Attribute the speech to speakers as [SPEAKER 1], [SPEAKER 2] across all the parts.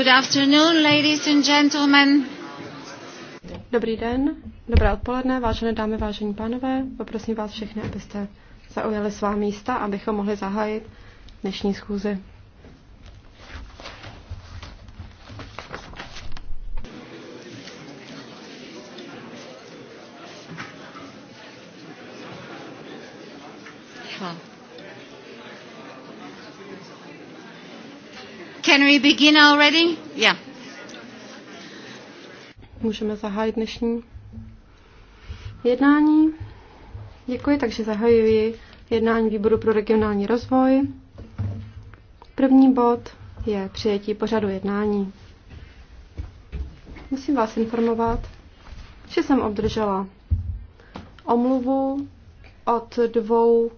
[SPEAKER 1] Good afternoon, ladies and gentlemen. Dobrý den, dobré odpoledne, vážené dámy, vážení pánové. Poprosím vás všechny, abyste zaujali svá místa, abychom mohli zahájit dnešní schůzi. we begin already? Yeah. Můžeme zahájit dnešní jednání. Děkuji, takže zahajuji jednání výboru pro regionální rozvoj. První bod je přijetí pořadu jednání. Musím vás informovat, že jsem obdržela omluvu od dvou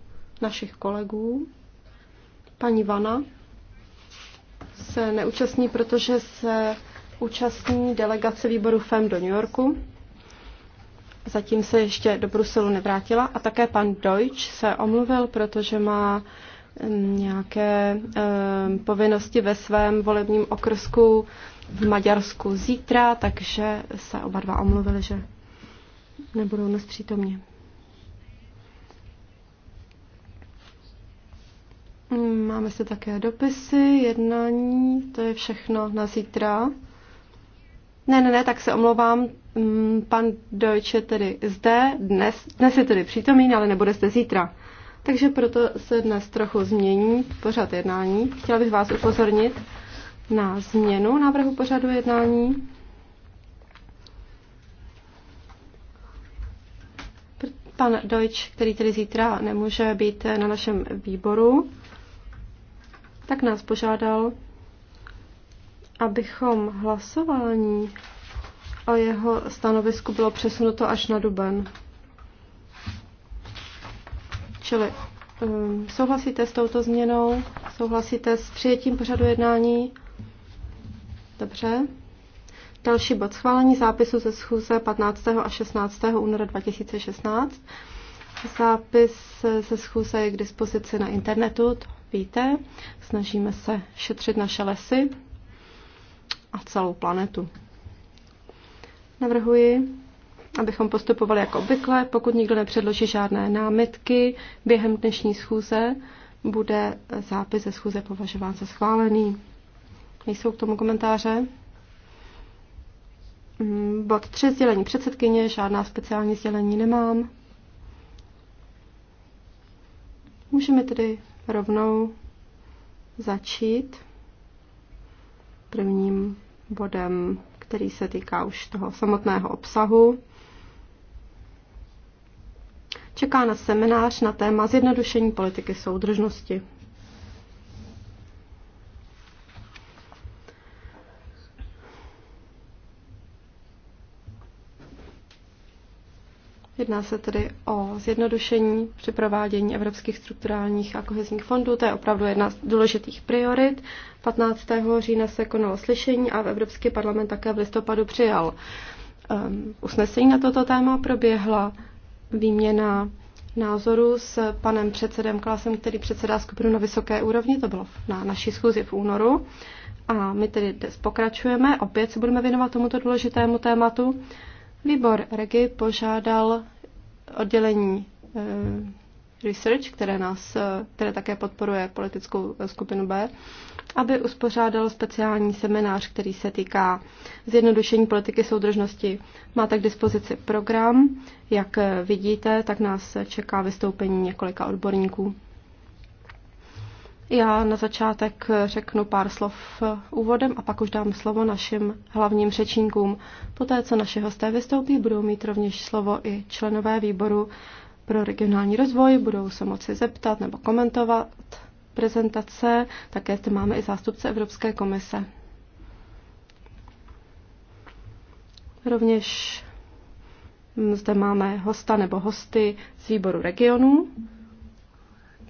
[SPEAKER 1] našich kolegů, paní Vana se neúčastní, protože se účastní delegace výboru FEM do New Yorku. Zatím se ještě do Bruselu nevrátila. A také pan Deutsch se omluvil, protože má mm, nějaké um, povinnosti ve svém volebním okrsku v Maďarsku zítra, takže se oba dva omluvili, že nebudou dnes přítomně. Máme se také dopisy, jednání, to je všechno na zítra. Ne, ne, ne, tak se omlouvám. Mm, pan Deutsche tedy zde, dnes, dnes je tedy přítomný, ale nebude zde zítra. Takže proto se dnes trochu změní pořad jednání. Chtěla bych vás upozornit na změnu návrhu pořadu jednání. Pan Deutsch, který tedy zítra nemůže být na našem výboru, tak nás požádal, abychom hlasování o jeho stanovisku bylo přesunuto až na duben. Čili um, souhlasíte s touto změnou? Souhlasíte s přijetím pořadu jednání? Dobře. Další bod schválení zápisu ze schůze 15. a 16. února 2016. Zápis ze schůze je k dispozici na internetu, víte, snažíme se šetřit naše lesy a celou planetu. Navrhuji, abychom postupovali jako obvykle. Pokud nikdo nepředloží žádné námitky během dnešní schůze, bude zápis ze schůze považován za schválený. Nejsou k tomu komentáře? Hmm, bod 3 sdělení předsedkyně, žádná speciální sdělení nemám. Můžeme tedy rovnou začít prvním bodem, který se týká už toho samotného obsahu. Čeká na seminář na téma zjednodušení politiky soudržnosti. Jedná se tedy o zjednodušení při provádění evropských strukturálních a kohezních fondů. To je opravdu jedna z důležitých priorit. 15. října se konalo slyšení a v Evropský parlament také v listopadu přijal um, usnesení na toto téma. Proběhla výměna názoru s panem předsedem Klasem, který předsedá skupinu na vysoké úrovni. To bylo na naší schůzi v únoru. A my tedy dnes pokračujeme. Opět se budeme věnovat tomuto důležitému tématu. Výbor Regi požádal oddělení eh, Research, které, nás, eh, které také podporuje politickou eh, skupinu B, aby uspořádal speciální seminář, který se týká zjednodušení politiky soudržnosti. Máte k dispozici program, jak vidíte, tak nás čeká vystoupení několika odborníků. Já na začátek řeknu pár slov úvodem a pak už dám slovo našim hlavním řečníkům. Poté, co naši hosté vystoupí, budou mít rovněž slovo i členové výboru pro regionální rozvoj, budou se moci zeptat nebo komentovat prezentace, také zde máme i zástupce Evropské komise. Rovněž zde máme hosta nebo hosty z výboru regionů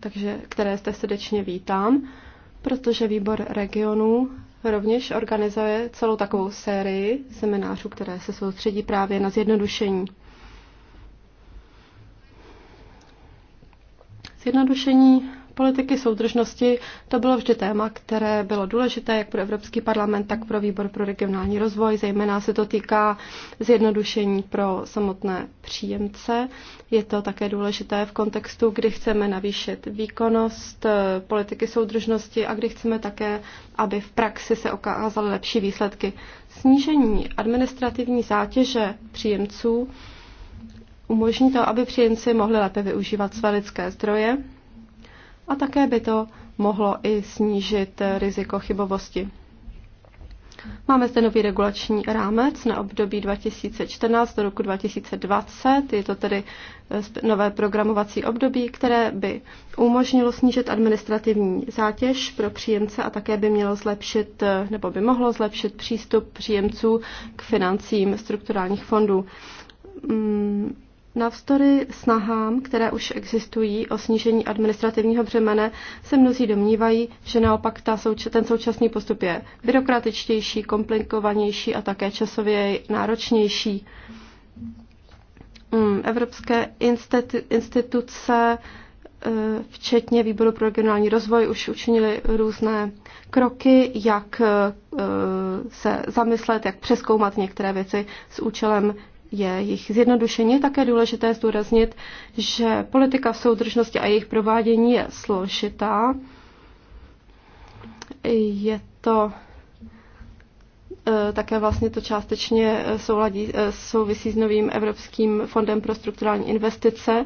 [SPEAKER 1] takže, které jste srdečně vítám, protože výbor regionů rovněž organizuje celou takovou sérii seminářů, které se soustředí právě na zjednodušení. Zjednodušení politiky soudržnosti to bylo vždy téma, které bylo důležité jak pro Evropský parlament, tak pro výbor pro regionální rozvoj. Zejména se to týká zjednodušení pro samotné příjemce. Je to také důležité v kontextu, kdy chceme navýšit výkonnost eh, politiky soudržnosti a kdy chceme také, aby v praxi se okázaly lepší výsledky. Snížení administrativní zátěže příjemců umožní to, aby příjemci mohli lépe využívat své lidské zdroje a také by to mohlo i snížit riziko chybovosti. Máme zde nový regulační rámec na období 2014 do roku 2020. Je to tedy eh, nové programovací období, které by umožnilo snížit administrativní zátěž pro příjemce a také by mělo zlepšit eh, nebo by mohlo zlepšit přístup příjemců k financím strukturálních fondů. Mm, Navzdory snahám, které už existují o snížení administrativního břemene, se mnozí domnívají, že naopak ta souč- ten současný postup je byrokratičtější, komplikovanější a také časově náročnější. Hmm, evropské instituce, eh, včetně Výboru pro regionální rozvoj, už učinili různé kroky, jak eh, se zamyslet, jak přeskoumat některé věci s účelem je jejich zjednodušení. také důležité zdůraznit, že politika soudržnosti a jejich provádění je složitá. Je to eh, také vlastně to částečně eh, souladí, eh, souvisí s novým Evropským fondem pro strukturální investice.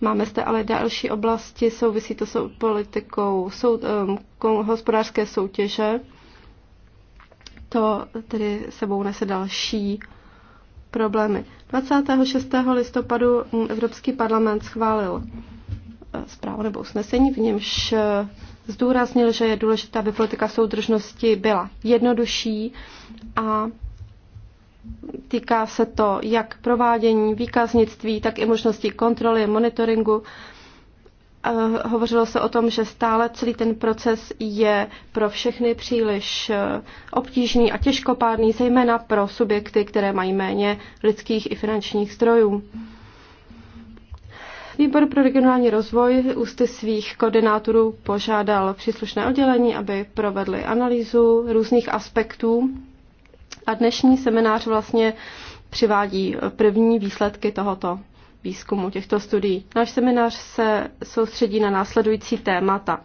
[SPEAKER 1] Máme zde ale další oblasti, souvisí to s politikou sou, um, ehm, hospodářské soutěže. To tedy sebou nese další problémy. 26. listopadu Evropský parlament schválil eh, zprávu nebo usnesení, v němž eh, zdůraznil, že je důležité, aby politika soudržnosti byla jednodušší a týká se to jak provádění výkaznictví, tak i možnosti kontroly, monitoringu hovořilo se o tom, že stále celý ten proces je pro všechny příliš eh, obtížný a těžkopádný, zejména pro subjekty, které mají méně lidských i finančních zdrojů. Výbor pro regionální rozvoj ústy svých koordinátorů požádal příslušné oddělení, aby provedli analýzu různých aspektů a dnešní seminář vlastně přivádí eh, první výsledky tohoto výzkumu těchto studií. Náš seminář se soustředí na následující témata.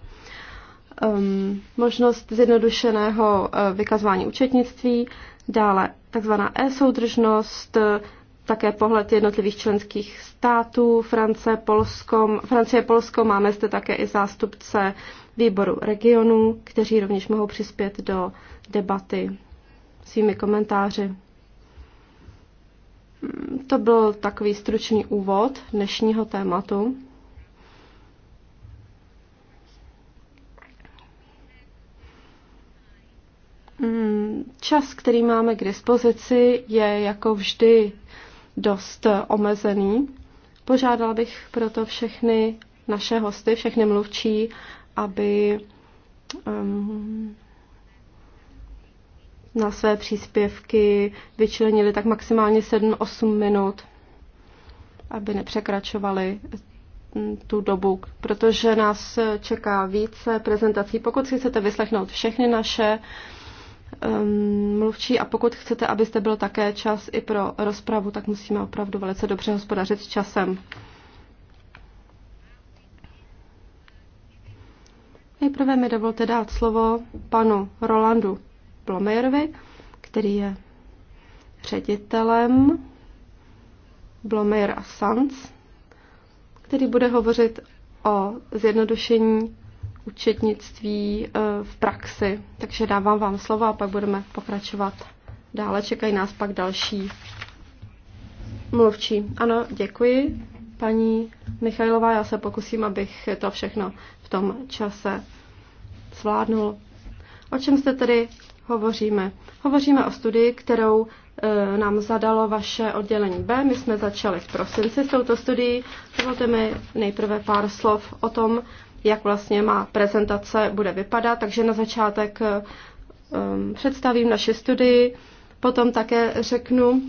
[SPEAKER 1] Um, možnost zjednodušeného eh, vykazování účetnictví, dále takzvaná e-soudržnost, eh, také pohled jednotlivých členských států, France, Polsko, Francie, Polsko, máme zde také i zástupce výboru regionů, kteří rovněž mohou přispět do debaty svými komentáři. To byl takový stručný úvod dnešního tématu. Mm, čas, který máme k dispozici, je jako vždy dost omezený. Požádala bych proto všechny naše hosty, všechny mluvčí, aby um, na své příspěvky vyčlenili tak maximálně 7-8 minut, aby nepřekračovali mm, tu dobu, protože nás čeká více prezentací. Pokud si chcete vyslechnout všechny naše um, mluvčí a pokud chcete, abyste byl také čas i pro rozpravu, tak musíme opravdu velice dobře hospodařit s časem. Nejprve mi dovolte dát slovo panu Rolandu Blomejerovi, který je ředitelem Blomejer a Sons, který bude hovořit o zjednodušení účetnictví eh, v praxi. Takže dávám vám slova a pak budeme pokračovat dále. Čekají nás pak další mluvčí. Ano, děkuji. Paní Michajlová, já se pokusím, abych to všechno v tom čase zvládnul. O čem jste tedy hovoříme? Hovoříme o studii, kterou e, nám zadalo vaše oddělení B. My jsme začali v prosinci s touto studií. Dovolte mi nejprve pár slov o tom, jak vlastně má prezentace bude vypadat. Takže na začátek e, e představím naši studii, potom také řeknu,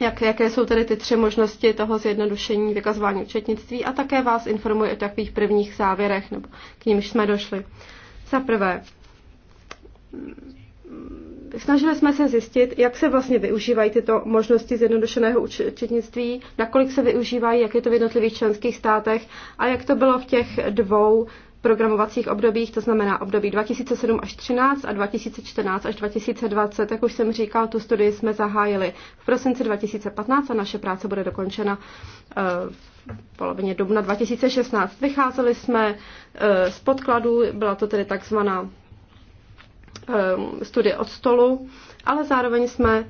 [SPEAKER 1] jak, jaké jsou tedy ty tři možnosti toho zjednodušení vykazování účetnictví a také vás informuji o takových prvních závěrech, nebo k nímž jsme došli. Za prvé, snažili jsme se zjistit, jak se vlastně využívají tyto možnosti zjednodušeného účetnictví, nakolik se využívají, jak je to v jednotlivých členských státech a jak to bylo v těch dvou programovacích obdobích, to znamená období 2007 až 13 a 2014 až 2020. Jak už jsem říkal, tu studii jsme zahájili v prosinci 2015 a naše práce bude dokončena eh, v polovině dubna 2016. Vycházeli jsme eh, z podkladů, byla to tedy takzvaná Eh, studie od stolu, ale zároveň jsme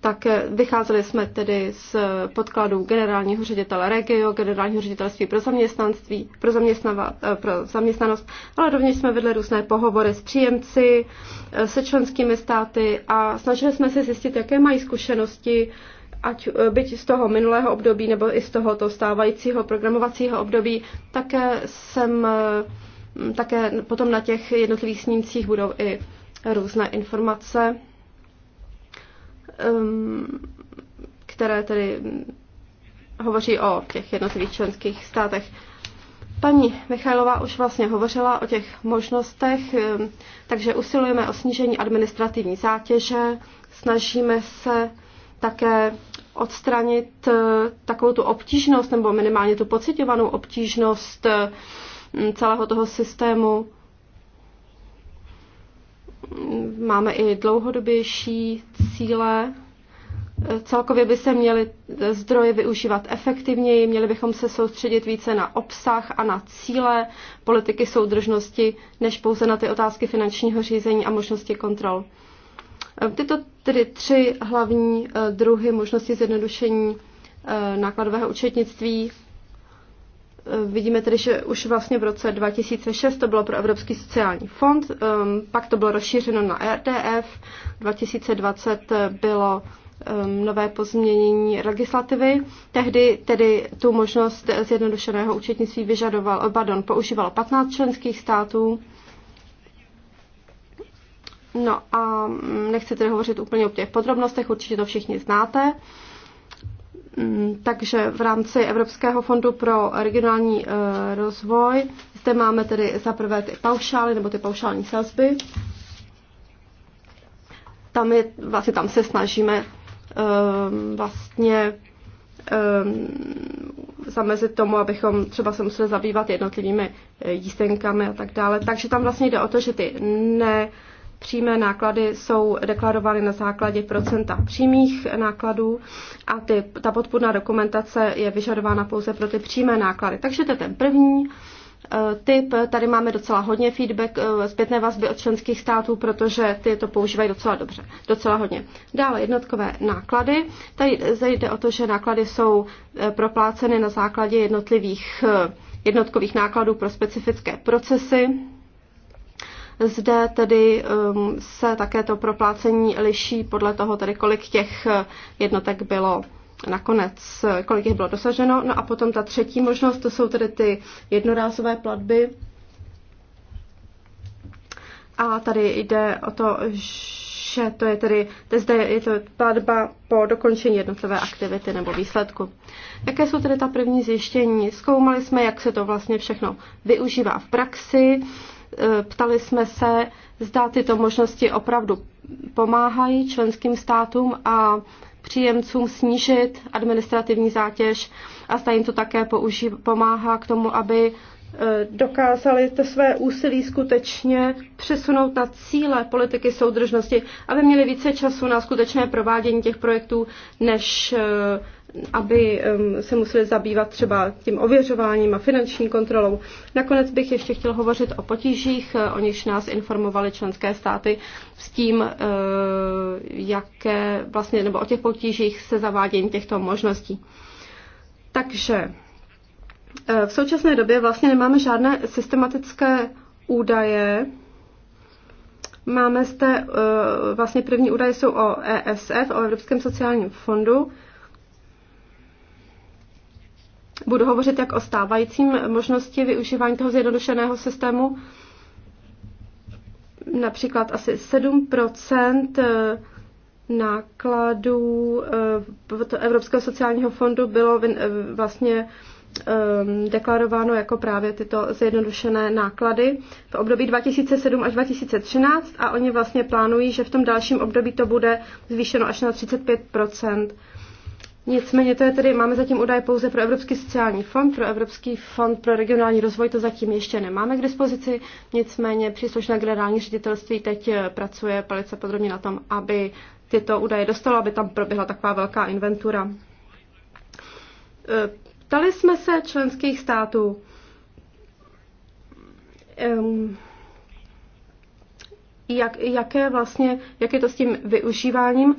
[SPEAKER 1] také vycházeli jsme tedy z podkladů generálního ředitele Regio, generálního ředitelství pro zaměstnanství, pro, zaměstnava, eh, pro zaměstnanost, ale rovněž jsme vedli různé pohovory s příjemci, eh, se členskými státy a snažili jsme se zjistit, jaké mají zkušenosti, ať byť z toho minulého období nebo i z tohoto stávajícího programovacího období, také jsem také potom na těch jednotlivých snímcích budou i různé informace, um, které tedy hovoří o těch jednotlivých členských státech. Paní Michailová už vlastně hovořila o těch možnostech, um, takže usilujeme o snížení administrativní zátěže, snažíme se také odstranit uh, takovou tu obtížnost, nebo minimálně tu pocitovanou obtížnost uh, celého toho systému máme i dlouhodobější cíle. Celkově by se měly zdroje využívat efektivněji, měli bychom se soustředit více na obsah a na cíle politiky soudržnosti, než pouze na ty otázky finančního řízení a možnosti kontrol. Tyto tedy tři hlavní eh, druhy možnosti zjednodušení eh, nákladového účetnictví Vidíme tedy, že už vlastně v roce 2006 to bylo pro Evropský sociální fond, um, pak to bylo rozšířeno na RDF, 2020 bylo um, nové pozměnění legislativy. Tehdy tedy tu možnost zjednodušeného účetnictví vyžadoval, pardon, používalo 15 členských států. No a mm, nechci tedy hovořit úplně o těch podrobnostech, určitě to všichni znáte. Mm, takže v rámci Evropského fondu pro regionální eh, rozvoj zde máme tedy zaprvé ty paušály nebo ty paušální sazby. Tam, je, vlastně tam se snažíme ehm, vlastně ehm, zamezit tomu, abychom třeba se museli zabývat jednotlivými eh, jízdenkami a tak dále. Takže tam vlastně jde o to, že ty ne, Přímé náklady jsou deklarovány na základě procenta přímých nákladů a ty, ta podpůrná dokumentace je vyžadována pouze pro ty přímé náklady. Takže to je ten první eh, typ. Tady máme docela hodně feedback eh, zpětné vazby od členských států, protože ty to používají docela dobře, docela hodně. Dále jednotkové náklady. Tady zajde o to, že náklady jsou eh, propláceny na základě jednotlivých jednotkových nákladů pro specifické procesy. Zde tedy um, se také to proplácení liší podle toho, tedy kolik těch eh, jednotek bylo nakonec, eh, kolik jich bylo dosaženo. No a potom ta třetí možnost, to jsou tedy ty jednorázové platby. A tady jde o to, že to je tedy, to zde je to platba po dokončení jednotlivé aktivity nebo výsledku. Jaké jsou tedy ta první zjištění? Zkoumali jsme, jak se to vlastně všechno využívá v praxi. Eh, ptali jsme se, zda tyto možnosti opravdu pomáhají členským státům a příjemcům snížit administrativní zátěž a zda jim to také použí, pomáhá k tomu, aby eh, dokázali to své úsilí skutečně přesunout na cíle politiky soudržnosti, aby měli více času na skutečné provádění těch projektů, než eh, aby se museli zabývat třeba tím ověřováním a finanční kontrolou. Nakonec bych ještě chtěl hovořit o potížích, eh, o nichž nás informovaly členské státy s tím, eh, jaké vlastně, nebo o těch potížích se zavádění těchto možností. Takže eh, v současné době vlastně nemáme žádné systematické údaje. Máme zde, vlastně první údaje jsou o ESF, o Evropském sociálním fondu, Budu hovořit jak o stávajícím možnosti využívání toho zjednodušeného systému. Například asi 7 eh, nákladů eh, Evropského sociálního fondu bylo eh, vlastně deklarováno jako právě tyto zjednodušené náklady v období 2007 až 2013 a oni vlastně plánují, že v tom dalším období to bude zvýšeno až na 35 Nicméně to je tedy, máme zatím údaje pouze pro Evropský sociální fond, pro Evropský fond pro regionální rozvoj to zatím ještě nemáme k dispozici, nicméně příslušné generální ředitelství teď eh, pracuje velice podrobně na tom, aby tyto údaje dostalo, aby tam proběhla taková velká inventura. Eh, ptali jsme se členských států, ehm, jak, jaké vlastně, jak je to s tím využíváním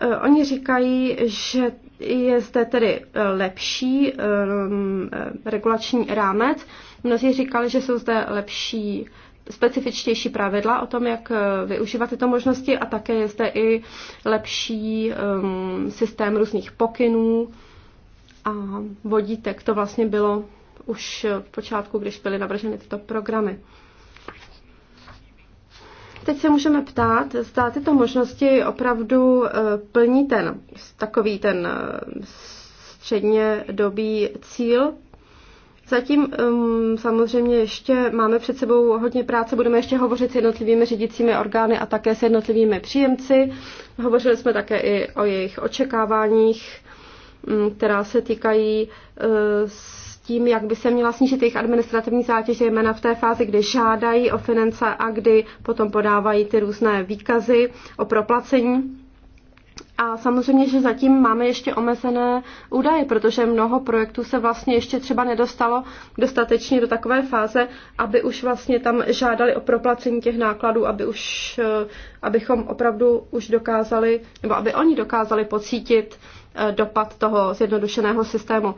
[SPEAKER 1] Eh, oni říkají, že je zde tedy eh, lepší ehm, eh, regulační rámec. Mnozí říkali, že jsou zde lepší specifičtější pravidla o tom, jak využívat tyto možnosti a také je zde i lepší um, systém různých pokynů a vodítek. To vlastně bylo už v počátku, když byly navrženy tyto programy. Teď se můžeme ptát, zda tyto možnosti opravdu eh, plní ten takový ten eh, středně dobý cíl. Zatím ehm, samozřejmě ještě máme před sebou hodně práce, budeme ještě hovořit s jednotlivými řídícími orgány a také s jednotlivými příjemci. Hovořili jsme také i o jejich očekáváních, mm, která se týkají eh, tím, jak by se měla snížit jejich administrativní zátěž, zejména v té fázi, kdy žádají o finance a kdy potom podávají ty různé výkazy o proplacení. A samozřejmě, že zatím máme ještě omezené údaje, protože mnoho projektů se vlastně ještě třeba nedostalo dostatečně do takové fáze, aby už vlastně tam žádali o proplacení těch nákladů, aby už, eh, abychom opravdu už dokázali, nebo aby oni dokázali pocítit eh, dopad toho zjednodušeného systému.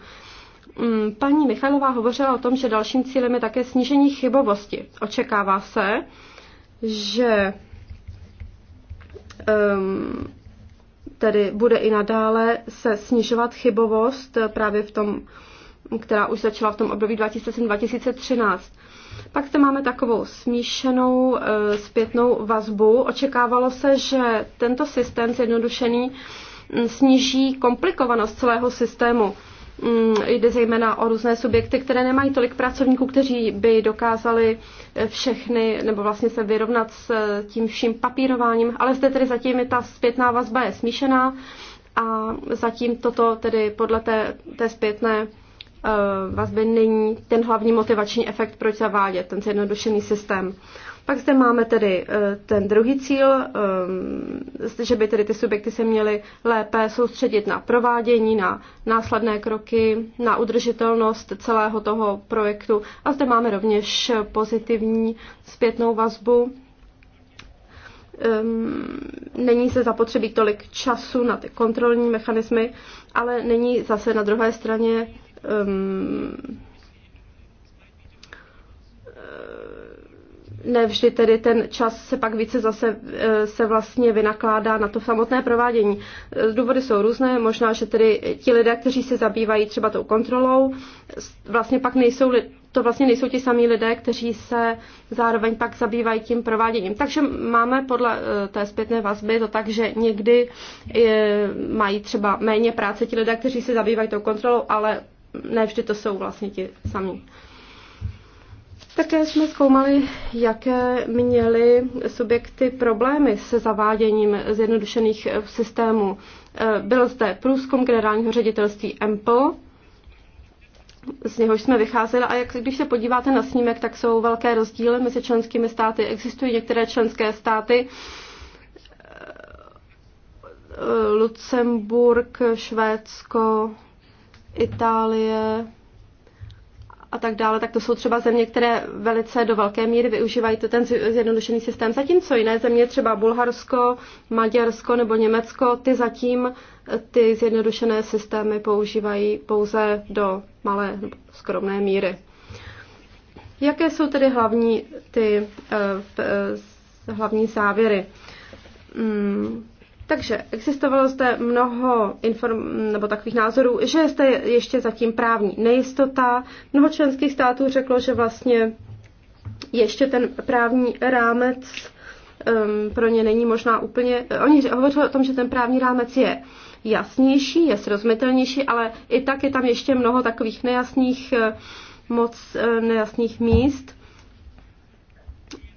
[SPEAKER 1] Mm, paní Michalová hovořila o tom, že dalším cílem je také snížení chybovosti. Očekává se, že um, tedy bude i nadále se snižovat chybovost právě v tom, která už začala v tom období 2007-2013. Pak zde máme takovou smíšenou e, zpětnou vazbu. Očekávalo se, že tento systém zjednodušený mm, sníží komplikovanost celého systému. Mm, jde zejména o různé subjekty, které nemají tolik pracovníků, kteří by dokázali eh, všechny, nebo vlastně se vyrovnat s eh, tím vším papírováním, ale zde tedy zatím je ta zpětná vazba je smíšená a zatím toto tedy podle té, té zpětné eh, vazby není ten hlavní motivační efekt, proč zavádět ten zjednodušený systém. Pak zde máme tedy eh, ten druhý cíl, ehm, že by tedy ty subjekty se měly lépe soustředit na provádění, na následné kroky, na udržitelnost celého toho projektu. A zde máme rovněž pozitivní zpětnou vazbu. Ehm, není se zapotřebí tolik času na ty kontrolní mechanismy, ale není zase na druhé straně um, nevždy tedy ten čas se pak více zase e, se vlastně vynakládá na to samotné provádění. E, důvody jsou různé, možná, že tedy ti lidé, kteří se zabývají třeba tou kontrolou, vlastně pak nejsou to vlastně nejsou ti samí lidé, kteří se zároveň pak zabývají tím prováděním. Takže máme podle e, té zpětné vazby to tak, že někdy mají třeba méně práce ti lidé, kteří se zabývají tou kontrolou, ale ne vždy to jsou vlastně ti samí. Také jsme zkoumali, jaké měly subjekty problémy se zaváděním zjednodušených eh, systémů. Eh, byl zde průzkum generálního ředitelství EMPL, z něhož jsme vycházeli a jak, když se podíváte na snímek, tak jsou velké rozdíly mezi členskými státy. Existují některé členské státy, eh, Lucemburg, Švédsko, Itálie, a tak dále, tak to jsou třeba země, které velice do velké míry využívají to ten zjednodušený systém. Zatímco jiné země, třeba Bulharsko, Maďarsko nebo Německo, ty zatím eh, ty zjednodušené systémy používají pouze do malé nebo skromné míry. Jaké jsou tedy hlavní ty eh, eh, hlavní závěry? Hmm. Takže existovalo zde mnoho inform, nebo takových názorů, že je zde ještě zatím právní nejistota. Mnoho členských států řeklo, že vlastně ještě ten právní rámec um, pro ně není možná úplně... Oni hovořili o tom, že ten právní rámec je jasnější, je srozumitelnější, ale i tak je tam ještě mnoho takových nejasných, eh, moc eh, nejasných míst.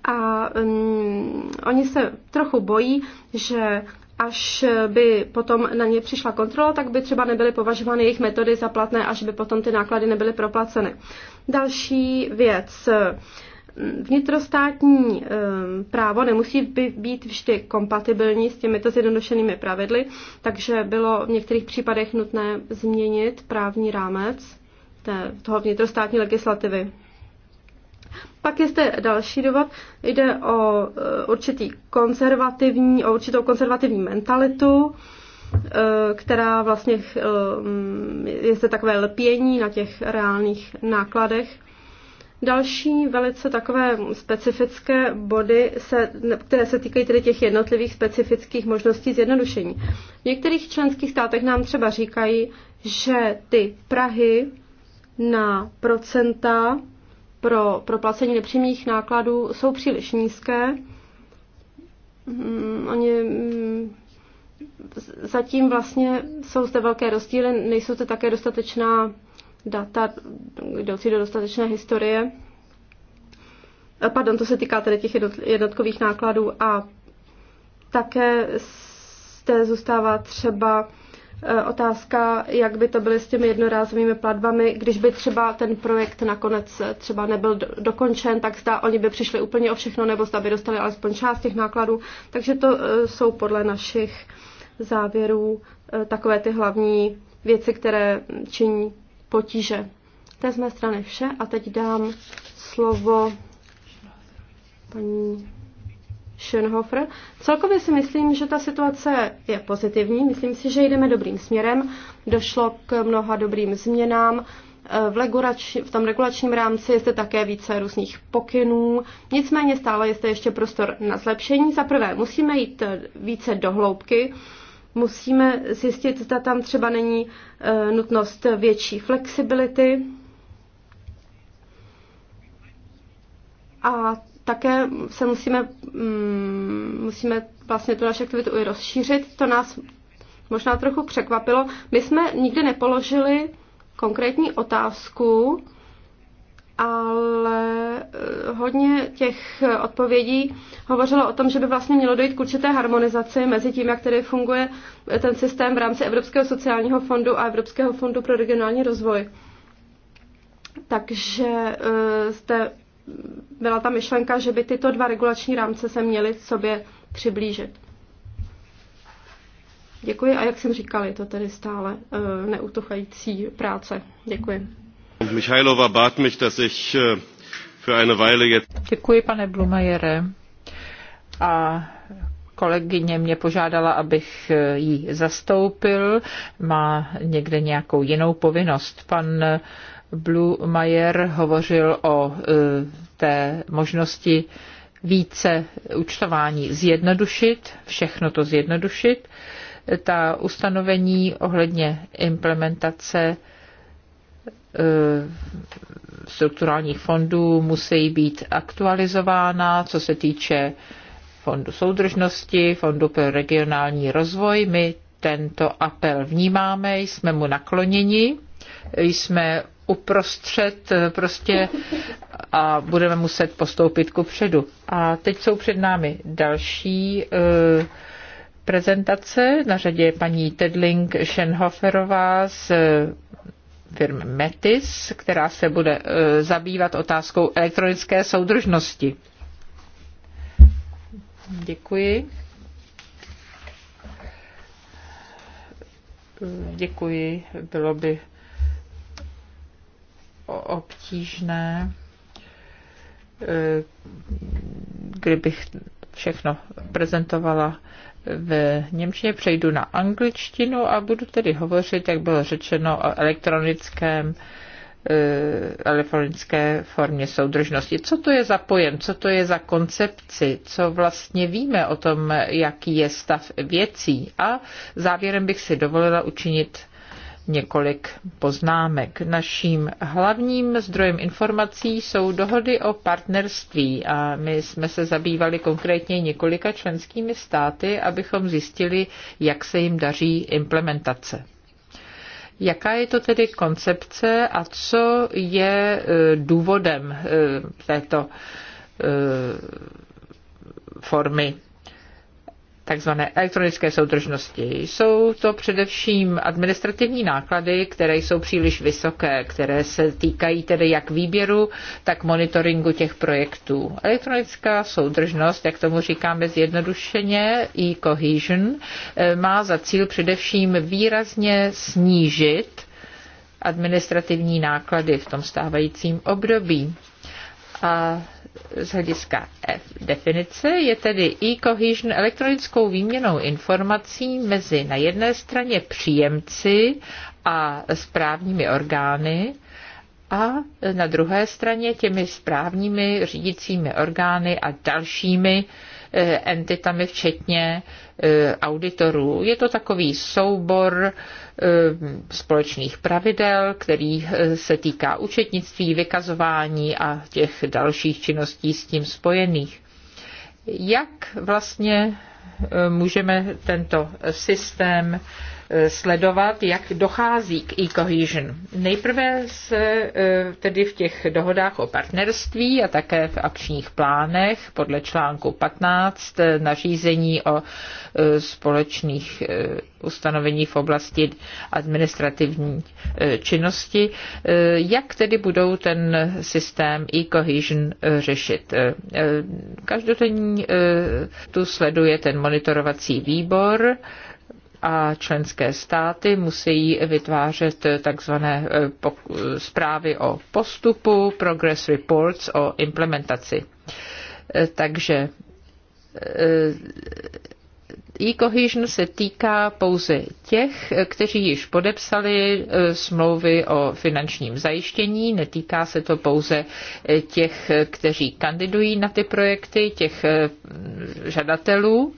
[SPEAKER 1] A um, oni se trochu bojí, že až by potom na ně přišla kontrola, tak by třeba nebyly považovány jejich metody za platné, až by potom ty náklady nebyly proplaceny. Další věc. Vnitrostátní ehm, právo nemusí být vždy kompatibilní s těmito zjednodušenými pravidly, takže bylo v některých případech nutné změnit právní rámec toho vnitrostátní legislativy. Pak je zde další dovat, jde o eh, určitý konzervativní, o určitou konzervativní mentalitu, eh, která vlastně eh, je zde takové lpění na těch reálných nákladech. Další velice takové specifické body, se, které se týkají tedy těch jednotlivých specifických možností zjednodušení. V některých členských státech nám třeba říkají, že ty Prahy na procenta pro proplacení nepřímých nákladů jsou příliš nízké. Mm, oni mm, zatím vlastně jsou zde velké rozdíly, nejsou zde také dostatečná data jdoucí do dostatečné historie. Pardon, to se týká tedy těch jednotkových nákladů a také zde zůstává třeba E, otázka, jak by to byly s těmi jednorázovými platbami, když by třeba ten projekt nakonec e, třeba nebyl dokončen, tak zda oni by přišli úplně o všechno, nebo zda by dostali alespoň část těch nákladů. Takže to e, jsou podle našich závěrů takové ty hlavní věci, které činí potíže. To je z mé strany vše a teď dám slovo paní Schönhofer. Celkově si myslím, že ta situace je pozitivní. Myslím si, že jdeme dobrým směrem. Došlo k mnoha dobrým změnám. V, regulační, v tom regulačním rámci jste také více různých pokynů. Nicméně stále jste ještě prostor na zlepšení. Za prvé, musíme jít více do hloubky musíme zjistit, zda tam třeba není eh, nutnost větší flexibility. A také se musíme, mm, musíme vlastně tu naši aktivitu i rozšířit. To nás možná trochu překvapilo. My jsme nikdy nepoložili konkrétní otázku, ale eh, hodně těch eh, odpovědí hovořilo o tom, že by vlastně mělo dojít k určité harmonizaci mezi tím, jak tedy funguje eh, ten systém v rámci Evropského sociálního fondu a Evropského fondu pro regionální rozvoj. Takže jste byla ta myšlenka, že by tyto dva regulační rámce se měly sobě přiblížit. Děkuji a jak jsem říkal, je to tedy stále uh, neutuchající práce. Děkuji.
[SPEAKER 2] Michailova bát mich, dass ich eh, für eine Weile jetzt...
[SPEAKER 3] Děkuji, pane Blumajere. A kolegyně mě požádala, abych eh, ji zastoupil. Má někde nějakou jinou povinnost. Pan uh, Mayer hovořil o e, té možnosti více účtování zjednodušit, všechno to zjednodušit. Ta ustanovení ohledně implementace e, strukturálních fondů musí být aktualizována, co se týče fondu soudržnosti, fondu pro regionální rozvoj. My tento apel vnímáme, jsme mu nakloněni jsme uprostřed prostě a budeme muset postoupit ku předu. A teď jsou před námi další eh, prezentace. Na řadě je paní Tedling Schenhoferová z eh, firmy Metis, která se bude eh, zabývat otázkou elektronické soudržnosti. Děkuji. Děkuji. Bylo by obtížné, eh, kdybych všechno prezentovala v Němčině, přejdu na angličtinu a budu tedy hovořit, jak bylo řečeno, o elektronickém eh, elektronické formě soudržnosti. Co to je za pojem, co to je za koncepci, co vlastně víme o tom, jaký je stav věcí. A závěrem bych si dovolila učinit několik poznámek. Naším hlavním zdrojem informací jsou dohody o partnerství a my jsme se zabývali konkrétně několika členskými státy, abychom zjistili, jak se jim daří implementace. Jaká je to tedy koncepce a co je e, důvodem e, této e, formy takzvané elektronické soudržnosti. Jsou to především administrativní náklady, které jsou příliš vysoké, které se týkají tedy jak výběru, tak monitoringu těch projektů. Elektronická soudržnost, jak tomu říkáme zjednodušeně, e-cohesion, eh, má za cíl především výrazně snížit administrativní náklady v tom stávajícím období. A z hlediska F definice je tedy e-cohesion elektronickou výměnou informací mezi na jedné straně příjemci a správními orgány a na druhé straně těmi správními řídícími orgány a dalšími uh, E, entitami, včetně e, auditorů. Je to takový soubor e, společných pravidel, který se týká účetnictví, vykazování a těch dalších činností s tím spojených. Jak vlastně můžeme tento systém Eh, sledovat, jak dochází k e-cohesion. Nejprve se eh, tedy v těch dohodách o partnerství a také v akčních plánech podle článku 15 eh, nařízení o společných ustanovení v oblasti administrativní činnosti, jak tedy budou ten systém e-cohesion řešit. Každodenní tu sleduje ten monitorovací výbor, a členské státy musí vytvářet takzvané eh, eh, zprávy o postupu, progress reports o implementaci. Eh, takže E-cohesion se týká pouze těch, kteří již podepsali e, smlouvy o finančním zajištění, netýká se to pouze e, těch, kteří kandidují na ty projekty, těch e, žadatelů.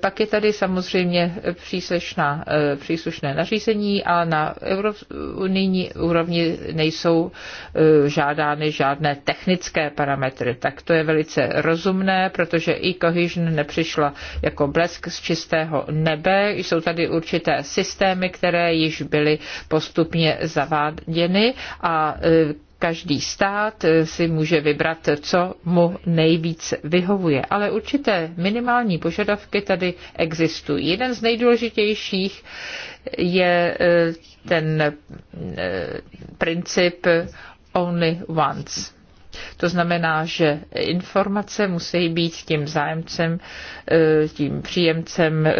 [SPEAKER 3] Pak je tady samozřejmě příslušná, příslušné nařízení a na unijní úrovni nejsou žádány žádné technické parametry. Tak to je velice rozumné, protože e-cohesion nepřišla jako blesk z čistého nebe. Jsou tady určité systémy, které již byly postupně zaváděny a e, každý stát e, si může vybrat, co mu nejvíc vyhovuje. Ale určité minimální požadavky tady existují. Jeden z nejdůležitějších je e, ten princip only once to znamená, že informace musí být tím zájemcem, eh, tím příjemcem eh,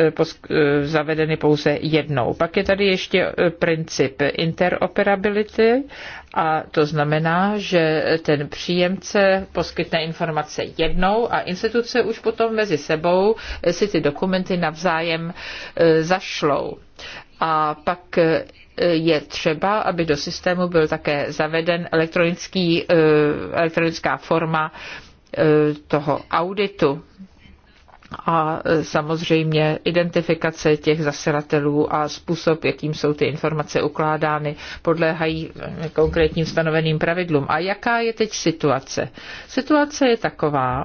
[SPEAKER 3] eh, zavedeny pouze jednou. Pak je tady ještě princip interoperability a to znamená, že ten příjemce poskytne informace jednou a instituce už potom mezi sebou si ty dokumenty navzájem zašlou. A pak je třeba, aby do systému byl také zaveden elektronický, eh, elektronická forma eh, toho auditu a eh, samozřejmě identifikace těch zasilatelů a způsob, jakým jsou ty informace ukládány, podléhají konkrétním stanoveným pravidlům. A jaká je teď situace? Situace je taková,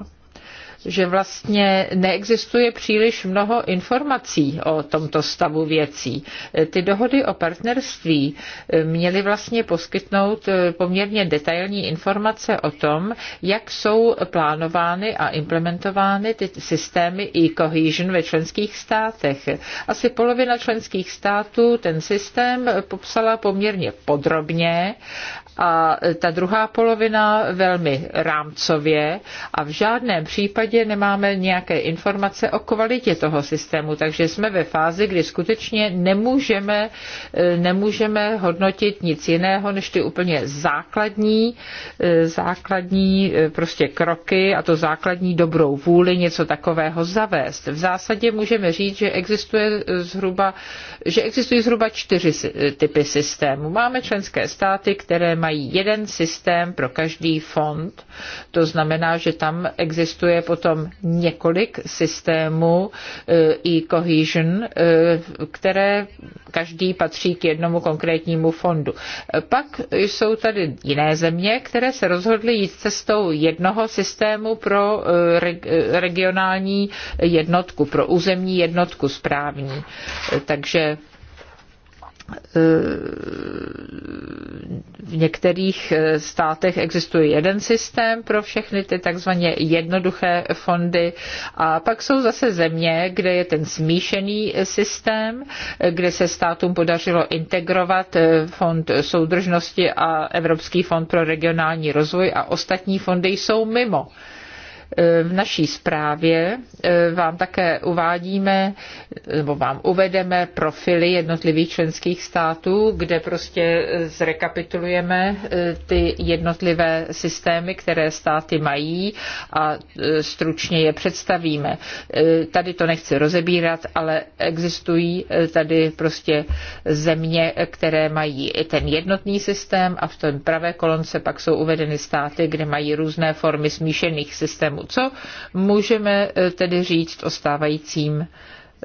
[SPEAKER 3] že vlastně neexistuje příliš mnoho informací o tomto stavu věcí. Ty dohody o partnerství eh, měly vlastně poskytnout eh, poměrně detailní informace o tom, jak jsou plánovány a implementovány ty systémy e-cohesion ve členských státech. Asi polovina členských států ten systém popsala poměrně podrobně a ta druhá polovina velmi rámcově a v žádném případě nemáme nějaké informace o kvalitě toho systému, takže jsme ve fázi, kdy skutečně nemůžeme, eh, nemůžeme hodnotit nic jiného, než ty úplně základní, eh, základní eh, prostě kroky a to základní dobrou vůli něco takového zavést. V zásadě můžeme říct, že existuje zhruba, že existují zhruba čtyři typy systému. Máme členské státy, které mají mají jeden systém pro každý fond. To znamená, že tam existuje potom několik systémů eh, e-cohesion, eh, které každý patří k jednomu konkrétnímu fondu. Pak jsou tady jiné země, které se rozhodly jít cestou jednoho systému pro eh, regionální jednotku, pro územní jednotku správní. Takže Eh, v některých eh, státech existuje jeden systém pro všechny ty takzvaně jednoduché fondy a pak jsou zase země, kde je ten smíšený systém, eh, kde se státům podařilo integrovat fond soudržnosti a Evropský fond pro regionální rozvoj a ostatní fondy jsou mimo. E, v naší zprávě e, vám také uvádíme, nebo vám uvedeme profily jednotlivých členských států, kde prostě zrekapitulujeme e, ty jednotlivé systémy, které státy mají a stručně je představíme. Tady to nechci rozebírat, ale existují tady prostě země, které mají i ten jednotný systém a v tom pravé kolonce pak jsou uvedeny státy, kde mají různé formy smíšených systémů systému. Co můžeme eh, tedy říct o stávajícím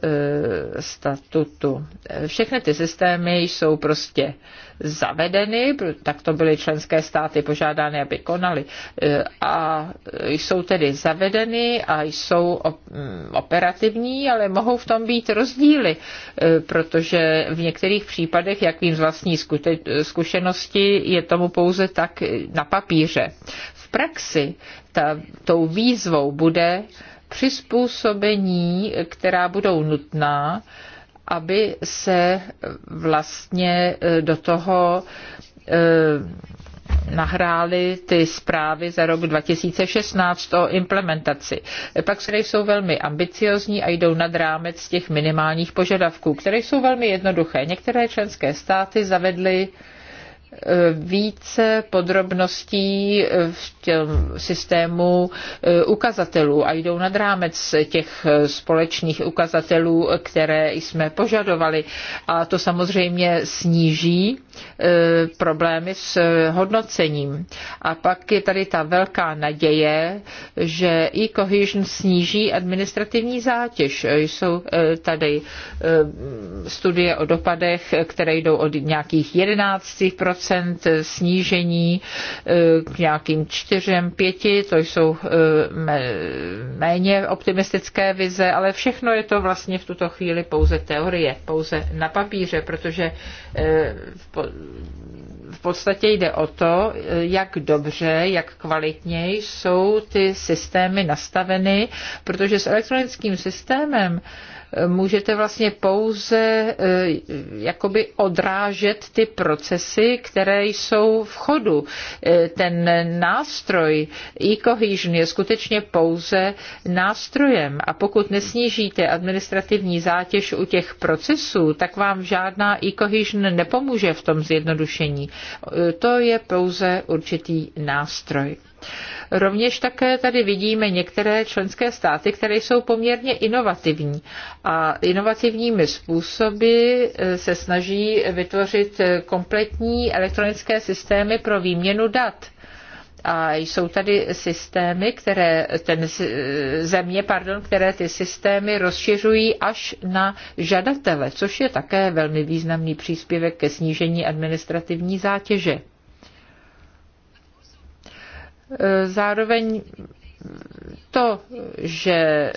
[SPEAKER 3] Eh, statutu. Všechny ty systémy jsou prostě zavedeny, tak to byly členské státy požádány, aby konali, eh, a jsou tedy zavedeny a jsou mm, operativní, ale mohou v tom být rozdíly, eh, protože v některých případech, jak vím z vlastní zkušenosti, je tomu pouze tak na papíře. V praxi ta, tou výzvou bude přizpůsobení, která budou nutná, aby se vlastně eh, do toho eh, nahrály ty zprávy za rok 2016 o implementaci. Pak které jsou velmi ambiciozní a jdou nad rámec těch minimálních požadavků, které jsou velmi jednoduché. Některé členské státy zavedly více podrobností v těm systému e, ukazatelů a jdou nad rámec těch společných ukazatelů, které jsme požadovali. A to samozřejmě sníží e, problémy s hodnocením. A pak je tady ta velká naděje, že i cohesion sníží administrativní zátěž. Jsou e, tady studie o dopadech, které jdou od nějakých 11 snížení eh, k nějakým čtyřem pěti, to jsou eh, méně optimistické vize, ale všechno je to vlastně v tuto chvíli pouze teorie, pouze na papíře, protože eh, v podstatě jde o to, jak dobře, jak kvalitně jsou ty systémy nastaveny, protože s elektronickým systémem můžete vlastně pouze eh, jakoby odrážet ty procesy, které jsou v chodu. Eh, ten nástroj e-cohesion je skutečně pouze nástrojem a pokud nesnížíte administrativní zátěž u těch procesů, tak vám žádná e-cohesion nepomůže v tom zjednodušení. Eh, to je pouze určitý nástroj. Rovněž také tady vidíme některé členské státy, které jsou poměrně inovativní a inovativními způsoby eh, se snaží vytvořit eh, kompletní elektronické systémy pro výměnu dat. A jsou tady systémy, které ten eh, země, pardon, které ty systémy rozšiřují až na žadatele, což je také velmi významný příspěvek ke snížení administrativní zátěže. Zároveň to, že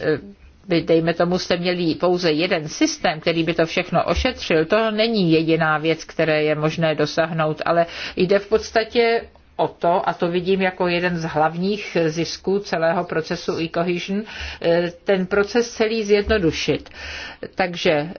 [SPEAKER 3] by, dejme tomu, jste měli pouze jeden systém, který by to všechno ošetřil, to není jediná věc, které je možné dosáhnout, ale jde v podstatě o to, a to vidím jako jeden z hlavních zisků celého procesu e-cohesion, e, ten proces celý zjednodušit. Takže e,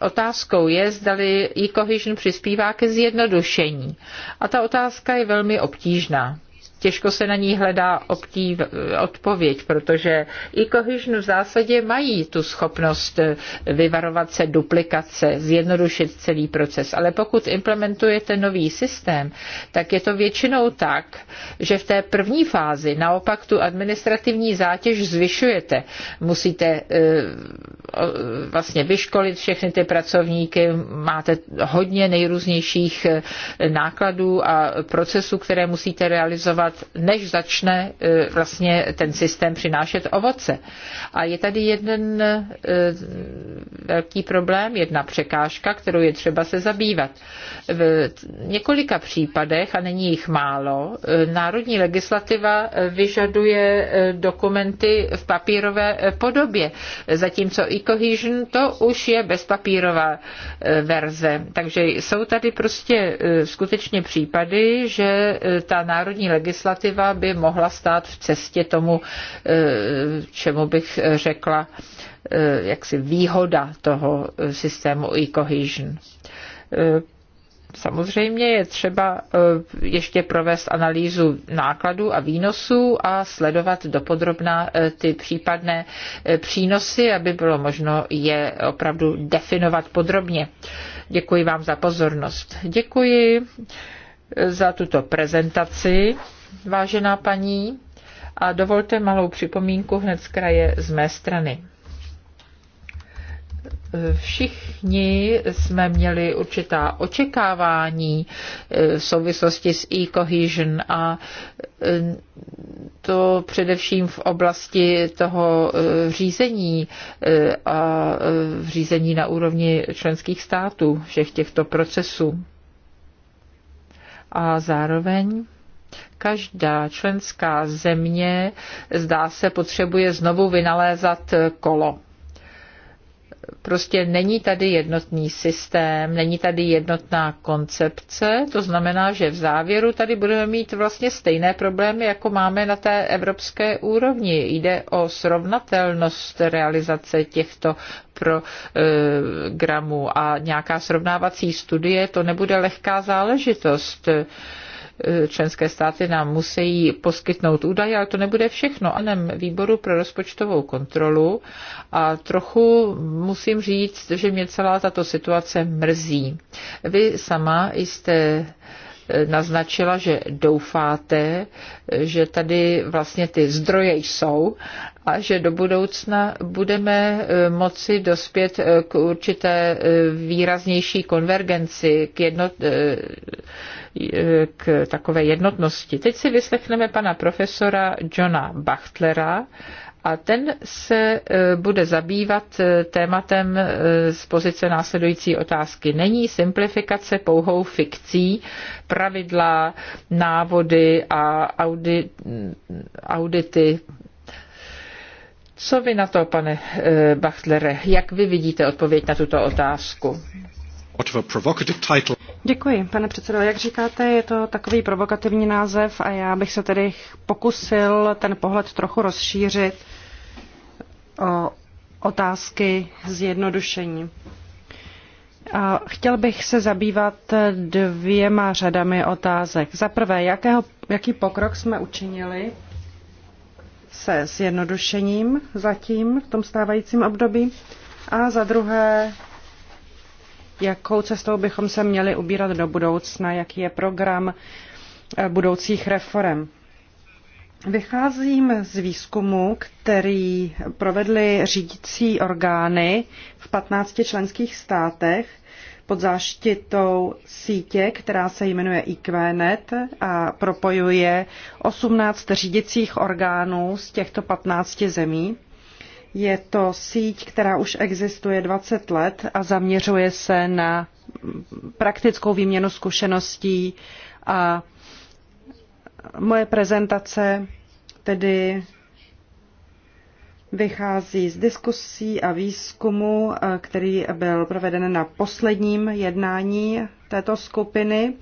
[SPEAKER 3] otázkou je, zdali e-cohesion přispívá ke zjednodušení. A ta otázka je velmi obtížná těžko se na ní hledá obtív, eh, odpověď, protože i kohyžn v zásadě mají tu schopnost eh, vyvarovat se duplikace, zjednodušit celý proces. Ale pokud implementujete nový systém, tak je to většinou tak, že v té první fázi naopak tu administrativní zátěž zvyšujete. Musíte eh, vlastně vyškolit všechny ty pracovníky, máte hodně nejrůznějších nákladů a procesů, které musíte realizovat dělat, než začne e, vlastně ten systém přinášet ovoce. A je tady jeden e, velký problém, jedna překážka, kterou je třeba se zabývat. V několika případech, a není jich málo, e, národní legislativa vyžaduje dokumenty v papírové podobě, zatímco e-cohesion to už je bezpapírová verze. Takže jsou tady prostě skutečně případy, že ta národní legislativa legislativa by mohla stát v cestě tomu, e, čemu bych řekla, e, jaksi výhoda toho systému e-cohesion. E, samozřejmě je třeba ještě provést analýzu nákladů a výnosů a sledovat dopodrobná ty případné přínosy, aby bylo možno je opravdu definovat podrobně. Děkuji vám za pozornost. Děkuji za tuto prezentaci vážená paní, a dovolte malou připomínku hned z kraje z mé strany. Všichni jsme měli určitá očekávání e, v souvislosti s e-cohesion a e, to především v oblasti toho e, řízení a řízení na úrovni členských států všech těchto procesů. A zároveň Každá členská země, zdá se, potřebuje znovu vynalézat kolo prostě není tady jednotný systém, není tady jednotná koncepce, to znamená, že v závěru tady budeme mít vlastně stejné problémy, jako máme na té evropské úrovni. Jde o srovnatelnost realizace těchto programů a nějaká srovnávací studie, to nebude lehká záležitost. E, členské státy nám musí poskytnout údaje, ale to nebude všechno. Anem výboru pro rozpočtovou kontrolu a trochu musím říct, že mě celá tato situace mrzí. Vy sama jste e, naznačila, že doufáte, že tady vlastně ty zdroje jsou a že do budoucna budeme e, moci dospět k určité výraznější konvergenci, k jednot, k takové jednotnosti. Teď si vyslechneme pana profesora Johna Bachtlera a ten se e, bude zabývat e, tématem e, z pozice následující otázky. Není simplifikace pouhou fikcí, pravidla, návody a audi, audity co vy na to, pane Bachtlere? Jak vy vidíte odpověď na tuto otázku? Děkuji, pane předsedo. Jak říkáte, je to takový
[SPEAKER 2] provokativní název a já bych se tedy pokusil ten pohled trochu rozšířit o otázky zjednodušení. A chtěl bych se zabývat dvěma řadami otázek. Za prvé, jakého, jaký pokrok jsme učinili se zjednodušením zatím v tom stávajícím období? A za druhé, jakou cestou bychom se měli ubírat do budoucna, jaký je program eh, budoucích reform. Vycházím z výzkumu, který provedly řídící orgány v 15 členských státech pod záštitou sítě, která se jmenuje IQNet a propojuje 18 řídicích orgánů z těchto 15 zemí. Je to síť, která už existuje 20 let a zaměřuje se na praktickou výměnu zkušeností a moje prezentace tedy vychází z diskusí a výzkumu, který byl proveden na posledním jednání této skupiny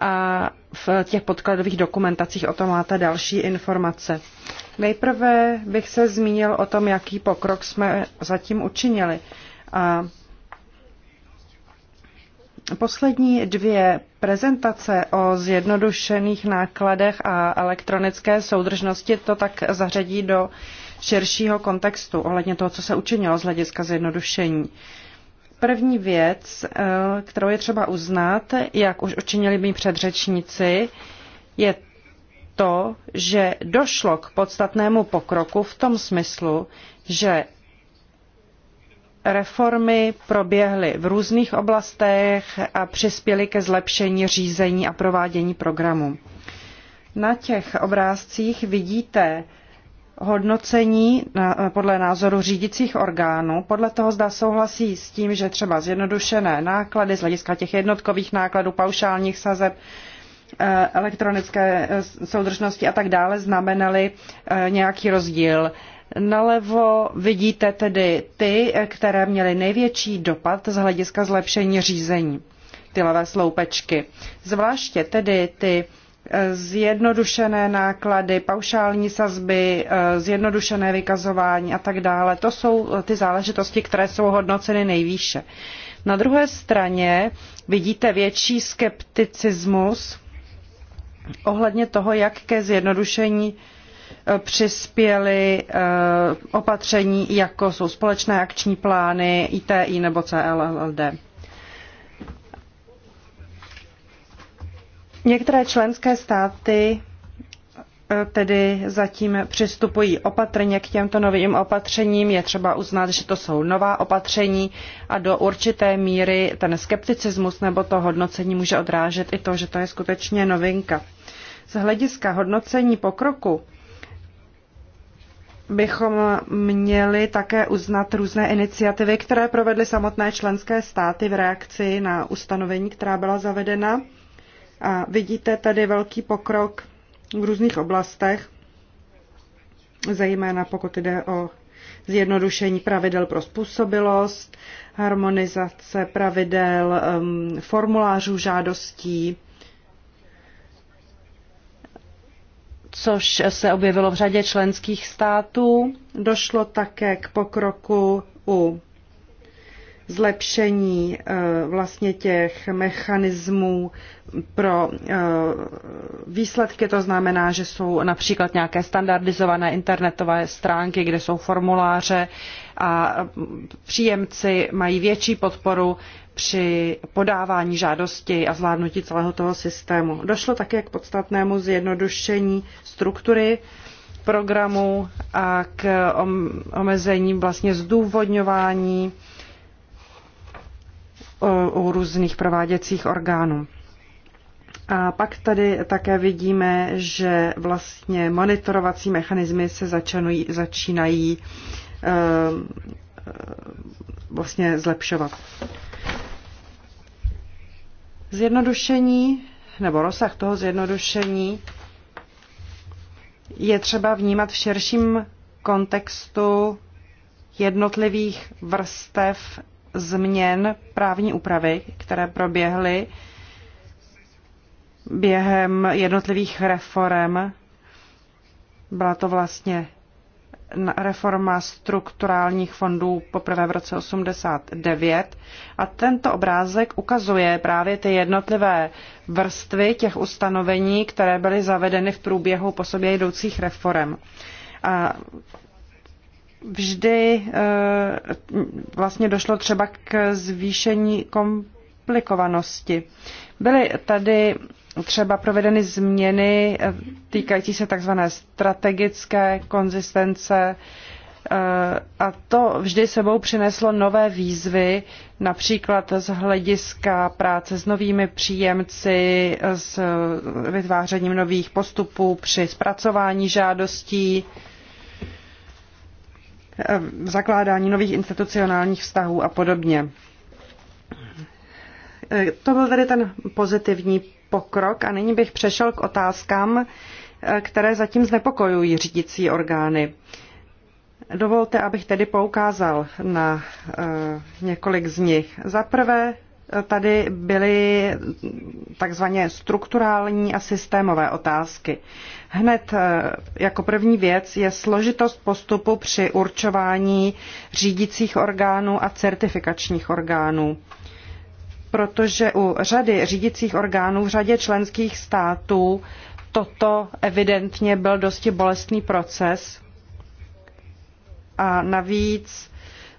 [SPEAKER 2] a v těch podkladových dokumentacích o tom máte další informace. Nejprve bych se zmínil o tom, jaký pokrok jsme zatím učinili. A poslední dvě prezentace o zjednodušených nákladech a elektronické soudržnosti to tak zařadí do širšího kontextu ohledně toho, co se učinilo z hlediska zjednodušení. První věc, eh, kterou je třeba uznat, jak už učinili mý předřečníci, je to, že došlo k podstatnému pokroku v tom smyslu, že reformy proběhly v různých oblastech a přispěly ke zlepšení řízení a provádění programu. Na těch obrázcích vidíte hodnocení podle názoru řídicích orgánů. Podle toho zda souhlasí s tím, že třeba zjednodušené náklady z hlediska těch jednotkových nákladů, paušálních sazeb, Eh, elektronické eh, soudržnosti a tak dále znamenaly eh, nějaký rozdíl. Nalevo vidíte tedy ty, které měly největší dopad z hlediska zlepšení řízení, ty levé sloupečky. Zvláště tedy ty zjednodušené náklady, paušální sazby, zjednodušené vykazování a tak dále. To jsou ty záležitosti, které jsou hodnoceny nejvýše. Na druhé straně vidíte větší skepticismus ohledně toho, jak ke zjednodušení eh, přispěly eh, opatření, jako jsou společné akční plány ITI nebo CLLD. Některé členské státy eh, tedy zatím přistupují opatrně k těmto novým opatřením. Je třeba uznat, že to jsou nová opatření a do určité míry ten skepticismus nebo to hodnocení může odrážet i to, že to je skutečně novinka. Z hlediska hodnocení pokroku bychom měli také uznat různé iniciativy, které provedly samotné členské státy v reakci na ustanovení, která byla zavedena. A vidíte tady velký pokrok v různých oblastech, zejména pokud jde o zjednodušení pravidel pro způsobilost, harmonizace pravidel um, formulářů žádostí, což se objevilo v řadě členských států. Došlo také k pokroku u zlepšení eh, vlastně těch mechanismů pro eh, výsledky. To znamená, že jsou například nějaké standardizované internetové stránky, kde jsou formuláře a příjemci mají větší podporu při podávání žádosti a zvládnutí celého toho systému. Došlo také k podstatnému zjednodušení struktury programu a k omezení vlastně zdůvodňování u různých prováděcích orgánů. A pak tady také vidíme, že vlastně monitorovací mechanismy se začanují, začínají eh, eh, vlastně zlepšovat. Zjednodušení nebo rozsah toho zjednodušení je třeba vnímat v širším kontextu jednotlivých vrstev změn právní úpravy, které proběhly během jednotlivých reform. Byla to vlastně reforma strukturálních fondů poprvé v roce 89. A tento obrázek ukazuje právě ty jednotlivé vrstvy těch ustanovení, které byly zavedeny v průběhu po sobě jdoucích reform. A vždy e, vlastně došlo třeba k zvýšení komplikovanosti. Byly tady třeba provedeny změny eh, týkající se takzvané strategické konzistence eh, a to vždy sebou přineslo nové výzvy, například z hlediska práce s novými příjemci, eh, s vytvářením nových postupů při zpracování žádostí, zakládání nových institucionálních vztahů a podobně. To byl tedy ten pozitivní pokrok a nyní bych přešel k otázkám, eh, které zatím znepokojují řídící orgány. Dovolte, abych tedy poukázal na eh, několik z nich. Za prvé, eh, tady byly takzvaně strukturální a systémové otázky. Hned jako první věc je složitost postupu při určování řídících orgánů a certifikačních orgánů protože u řady řídicích orgánů v řadě členských států toto evidentně byl dosti bolestný proces. A navíc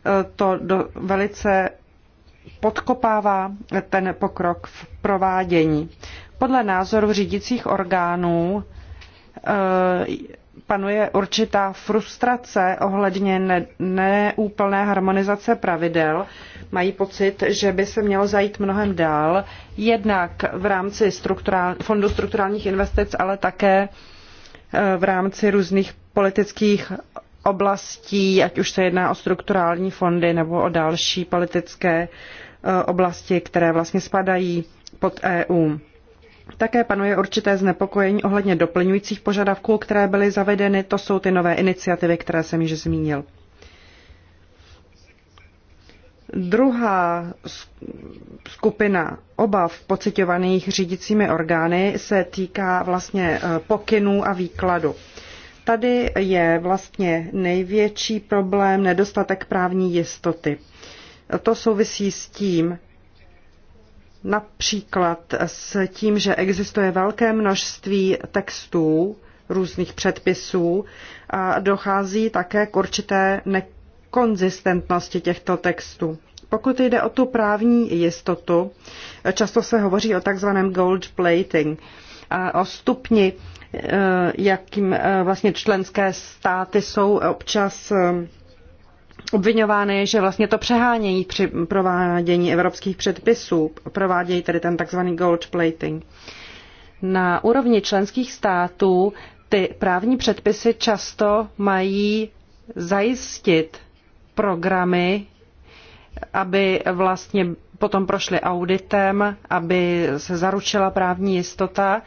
[SPEAKER 2] e, to do, velice podkopává ten pokrok v provádění. Podle názoru řídicích orgánů e, panuje určitá frustrace ohledně neúplné harmonizace pravidel. Mají pocit, že by se mělo zajít mnohem dál, jednak v rámci strukturál, fondu strukturálních investic, ale také eh, v rámci různých politických oblastí, ať už se jedná o strukturální fondy nebo o další politické eh, oblasti, které vlastně spadají pod EU. Také panuje určité znepokojení ohledně doplňujících požadavků, které byly zavedeny. To jsou ty nové iniciativy, které jsem již zmínil. Druhá skupina obav pocitovaných řídicími orgány se týká vlastně e, pokynů a výkladu. Tady je vlastně největší problém nedostatek právní jistoty. To souvisí s tím, Například s tím, že existuje velké množství textů, různých předpisů a dochází také k určité nekonzistentnosti těchto textů. Pokud jde o tu právní jistotu, často se hovoří o takzvaném gold plating a o stupni, eh, jakým eh, vlastně členské státy jsou občas eh, obvinovány, že vlastně to přehánějí při provádění evropských předpisů, provádějí tedy ten takzvaný gold plating. Na úrovni členských států ty právní předpisy často mají zajistit programy, aby vlastně potom prošly auditem, aby se zaručila právní jistota.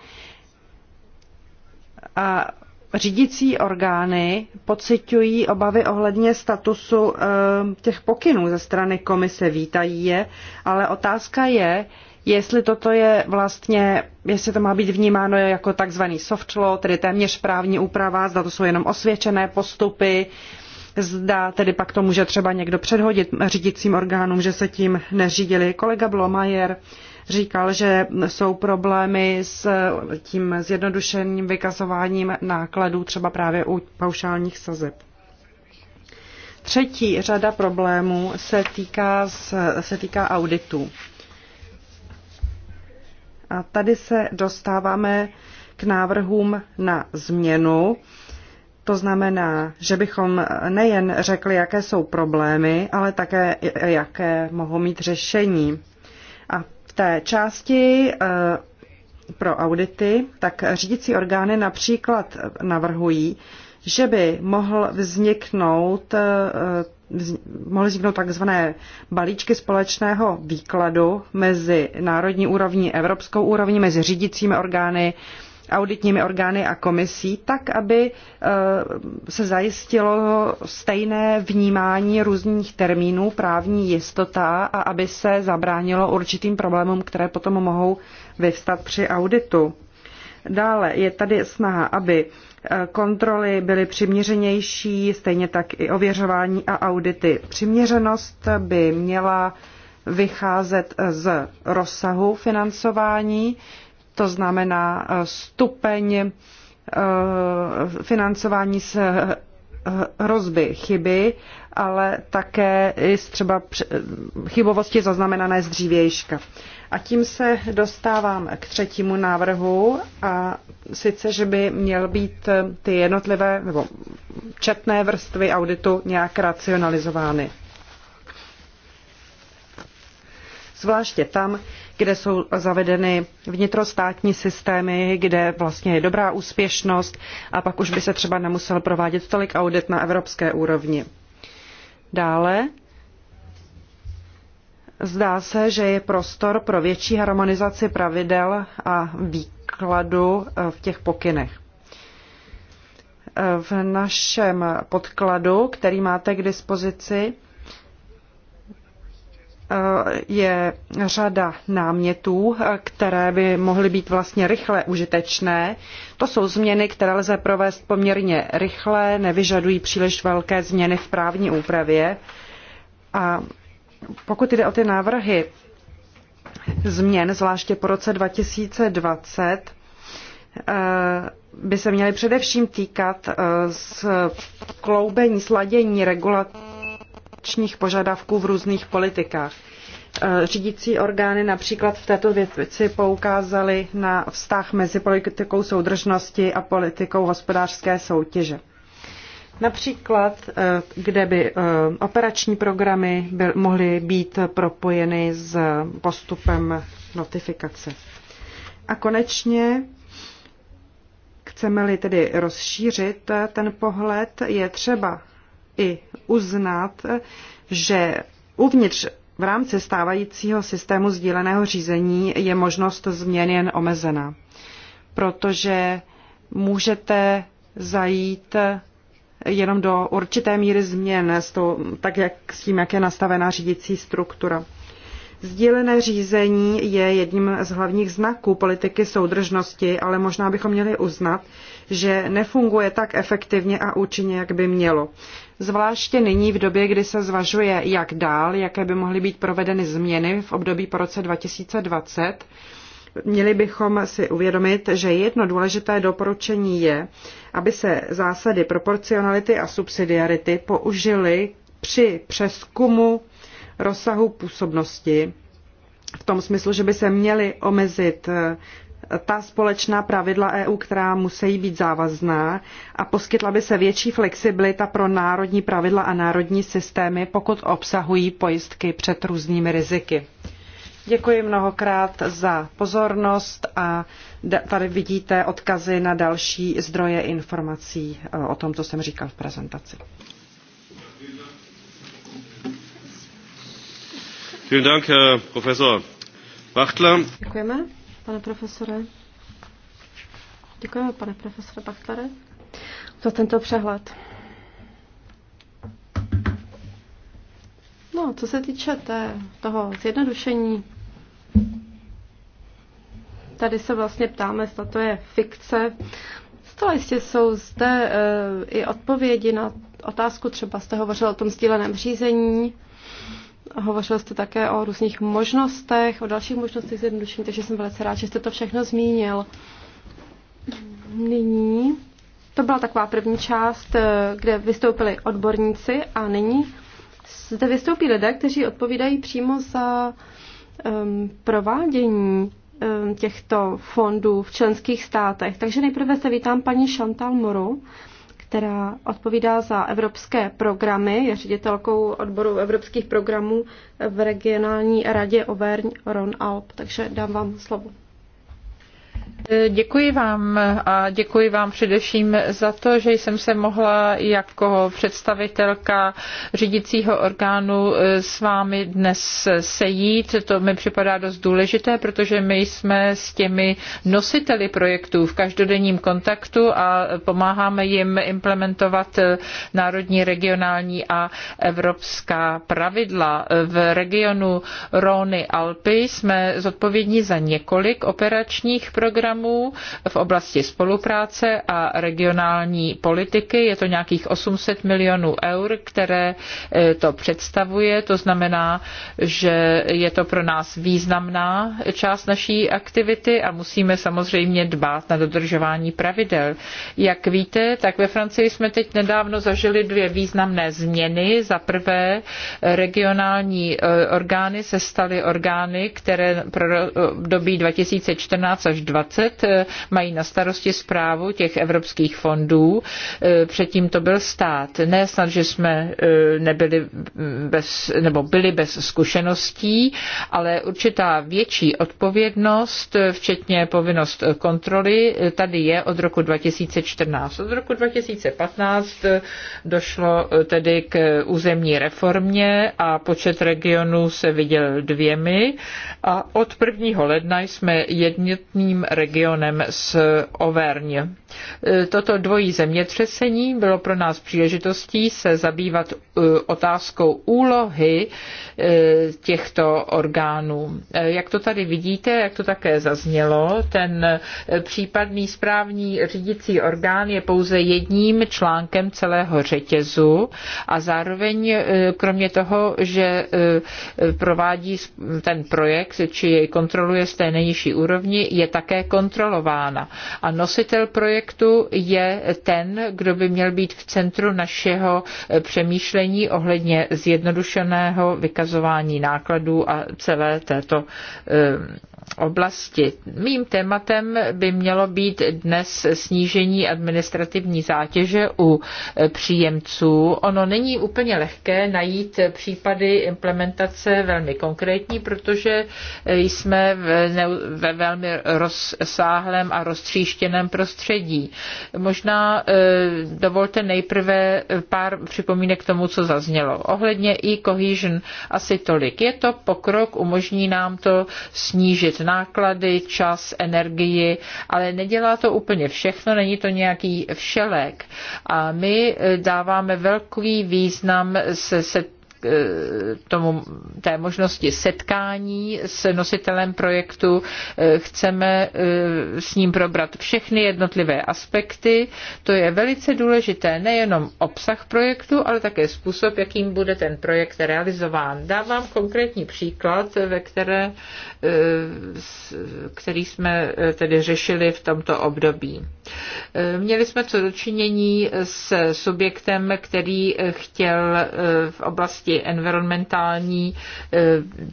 [SPEAKER 2] A řídící orgány pocitují obavy ohledně statusu eh, těch pokynů ze strany komise, vítají je, ale otázka je, jestli toto je vlastně, jestli to má být vnímáno jako takzvaný soft law, tedy téměř právní úprava, zda to jsou jenom osvědčené postupy, zda tedy pak to může třeba někdo předhodit řídícím orgánům, že se tím neřídili. Kolega Blomajer říkal, že jsou problémy s tím zjednodušeným vykazováním nákladů třeba právě u paušálních sazeb. Třetí řada problémů se týká, se týká auditů. A tady se dostáváme k návrhům na změnu. To znamená, že bychom nejen řekli, jaké jsou problémy, ale také, jaké mohou mít řešení té části eh, pro audity, tak řídící orgány například navrhují, že by mohl vzniknout eh, mohly vzniknout takzvané balíčky společného výkladu mezi národní úrovní, evropskou úrovní, mezi řídícími orgány, auditními orgány a komisí, tak aby eh, se zajistilo stejné vnímání různých termínů, právní jistota a aby se zabránilo určitým problémům, které potom mohou vyvstat při auditu. Dále je tady snaha, aby eh, kontroly byly přiměřenější, stejně tak i ověřování a audity. Přiměřenost by měla vycházet z rozsahu financování, to znamená eh, stupeň eh, financování z eh, hrozby chyby, ale také i třeba chybovosti zaznamenané z dřívějška. A tím se dostávám k třetímu návrhu a sice, že by měl být ty jednotlivé nebo četné vrstvy auditu nějak racionalizovány. Zvláště tam, kde jsou zavedeny vnitrostátní systémy, kde vlastně je dobrá úspěšnost a pak už by se třeba nemusel provádět tolik audit na evropské úrovni. Dále Zdá se, že je prostor pro větší harmonizaci pravidel a výkladu eh, v těch pokynech. Eh, v našem podkladu, který máte k dispozici, je řada námětů, které by mohly být vlastně rychle užitečné. To jsou změny, které lze provést poměrně rychle, nevyžadují příliš velké změny v právní úpravě. A pokud jde o ty návrhy změn, zvláště po roce 2020, eh, by se měly především týkat eh, kloubení, sladění regulací regulačních požadavků v různých politikách. E, řídící orgány například v této věci poukázaly na vztah mezi politikou soudržnosti a politikou hospodářské soutěže. Například, e, kde by e, operační programy byl, mohly být propojeny s postupem notifikace. A konečně, chceme-li tedy rozšířit ten pohled, je třeba i uznat, že uvnitř v rámci stávajícího systému sdíleného řízení je možnost změn jen omezená, protože můžete zajít jenom do určité míry změn, s tou, tak jak s tím, jak je nastavená řídící struktura. Sdílené řízení je jedním z hlavních znaků politiky soudržnosti, ale možná bychom měli uznat, že nefunguje tak efektivně a účinně, jak by mělo zvláště nyní v době, kdy se zvažuje, jak dál, jaké by mohly být provedeny změny v období po roce 2020, měli bychom si uvědomit, že jedno důležité doporučení je, aby se zásady proporcionality a subsidiarity použily při přeskumu rozsahu působnosti v tom smyslu, že by se měly omezit ta společná pravidla EU, která musí být závazná a poskytla by se větší flexibilita pro národní pravidla a národní systémy, pokud obsahují pojistky před různými riziky. Děkuji mnohokrát za pozornost a tady vidíte odkazy na další zdroje informací eh, o tom, co jsem říkal v prezentaci. Vielen Dank, Herr Professor Wachtler.
[SPEAKER 1] Děkujeme pane profesore. Děkujeme, pane profesore Bachtare, za tento přehled. No, co se týče té, toho zjednodušení, tady se vlastně ptáme, zda to je fikce. Zcela jistě jsou zde e, i odpovědi na otázku, třeba jste hovořil o tom sdíleném řízení, Hovořil jste také o různých možnostech, o dalších možnostech zjednodušení, takže jsem velice rád, že jste to všechno zmínil. Nyní to byla taková první část, eh, kde vystoupili odborníci a nyní zde vystoupí lidé, kteří odpovídají přímo za um, provádění um, těchto fondů v členských státech. Takže nejprve se vítám paní Chantal Moru, která odpovídá za evropské programy, je ředitelkou odboru evropských programů v regionální radě Auvergne-Rhône-Alpes.
[SPEAKER 3] Takže dám vám slovo. Děkuji vám a děkuji vám především za to, že jsem se mohla jako představitelka řídícího orgánu eh, s vámi dnes sejít. To mi připadá dost důležité, protože my jsme s těmi nositeli projektů v každodenním kontaktu a pomáháme jim implementovat eh, národní, regionální a evropská pravidla. V regionu Rony Alpy jsme zodpovědní za několik operačních programů programů v oblasti spolupráce a regionální politiky. Je to nějakých 800 milionů eur, které eh, to představuje. To znamená, že je to pro nás významná část naší aktivity a musíme samozřejmě dbát na dodržování pravidel. Jak víte, tak ve Francii jsme teď nedávno zažili dvě významné změny. Za prvé, regionální eh, orgány se staly orgány, které pro dobí 2014 až 2020 2020 eh, mají na starosti zprávu těch evropských fondů. Eh, předtím to byl stát. Ne snad, že jsme eh, nebyli bez, nebo byli bez zkušeností, ale určitá větší odpovědnost, včetně povinnost kontroly, tady je od roku 2014. Od roku 2015 došlo tedy k územní reformě a počet regionů se viděl dvěmi a od 1. ledna jsme jednotným regionem z Overň. E, toto dvojí zemětřesení bylo pro nás příležitostí se zabývat e, otázkou úlohy e, těchto orgánů. Jak to tady vidíte, jak to také zaznělo, ten případný správní řídící orgán je pouze jedním článkem celého řetězu a zároveň kromě toho, že provádí ten projekt, či jej kontroluje z té nejnižší úrovni, je také kontrolována. A nositel projektu je ten, kdo by měl být v centru našeho eh, přemýšlení ohledně zjednodušeného vykazování nákladů a celé této eh, oblasti. Mým tématem by mělo být dnes snížení administrativní zátěže u příjemců. Ono není úplně lehké najít případy implementace velmi konkrétní, protože jsme ve velmi rozsáhlém a roztříštěném prostředí. Možná eh, dovolte nejprve pár připomínek k tomu, co zaznělo. Ohledně e-cohesion asi tolik. Je to pokrok, umožní nám to snížit náklady, čas, energii, ale nedělá to úplně všechno, není to nějaký všelek. A my eh, dáváme velký význam se, se Eh, tomu, té možnosti setkání s nositelem projektu. Eh, chceme eh, s ním probrat všechny jednotlivé aspekty. To je velice důležité, nejenom obsah projektu, ale také způsob, jakým bude ten projekt realizován. Dávám konkrétní příklad, ve které, který jsme tedy řešili v tomto období. Měli jsme co dočinění s subjektem, který chtěl eh, v oblasti environmentální eh,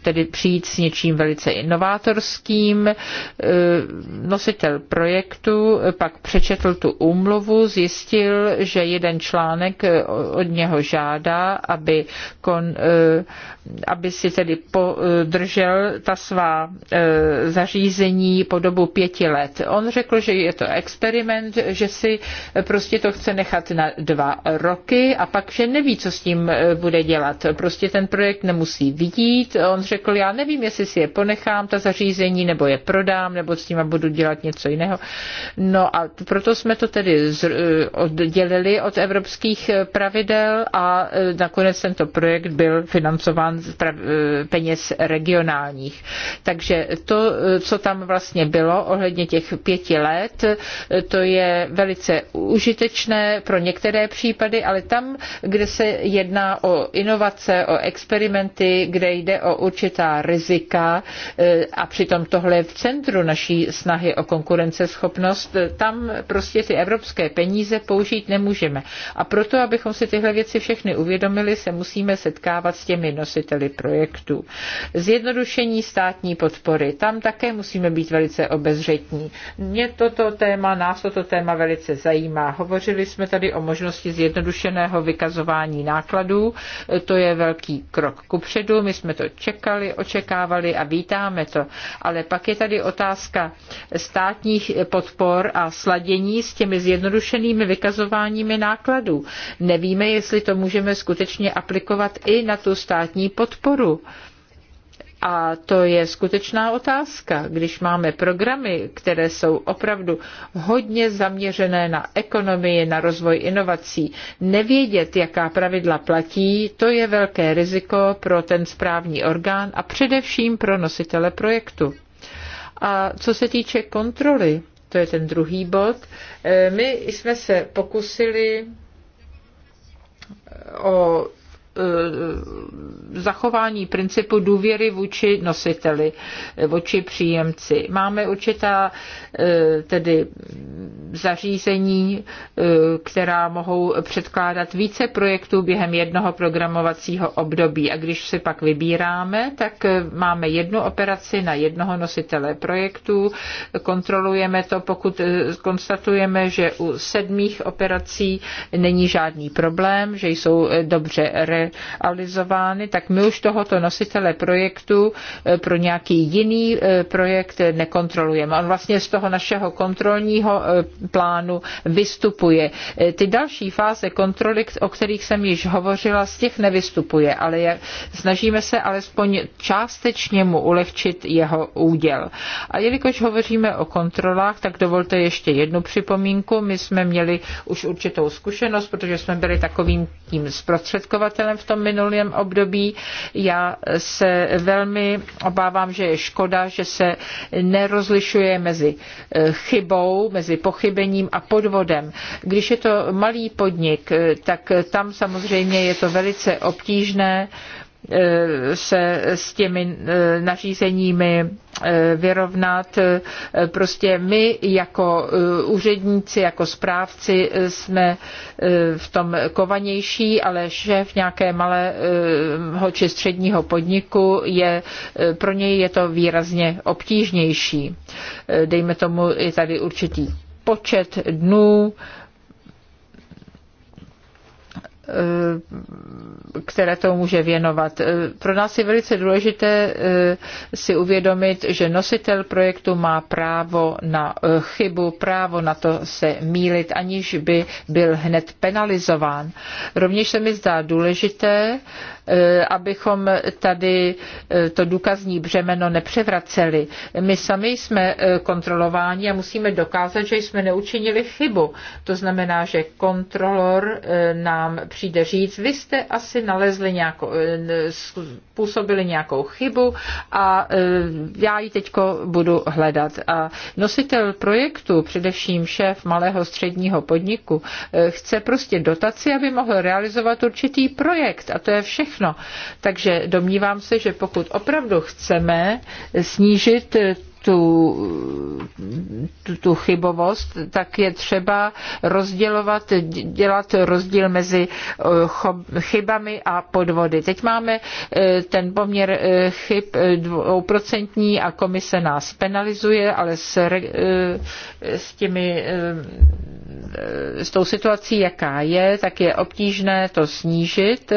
[SPEAKER 3] tedy přijít s něčím velice inovátorským. Eh, nositel projektu pak přečetl tu úmluvu, zjistil, že jeden článek od něho žádá, aby kon, aby si tedy podržel ta svá e, zařízení po dobu pěti let. On řekl, že je to experiment, že si prostě to chce nechat na dva roky a pak, že neví, co s tím e, bude dělat. Prostě ten projekt nemusí vidět. On řekl, já nevím, jestli si je ponechám, ta zařízení, nebo je prodám, nebo s tím budu dělat něco jiného. No a proto jsme to tedy e, oddělili od evropských pravidel a nakonec tento projekt byl financován stran e, peněz regionálních. Takže to, e, co tam vlastně bylo ohledně těch pěti let, e, to je velice užitečné pro některé případy, ale tam, kde se jedná o inovace, o experimenty, kde jde o určitá rizika a přitom tohle je v centru naší snahy o konkurenceschopnost, tam prostě ty evropské peníze použít nemůžeme. A proto, abychom si tyhle věci všechny uvědomili, se musíme setkávat s těmi nosy řediteli projektů. Zjednodušení státní podpory. Tam také musíme být velice obezřetní. Mě toto téma, nás toto téma velice zajímá. Hovořili jsme tady o možnosti zjednodušeného vykazování nákladů. To je velký krok kupředu. My jsme to čekali, očekávali a vítáme to. Ale pak je tady otázka státních podpor a sladění s těmi zjednodušenými vykazováními nákladů. Nevíme, jestli to můžeme skutečně aplikovat i na tu státní podporu. A to je skutečná otázka. Když máme programy, které jsou opravdu hodně zaměřené na ekonomii, na rozvoj inovací, nevědět, jaká pravidla platí, to je velké riziko pro ten správní orgán a především pro nositele projektu. A co se týče kontroly, to je ten druhý bod, eh, my jsme se pokusili eh, o Eh, zachování principu důvěry vůči nositeli, vůči příjemci. Máme určitá eh, tedy zařízení, eh, která mohou předkládat více projektů během jednoho programovacího období. A když si pak vybíráme, tak máme jednu operaci na jednoho nositele projektu, kontrolujeme to, pokud konstatujeme, že u sedmých operací není žádný problém, že jsou dobře re realizovány, tak my už tohoto nositele projektu eh, pro nějaký jiný eh, projekt nekontrolujeme. On vlastně z toho našeho kontrolního eh, plánu vystupuje. Ty další fáze kontroly, o kterých jsem již hovořila, z těch nevystupuje, ale je, snažíme se alespoň částečně mu ulehčit jeho úděl. A jelikož hovoříme o kontrolách, tak dovolte ještě jednu připomínku. My jsme měli už určitou zkušenost, protože jsme byli takovým tím zprostředkovatelem v tom minulém období. Já se velmi obávám, že je škoda, že se nerozlišuje mezi eh, chybou, mezi pochybením a podvodem. Když je to malý podnik, eh, tak tam samozřejmě je to velice obtížné Eh, se s těmi eh, nařízeními eh, vyrovnat. Prostě my jako úředníci, jako správci jsme v tom kovanější, ale šéf nějaké malého či středního podniku je, pro něj je to výrazně obtížnější. Dejme tomu, i tady určitý počet dnů, Eh, které to může věnovat. Eh, pro nás je velice důležité eh, si uvědomit, že nositel projektu má právo na chybu, právo na to se mílit, aniž by byl hned penalizován. Rovněž se mi zdá důležité, abychom tady to důkazní břemeno nepřevraceli. My sami jsme kontrolováni a musíme dokázat, že jsme neučinili chybu. To znamená, že kontrolor nám přijde říct, vy jste asi nalezli nějakou, eh, způsobili nějakou chybu a eh, já ji teď budu hledat. A nositel projektu, především šéf malého středního podniku, eh, chce prostě dotaci, aby mohl realizovat určitý projekt a to je všechno. Takže domnívám se, že pokud opravdu chceme snížit tu, tu, tu chybovost, tak je třeba rozdělovat, dělat rozdíl mezi eh, chybami a podvody. Teď máme eh, ten poměr eh, chyb dvouprocentní a komise nás penalizuje, ale s, s těmi s tou situací, jaká je, tak je obtížné to snížit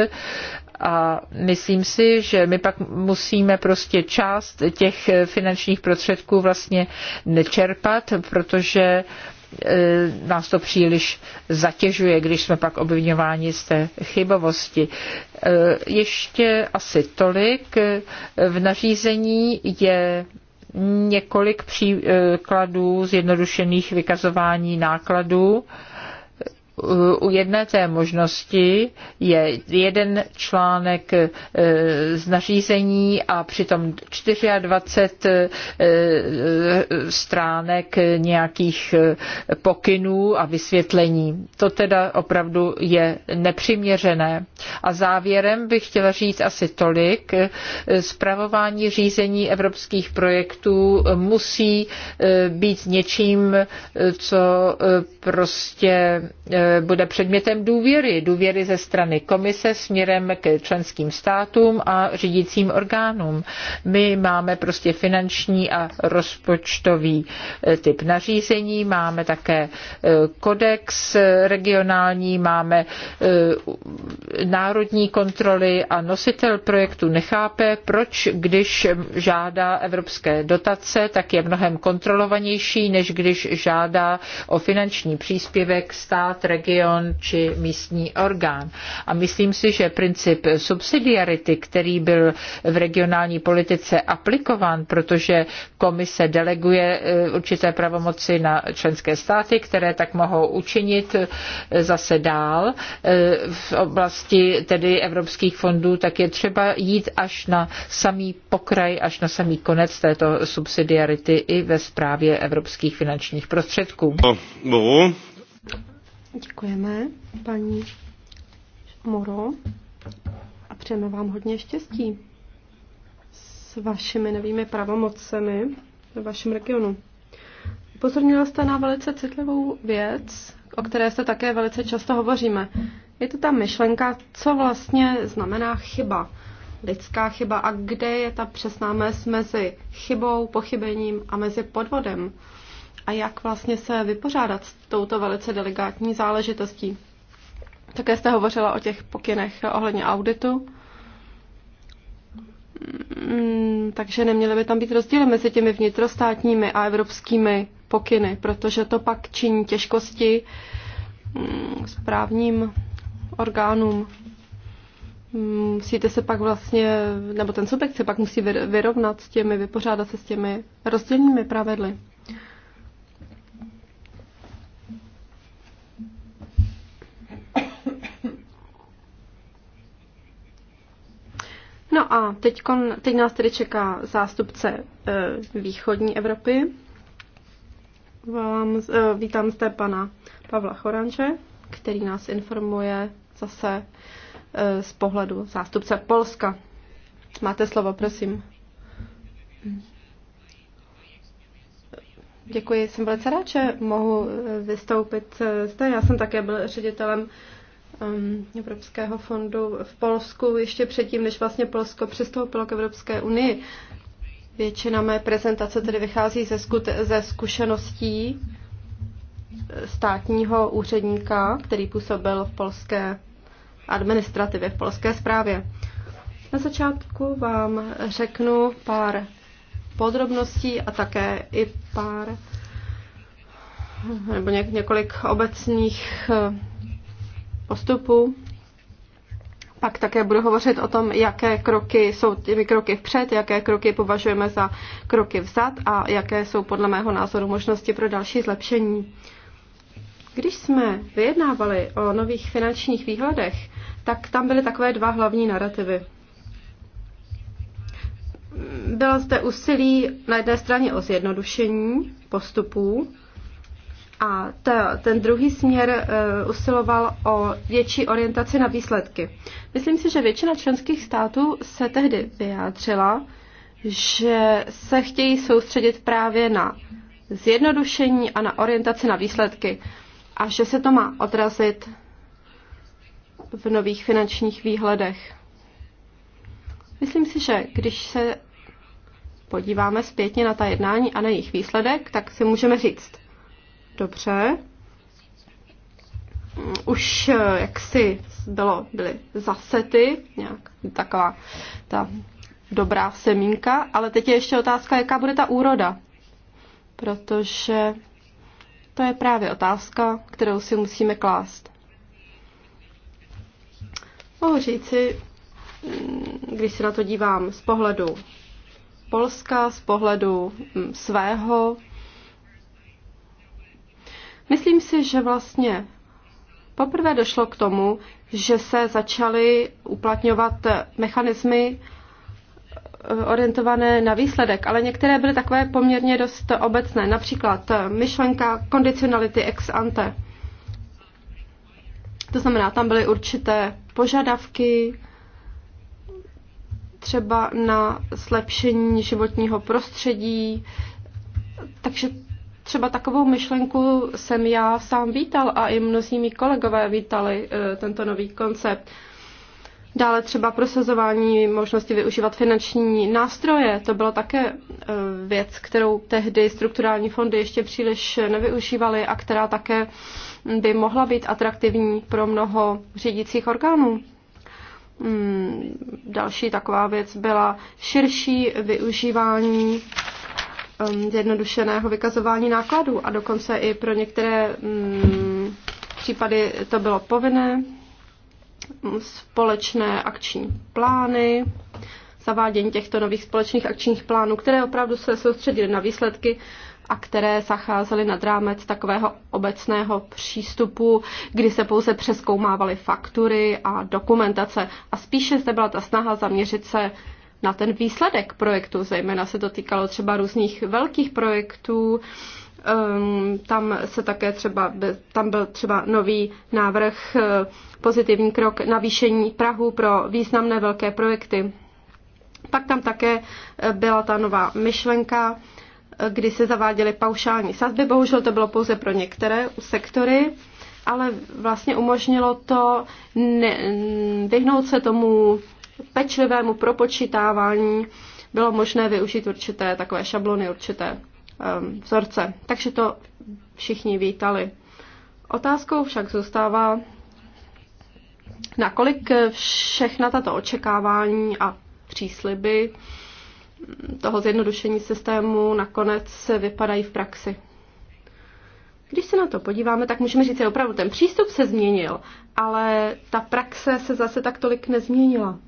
[SPEAKER 3] a myslím si, že my pak musíme prostě část těch finančních prostředků vlastně nečerpat, protože e, nás to příliš zatěžuje, když jsme pak obvinováni z té chybovosti. E, ještě asi tolik. V nařízení je několik příkladů zjednodušených vykazování nákladů u jedné té možnosti je jeden článek eh, z nařízení a přitom 24 eh, eh, stránek nějakých pokynů a vysvětlení. To teda opravdu je nepřiměřené. A závěrem bych chtěla říct asi tolik. Spravování řízení evropských projektů musí být něčím, co prostě bude předmětem důvěry, důvěry ze strany komise směrem k členským státům a řídícím orgánům. My máme prostě finanční a rozpočtový eh, typ nařízení, máme také eh, kodex regionální, máme eh, národní kontroly a nositel projektu nechápe, proč když žádá evropské dotace, tak je mnohem kontrolovanější, než když žádá o finanční příspěvek stát, region region či místní orgán. A myslím si, že princip subsidiarity, který byl v regionální politice aplikován, protože komise deleguje eh, určité pravomoci na členské státy, které tak mohou učinit eh, zase dál eh, v oblasti tedy evropských fondů, tak je třeba jít až na samý pokraj, až na samý konec této subsidiarity i ve správě evropských finančních prostředků. No,
[SPEAKER 2] no.
[SPEAKER 1] Děkujeme, paní Moro, a přejeme vám hodně štěstí s vašimi novými pravomocemi ve vašem regionu. Upozornila jste na velice citlivou věc, o které se také velice často hovoříme. Je to ta myšlenka, co vlastně znamená chyba, lidská chyba a kde je ta přesná mez mezi chybou, pochybením a mezi podvodem a jak vlastně se vypořádat s touto velice delikátní záležitostí. Také jste hovořila o těch pokynech ohledně auditu. Mm, takže neměly by tam být rozdíly mezi těmi vnitrostátními a evropskými pokyny, protože to pak činí těžkosti mm, správním orgánům. Mm, musíte se pak vlastně, nebo ten subjekt se pak musí vyrovnat s těmi, vypořádat se s těmi rozdílnými pravidly. No a teď, teď nás tedy čeká zástupce e, východní Evropy. Vám, e, vítám zde pana Pavla Choranče, který nás informuje zase e, z pohledu zástupce Polska. Máte slovo, prosím. Děkuji, jsem velice rád, že mohu vystoupit zde. Já jsem také byl ředitelem Um, Evropského fondu v Polsku ještě předtím, než vlastně Polsko přistoupilo k Evropské unii. Většina mé prezentace tedy vychází ze, zku, ze zkušeností státního úředníka, který působil v polské administrativě, v polské správě. Na začátku vám řeknu pár podrobností a také i pár nebo několik obecných postupu. Pak také budu hovořit o tom, jaké kroky jsou těmi kroky vpřed, jaké kroky považujeme za kroky vzad a jaké jsou podle mého názoru možnosti pro další zlepšení. Když jsme vyjednávali o nových finančních výhledech, tak tam byly takové dva hlavní narrativy. Bylo zde úsilí na jedné straně o zjednodušení postupů, a to, ten druhý směr uh, usiloval o větší orientaci na výsledky. Myslím si, že většina členských států se tehdy vyjádřila, že se chtějí soustředit právě na zjednodušení a na orientaci na výsledky a že se to má odrazit v nových finančních výhledech. Myslím si, že když se podíváme zpětně na ta jednání a na jejich výsledek, tak si můžeme říct, Dobře. Už eh, jak si bylo, byly zasety, nějak taková ta dobrá semínka, ale teď je ještě otázka, jaká bude ta úroda. Protože to je právě otázka, kterou si musíme klást. Mohu říci, mm, když se na to dívám z pohledu Polska, z pohledu mm, svého Myslím si, že vlastně poprvé došlo k tomu, že se začaly uplatňovat mechanismy eh, orientované na výsledek, ale některé byly takové poměrně dost obecné, například eh, myšlenka kondicionality ex ante. To znamená, tam byly určité požadavky, třeba na zlepšení životního prostředí, takže Třeba takovou myšlenku jsem já sám vítal a i mnozí mý kolegové vítali eh, tento nový koncept. Dále třeba prosazování možnosti využívat finanční nástroje. To byla také eh, věc, kterou tehdy strukturální fondy ještě příliš nevyužívaly a která také by mohla být atraktivní pro mnoho řídících orgánů. Hmm, další taková věc byla širší využívání Um, zjednodušeného vykazování nákladů a dokonce i pro některé mm, případy to bylo povinné, společné akční plány, zavádění těchto nových společných akčních plánů, které opravdu se soustředily na výsledky a které zacházely nad rámec takového obecného přístupu, kdy se pouze přeskoumávaly faktury a dokumentace a spíše zde byla ta snaha zaměřit se na ten výsledek projektu. Zejména se to týkalo třeba různých velkých projektů. Ehm, tam se také třeba, tam byl třeba nový návrh, eh, pozitivní krok navýšení Prahu pro významné velké projekty. Pak tam také eh, byla ta nová myšlenka, eh, kdy se zaváděly paušální sazby. Bohužel to bylo pouze pro některé sektory, ale vlastně umožnilo to ne, vyhnout se tomu pečlivému propočítávání bylo možné využít určité takové šablony, určité um, vzorce. Takže to všichni vítali. Otázkou však zůstává, nakolik všechna tato očekávání a přísliby toho zjednodušení systému nakonec vypadají v praxi. Když se na to podíváme, tak můžeme říct, že opravdu ten přístup se změnil, ale ta praxe se zase tak tolik nezměnila.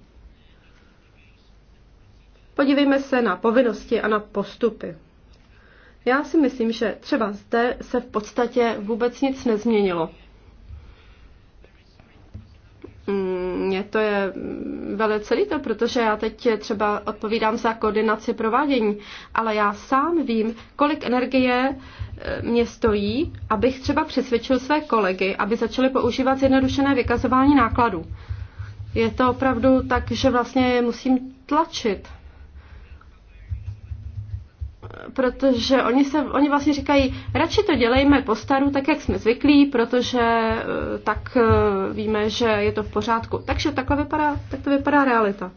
[SPEAKER 1] Podívejme se na povinnosti a na postupy. Já si myslím, že třeba zde se v podstatě vůbec nic nezměnilo. Mně mm, to je velice líto, protože já teď třeba odpovídám za koordinaci provádění, ale já sám vím, kolik energie eh, mě stojí, abych třeba přesvědčil své kolegy, aby začali používat zjednodušené vykazování nákladů. Je to opravdu tak, že vlastně musím tlačit protože oni, se, oni vlastně říkají, radši to dělejme po staru, tak jak jsme zvyklí, protože eh, tak eh, víme, že je to v pořádku. Takže takhle vypadá, tak to vypadá realita.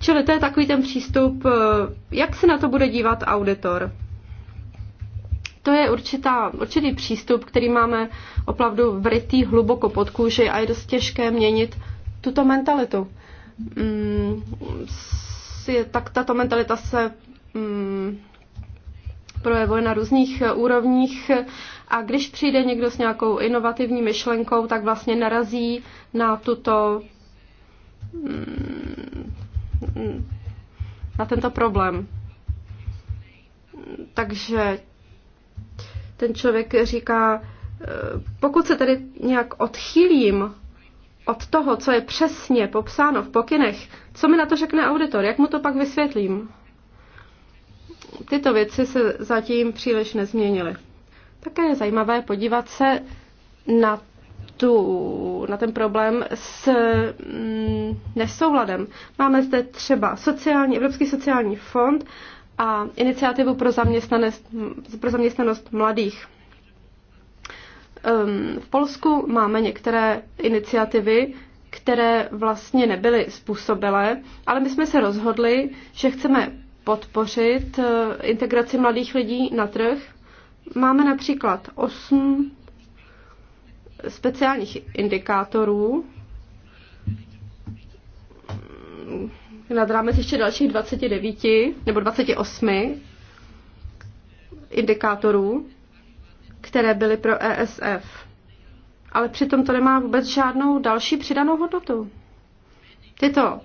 [SPEAKER 1] Čili to je takový ten přístup, eh, jak se na to bude dívat auditor. To je určitá, určitý přístup, který máme opravdu vrytý hluboko pod kůži a je dost těžké měnit tuto mentalitu. Mm, je, tak tato mentalita se Mm, projevuje na různých eh, úrovních a když přijde někdo s nějakou inovativní myšlenkou, tak vlastně narazí na tuto mm, na tento problém. Takže ten člověk říká, eh, pokud se tedy nějak odchýlím od toho, co je přesně popsáno v pokynech, co mi na to řekne auditor, jak mu to pak vysvětlím? tyto věci se zatím příliš nezměnily. Také je zajímavé podívat se na, tu, na ten problém s mm, nesouladem. Máme zde třeba sociální, Evropský sociální fond a iniciativu pro zaměstnanost, pro zaměstnanost mladých. Ehm, v Polsku máme některé iniciativy, které vlastně nebyly způsobilé, ale my jsme se rozhodli, že chceme podpořit eh, integraci mladých lidí na trh. Máme například osm speciálních indikátorů nad rámec ještě dalších 29 nebo 28 indikátorů, které byly pro ESF. Ale přitom to nemá vůbec žádnou další přidanou hodnotu. Tyto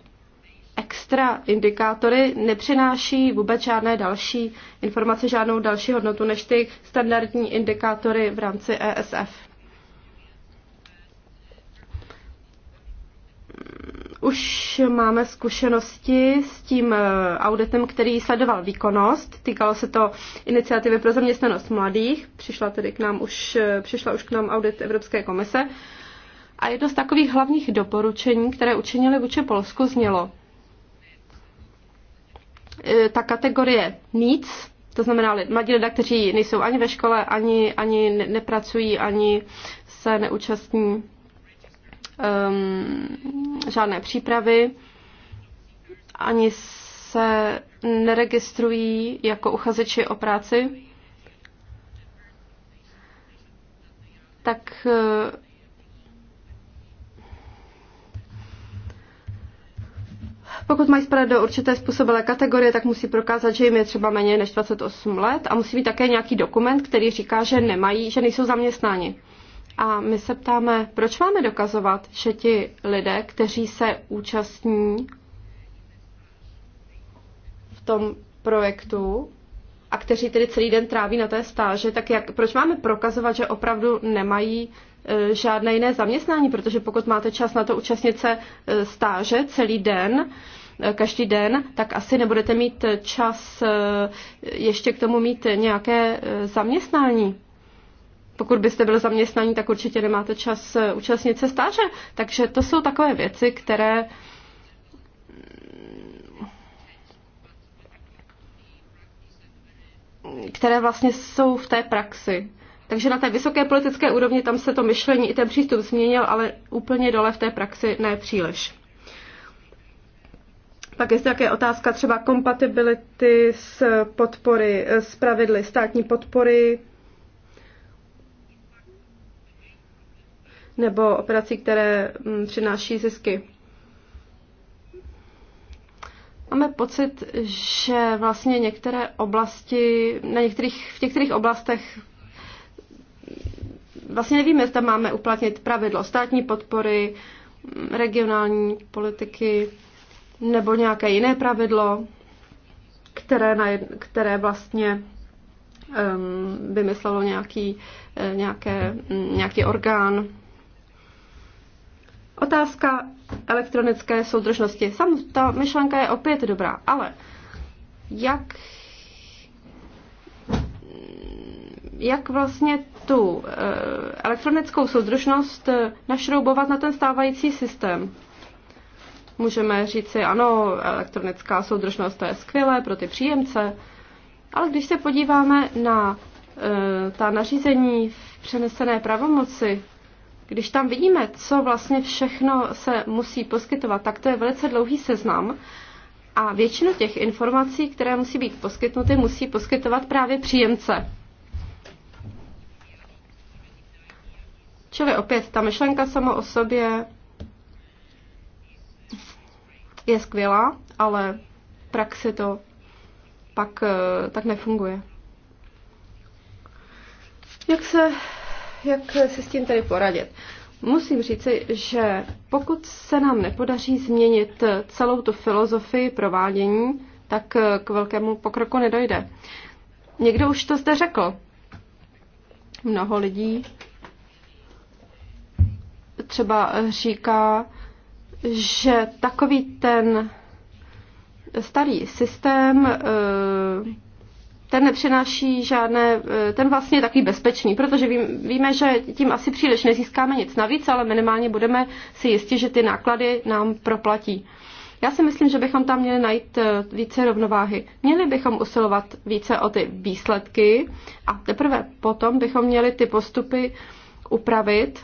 [SPEAKER 1] extra indikátory nepřináší vůbec žádné další informace, žádnou další hodnotu než ty standardní indikátory v rámci ESF. Už máme zkušenosti s tím eh, auditem, který sledoval výkonnost. Týkalo se to iniciativy pro zaměstnanost mladých. Přišla tedy k nám už, eh, přišla už k nám audit Evropské komise. A jedno z takových hlavních doporučení, které učinili vůči Polsku, znělo, E, ta kategorie nic, to znamená mladí lidé, kteří nejsou ani ve škole, ani, ani nepracují, ani se neúčastní um, žádné přípravy, ani se neregistrují jako uchazeči o práci, tak e, Pokud mají spadat do určité způsobilé kategorie, tak musí prokázat, že jim je třeba méně než 28 let a musí mít také nějaký dokument, který říká, že nemají, že nejsou zaměstnáni. A my se ptáme, proč máme dokazovat, že ti lidé, kteří se účastní v tom projektu a kteří tedy celý den tráví na té stáži, tak jak, proč máme prokazovat, že opravdu nemají e, žádné jiné zaměstnání? Protože pokud máte čas na to účastnit se e, stáže celý den, každý den, tak asi nebudete mít čas eh, ještě k tomu mít nějaké eh, zaměstnání. Pokud byste byl zaměstnaní, tak určitě nemáte čas eh, účastnit se stáže. Takže to jsou takové věci, které mm, které vlastně jsou v té praxi. Takže na té vysoké politické úrovni tam se to myšlení i ten přístup změnil, ale úplně dole v té praxi ne příliš. Pak je také otázka třeba kompatibility s podpory, eh, s pravidly státní podpory nebo operací, které mm, přináší zisky. Máme pocit, že vlastně některé oblasti, na některých, v některých oblastech vlastně nevíme, zda máme uplatnit pravidlo státní podpory, mm, regionální politiky, nebo nějaké jiné pravidlo, které, na, které vlastně um, vymyslelo nějaký, eh, nějaké, mm, nějaký orgán. Otázka elektronické soudržnosti. Sam, ta myšlenka je opět dobrá, ale jak jak vlastně tu eh, elektronickou soudržnost eh, našroubovat na ten stávající systém. Můžeme říci, ano, elektronická soudržnost to je skvělé pro ty příjemce, ale když se podíváme na e, ta nařízení v přenesené pravomoci, když tam vidíme, co vlastně všechno se musí poskytovat, tak to je velice dlouhý seznam a většinu těch informací, které musí být poskytnuty, musí poskytovat právě příjemce. Čili opět ta myšlenka sama o sobě je skvělá, ale v praxi to pak eh, tak nefunguje. Jak se, jak se s tím tedy poradit? Musím říci, že pokud se nám nepodaří změnit celou tu filozofii provádění, tak eh, k velkému pokroku nedojde. Někdo už to zde řekl. Mnoho lidí třeba říká, že takový ten starý systém, eh, ten nepřináší žádné, eh, ten vlastně je takový bezpečný, protože vím, víme, že tím asi příliš nezískáme nic navíc, ale minimálně budeme si jistit, že ty náklady nám proplatí. Já si myslím, že bychom tam měli najít eh, více rovnováhy. Měli bychom usilovat více o ty výsledky a teprve potom bychom měli ty postupy upravit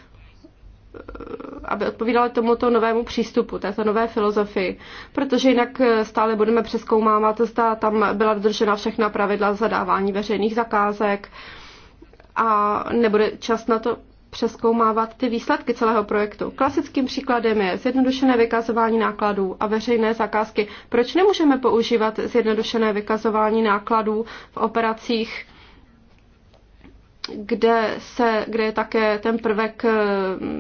[SPEAKER 1] aby odpovídala tomuto novému přístupu, této nové filozofii, protože jinak eh, stále budeme přeskoumávat, zda tam byla dodržena všechna pravidla zadávání veřejných zakázek a nebude čas na to přeskoumávat ty výsledky celého projektu. Klasickým příkladem je zjednodušené vykazování nákladů a veřejné zakázky. Proč nemůžeme používat zjednodušené vykazování nákladů v operacích kde, se, kde je také ten prvek eh,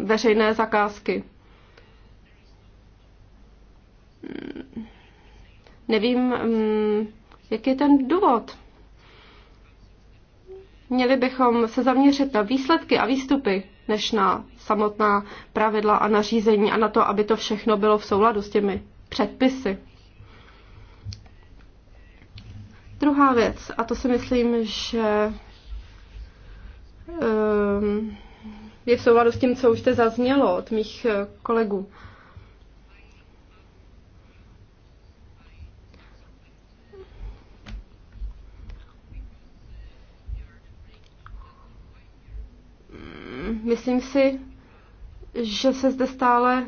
[SPEAKER 1] veřejné zakázky. Nevím, mm, jaký je ten důvod. Měli bychom se zaměřit na výsledky a výstupy, než na samotná pravidla a nařízení a na to, aby to všechno bylo v souladu s těmi předpisy. Druhá věc, a to si myslím, že Ehm, je v souladu s tím, co už jste zaznělo od mých eh, kolegů. Myslím si, že se zde stále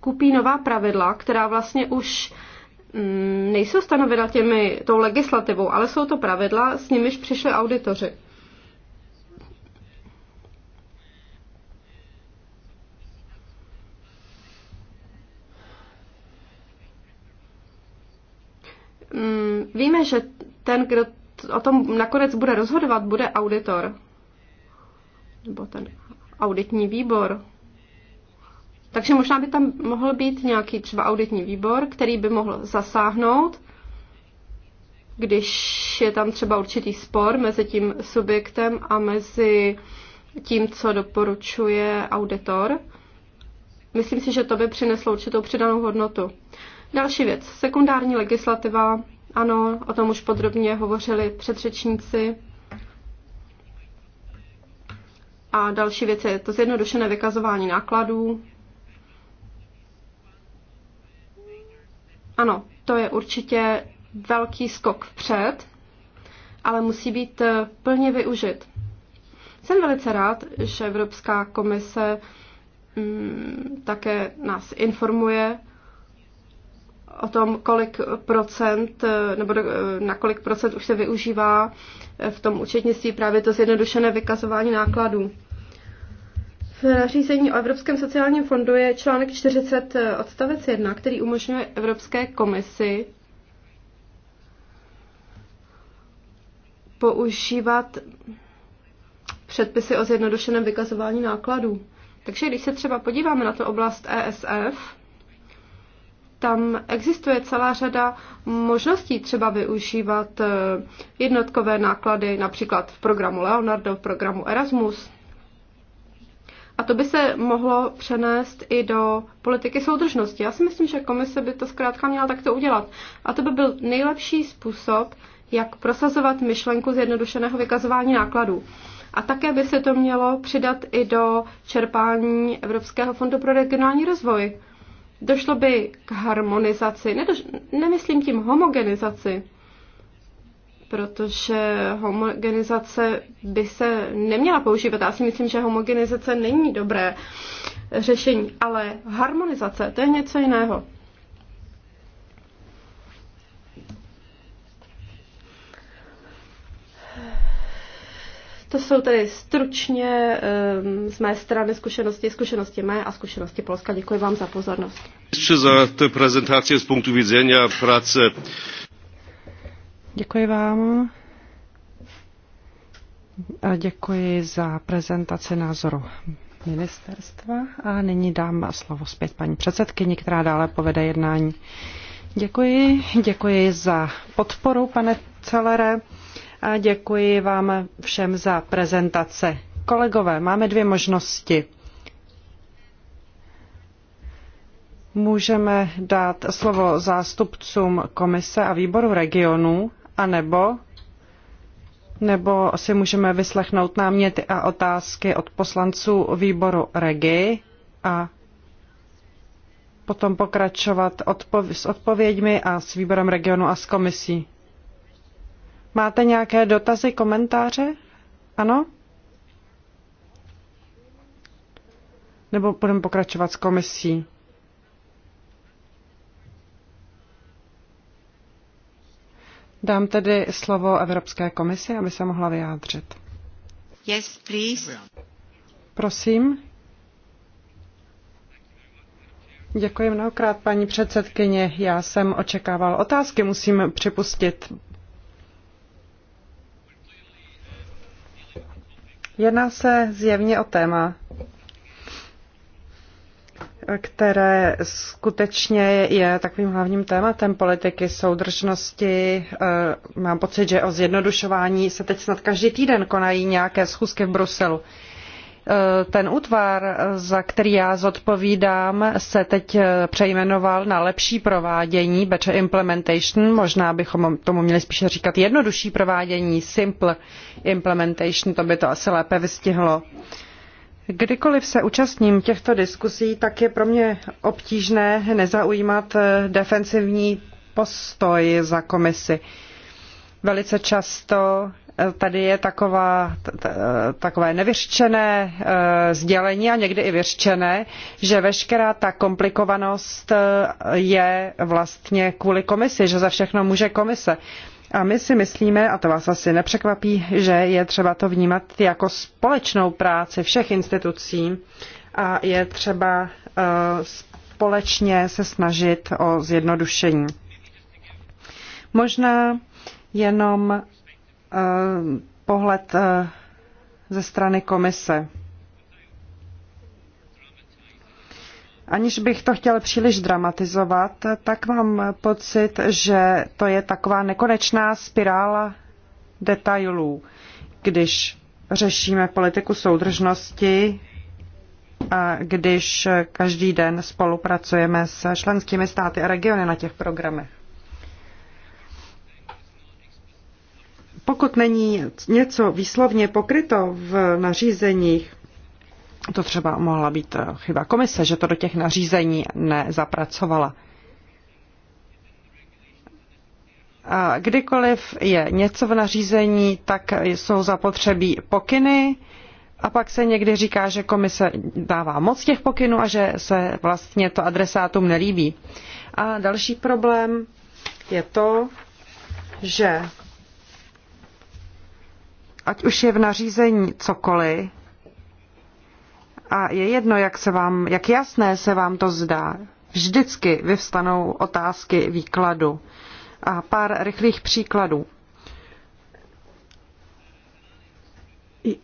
[SPEAKER 1] kupí nová pravidla, která vlastně už mm, nejsou stanovena těmi, tou legislativou, ale jsou to pravidla, s nimiž přišli auditoři. Mm, víme, že ten, kdo o tom nakonec bude rozhodovat, bude auditor. Nebo ten auditní výbor. Takže možná by tam mohl být nějaký třeba auditní výbor, který by mohl zasáhnout, když je tam třeba určitý spor mezi tím subjektem a mezi tím, co doporučuje auditor. Myslím si, že to by přineslo určitou přidanou hodnotu. Další věc, sekundární legislativa. Ano, o tom už podrobně hovořili předřečníci. A další věc je to zjednodušené vykazování nákladů. Ano, to je určitě velký skok vpřed, ale musí být eh, plně využit. Jsem velice rád, že Evropská komise mm, také nás informuje o tom, kolik procent, eh, nebo eh, na kolik procent už se využívá eh, v tom účetnictví právě to zjednodušené vykazování nákladů. V nařízení o Evropském sociálním fondu je článek 40 odstavec 1, který umožňuje Evropské komisi používat předpisy o zjednodušeném vykazování nákladů. Takže když se třeba podíváme na to oblast ESF, tam existuje celá řada možností třeba využívat eh, jednotkové náklady, například v programu Leonardo, v programu Erasmus. A to by se mohlo přenést i do politiky soudržnosti. Já si myslím, že komise by to zkrátka měla takto udělat. A to by byl nejlepší způsob, jak prosazovat myšlenku zjednodušeného vykazování nákladů. A také by se to mělo přidat i do čerpání Evropského fondu pro regionální rozvoj. Došlo by k harmonizaci, Nedoš- nemyslím tím homogenizaci, protože homogenizace by se neměla používat. Já si myslím, že homogenizace není dobré řešení, ale harmonizace, to je něco jiného. To jsou tedy stručně ehm, z mé strany zkušenosti, zkušenosti mé a zkušenosti Polska. Děkuji vám za pozornost.
[SPEAKER 2] Ještě za tu prezentaci z punktu vidění práce. Děkuji vám. A děkuji za prezentaci názoru ministerstva a nyní dám slovo zpět paní předsedkyni, která dále povede jednání. Děkuji, děkuji za podporu, pane Celere a děkuji vám všem za prezentace. Kolegové, máme dvě možnosti. Můžeme dát slovo zástupcům komise a výboru regionů, anebo nebo si můžeme vyslechnout náměty a otázky od poslanců výboru REGI a potom pokračovat odpov- s odpověďmi a s výborem regionu a s komisí. Máte nějaké dotazy, komentáře? Ano? Nebo budeme pokračovat s komisí? Dám tedy slovo Evropské komisi, aby se mohla vyjádřit.
[SPEAKER 1] Yes, please.
[SPEAKER 2] Prosím. Děkuji mnohokrát, paní předsedkyně. Já jsem očekával otázky, musím připustit. Jedná se zjevně o téma, které skutečně je takovým hlavním tématem politiky soudržnosti. Eh, mám pocit, že o zjednodušování se teď snad každý týden konají nějaké schůzky v Bruselu. Eh, ten útvar, za který já zodpovídám, se teď eh, přejmenoval na lepší provádění, better implementation, možná bychom tomu měli spíše říkat jednodušší provádění, simple implementation, to by to asi lépe vystihlo. Kdykoliv se účastním těchto diskusí, tak je pro mě obtížné nezaujímat eh, defensivní postoj za komisi. Velice často tady je taková, takové nevyřčené eh, sdělení a někdy i vyřčené, že veškerá ta komplikovanost eh, je vlastně kvůli komisi, že za všechno může komise. A my si myslíme, a to vás asi nepřekvapí, že je třeba to vnímat jako společnou práci všech institucí a je třeba eh, společně se snažit o zjednodušení. Možná jenom Eh, pohled eh, ze strany komise. Aniž bych to chtěl příliš dramatizovat, tak mám pocit, že to je taková nekonečná spirála detailů, když řešíme politiku soudržnosti a když každý den spolupracujeme s členskými státy a regiony na těch programech. pokud není něco výslovně pokryto v nařízeních, to třeba mohla být eh, chyba komise, že to do těch nařízení nezapracovala. A kdykoliv je něco v nařízení, tak jsou zapotřebí pokyny a pak se někdy říká, že komise dává moc těch pokynů a že se vlastně to adresátům nelíbí. A další problém je to, že ať už je v nařízení cokoliv, a je jedno, jak, se vám, jak jasné se vám to zdá, vždycky vyvstanou otázky výkladu. A pár rychlých příkladů.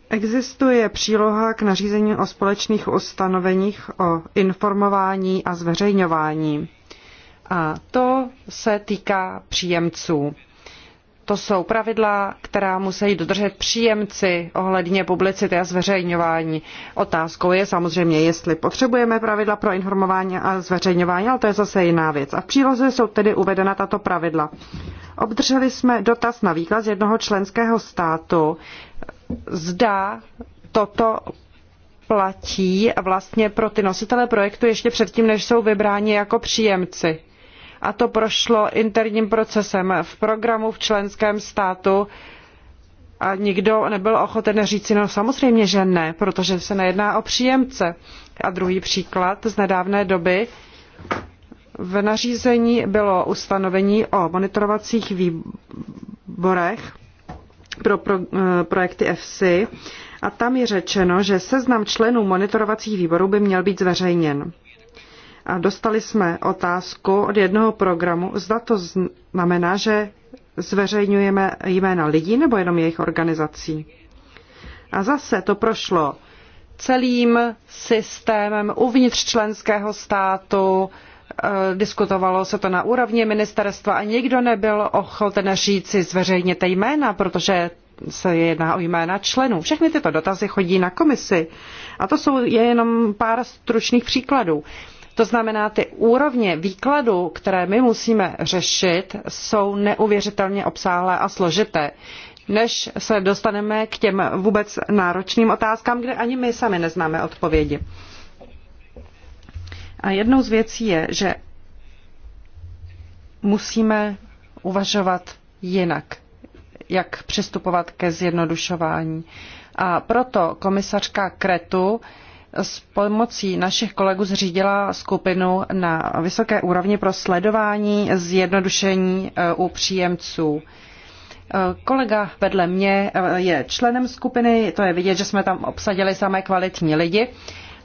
[SPEAKER 2] Existuje příloha k nařízení o společných ustanoveních o informování a zveřejňování. A to se týká příjemců to jsou pravidla, která musí dodržet příjemci ohledně publicity a zveřejňování. Otázkou je samozřejmě, jestli potřebujeme pravidla pro informování a zveřejňování, ale to je zase jiná věc. A v příloze jsou tedy uvedena tato pravidla. Obdrželi jsme dotaz na výklad z jednoho členského státu, zda toto platí vlastně pro ty nositele projektu ještě předtím, než jsou vybráni jako příjemci a to prošlo interním procesem v programu v členském státu a nikdo nebyl ochoten říci, no samozřejmě, že ne, protože se nejedná o příjemce. A druhý příklad z nedávné doby. V nařízení bylo ustanovení o monitorovacích výborech pro, pro eh, projekty EFSI a tam je řečeno, že seznam členů monitorovacích výborů by měl být zveřejněn. A dostali jsme otázku od jednoho programu, zda to znamená, že zveřejňujeme jména lidí nebo jenom jejich organizací. A zase to prošlo celým systémem uvnitř členského státu, eh, diskutovalo se to na úrovni ministerstva a nikdo nebyl ochoten říci zveřejněte jména, protože se jedná o jména členů. Všechny tyto dotazy chodí na komisi. A to jsou jenom pár stručných příkladů. To znamená, ty úrovně výkladu, které my musíme řešit, jsou neuvěřitelně obsáhlé a složité než se dostaneme k těm vůbec náročným otázkám, kde ani my sami neznáme odpovědi. A jednou z věcí je, že musíme uvažovat jinak, jak přistupovat ke zjednodušování. A proto komisařka Kretu s pomocí našich kolegů zřídila skupinu na vysoké úrovni pro sledování zjednodušení eh, u příjemců. Eh, kolega vedle mě eh, je členem skupiny, to je vidět, že jsme tam obsadili samé kvalitní lidi.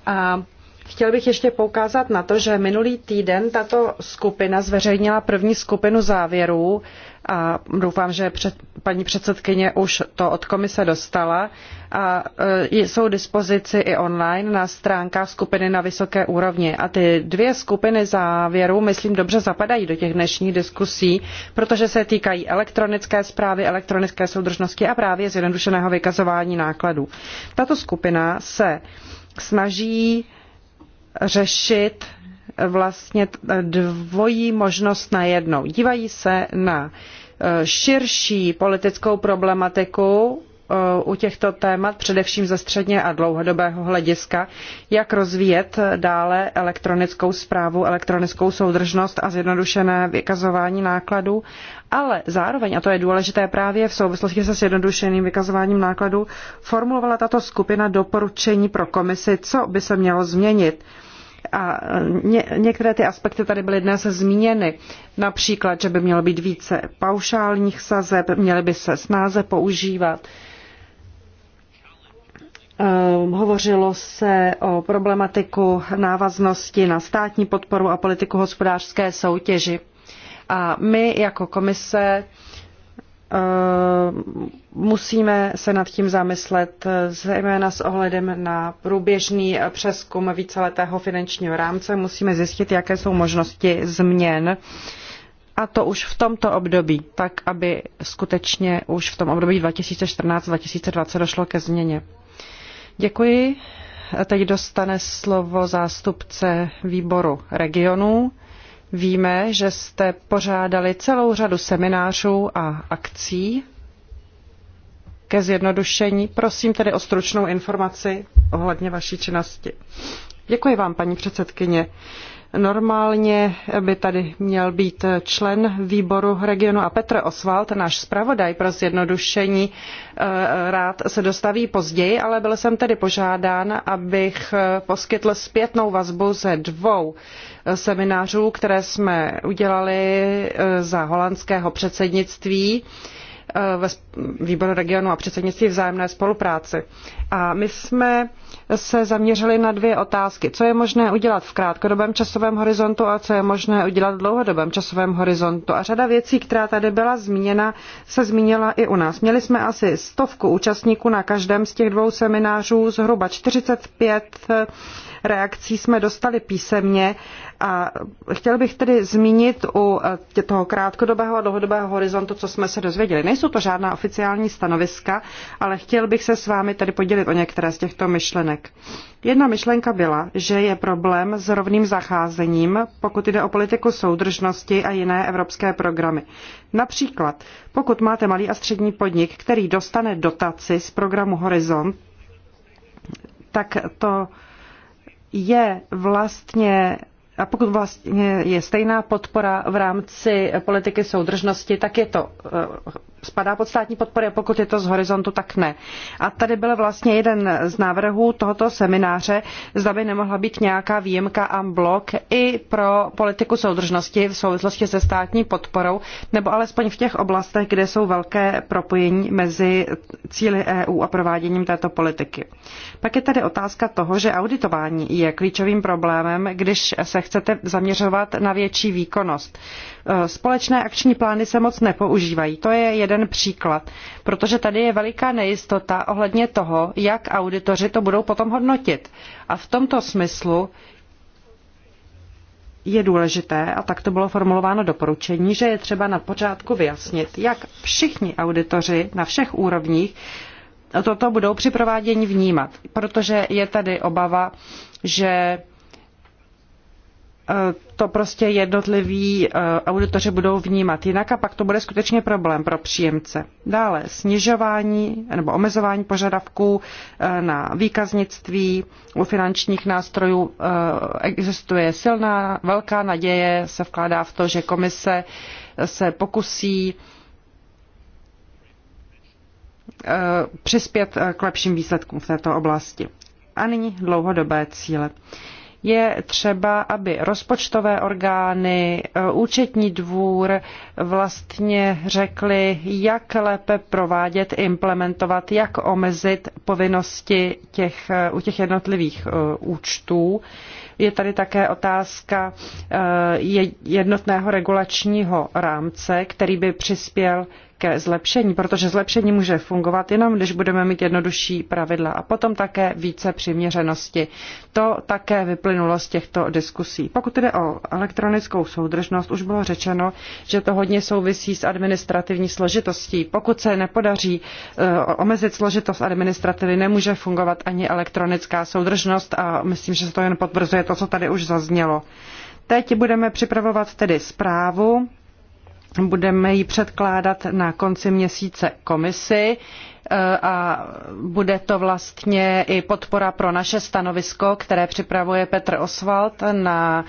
[SPEAKER 2] A Chtěl bych ještě poukázat na to, že minulý týden tato skupina zveřejnila první skupinu závěrů a doufám, že před, paní předsedkyně už to od komise dostala a e, jsou dispozici i online na stránkách skupiny na vysoké úrovni. A ty dvě skupiny závěrů, myslím, dobře zapadají do těch dnešních diskusí, protože se týkají elektronické zprávy, elektronické soudržnosti a právě zjednodušeného vykazování nákladů. Tato skupina se snaží řešit vlastně dvojí možnost najednou. Dívají se na eh, širší politickou problematiku eh, u těchto témat, především ze středně a dlouhodobého hlediska, jak rozvíjet dále elektronickou zprávu, elektronickou soudržnost a zjednodušené vykazování nákladů, ale zároveň, a to je důležité právě v souvislosti se zjednodušeným vykazováním nákladů, formulovala tato skupina doporučení pro komisi, co by se mělo změnit a ně, některé ty aspekty tady byly dnes zmíněny. Například, že by mělo být více paušálních sazeb, měly by se snáze používat. Ehm, hovořilo se o problematiku návaznosti na státní podporu a politiku hospodářské soutěži. A my jako komise Eh, musíme se nad tím zamyslet, zejména s ohledem na průběžný přeskum víceletého finančního rámce. Musíme zjistit, jaké jsou možnosti změn a to už v tomto období, tak aby skutečně už v tom období 2014-2020 došlo ke změně. Děkuji. Teď dostane slovo zástupce výboru regionů. Víme, že jste pořádali celou řadu seminářů a akcí ke zjednodušení. Prosím tedy o stručnou informaci ohledně vaší činnosti. Děkuji vám, paní předsedkyně. Normálně by tady měl být člen výboru regionu a Petr Oswald, náš zpravodaj pro zjednodušení, eh, rád se dostaví později, ale byl jsem tedy požádán, abych eh, poskytl zpětnou vazbu ze dvou eh, seminářů, které jsme udělali za holandského předsednictví. Eh, ve výboru regionu a předsednictví vzájemné spolupráci. A my jsme se zaměřili na dvě otázky. Co je možné udělat v krátkodobém časovém horizontu a co je možné udělat v dlouhodobém časovém horizontu. A řada věcí, která tady byla zmíněna, se zmínila i u nás. Měli jsme asi stovku účastníků na každém z těch dvou seminářů, zhruba 45 eh, reakcí jsme dostali písemně a chtěl bych tedy zmínit u eh, toho krátkodobého a dlouhodobého horizontu, co jsme se dozvěděli. Nejsou to žádná oficiální stanoviska, ale chtěl bych se s vámi tedy podělit o některé z těchto myšlenek. Jedna myšlenka byla, že je problém s rovným zacházením, pokud jde o politiku soudržnosti a jiné evropské programy. Například, pokud máte malý a střední podnik, který dostane dotaci z programu Horizont, tak to je vlastně a pokud vlastně je stejná podpora v rámci politiky soudržnosti, tak je to eh, spadá pod státní podpory a pokud je to z horizontu, tak ne. A tady byl vlastně jeden z návrhů tohoto semináře, zda by nemohla být nějaká výjimka blok i pro politiku soudržnosti v souvislosti se státní podporou, nebo alespoň v těch oblastech, kde jsou velké propojení mezi cíly EU a prováděním této politiky. Pak je tady otázka toho, že auditování je klíčovým problémem, když se chcete zaměřovat na větší výkonnost. Společné akční plány se moc nepoužívají. To je jeden jeden příklad, protože tady je veliká nejistota ohledně toho, jak auditoři to budou potom hodnotit. A v tomto smyslu je důležité, a tak to bylo formulováno doporučení, že je třeba na počátku vyjasnit, jak všichni auditoři na všech úrovních toto budou při provádění vnímat, protože je tady obava, že Eh, to prostě jednotliví eh, auditoři budou vnímat jinak a pak to bude skutečně problém pro příjemce. Dále snižování nebo omezování požadavků eh, na výkaznictví u finančních nástrojů existuje silná, velká naděje se vkládá v to, že komise se pokusí přispět k lepším výsledkům v této oblasti. A nyní dlouhodobé cíle je třeba, aby rozpočtové orgány, e, účetní dvůr vlastně řekli, jak lépe provádět, implementovat, jak omezit povinnosti těch, e, u těch jednotlivých e, účtů. Je tady také otázka jednotného regulačního rámce, který by přispěl ke zlepšení, protože zlepšení může fungovat jenom, když budeme mít jednodušší pravidla a potom také více přiměřenosti. To také vyplynulo z těchto diskusí. Pokud jde o elektronickou soudržnost, už bylo řečeno, že to hodně souvisí s administrativní složitostí. Pokud se nepodaří eh, omezit složitost administrativy, nemůže fungovat ani elektronická soudržnost a myslím, že se to jen potvrzuje to, co tady už zaznělo. Teď budeme připravovat tedy zprávu Budeme ji předkládat na konci měsíce komisi e, a bude to vlastně i podpora pro naše stanovisko, které připravuje Petr Oswald na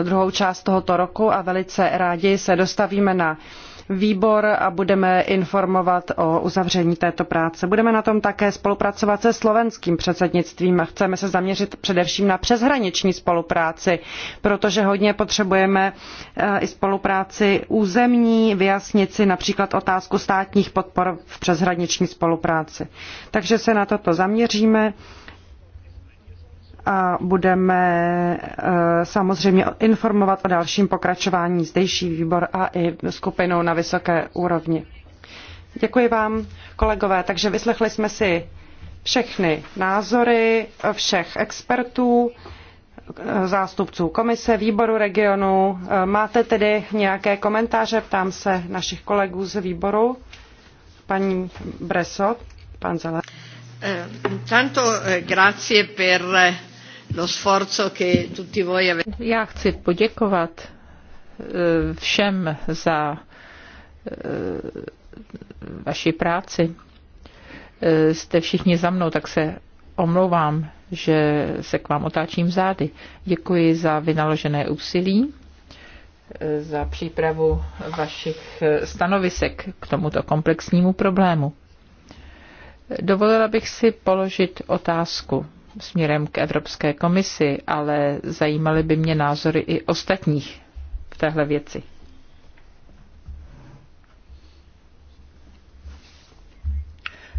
[SPEAKER 2] e, druhou část tohoto roku a velice rádi se dostavíme na výbor a budeme informovat o uzavření této práce. Budeme na tom také spolupracovat se slovenským předsednictvím a chceme se zaměřit především na přeshraniční spolupráci, protože hodně potřebujeme eh, i spolupráci územní, vyjasnit si například otázku státních podpor v přeshraniční spolupráci. Takže se na toto zaměříme a budeme eh, samozřejmě informovat o dalším pokračování zdejší výbor a i skupinou na vysoké úrovni. Děkuji vám, kolegové. Takže vyslechli jsme si všechny názory všech expertů, eh, zástupců komise, výboru regionu. Eh, máte tedy nějaké komentáře? Ptám se našich kolegů z výboru. Paní Breso,
[SPEAKER 3] pan Zeler. Tanto grazie per já chci poděkovat eh, všem za eh, vaši práci. Eh, jste všichni za mnou, tak se omlouvám, že se k vám otáčím zády. Děkuji za vynaložené úsilí, za přípravu vašich stanovisek k tomuto komplexnímu problému. Dovolila bych si položit otázku směrem k Evropské komisi, ale zajímaly by mě názory i ostatních v téhle věci.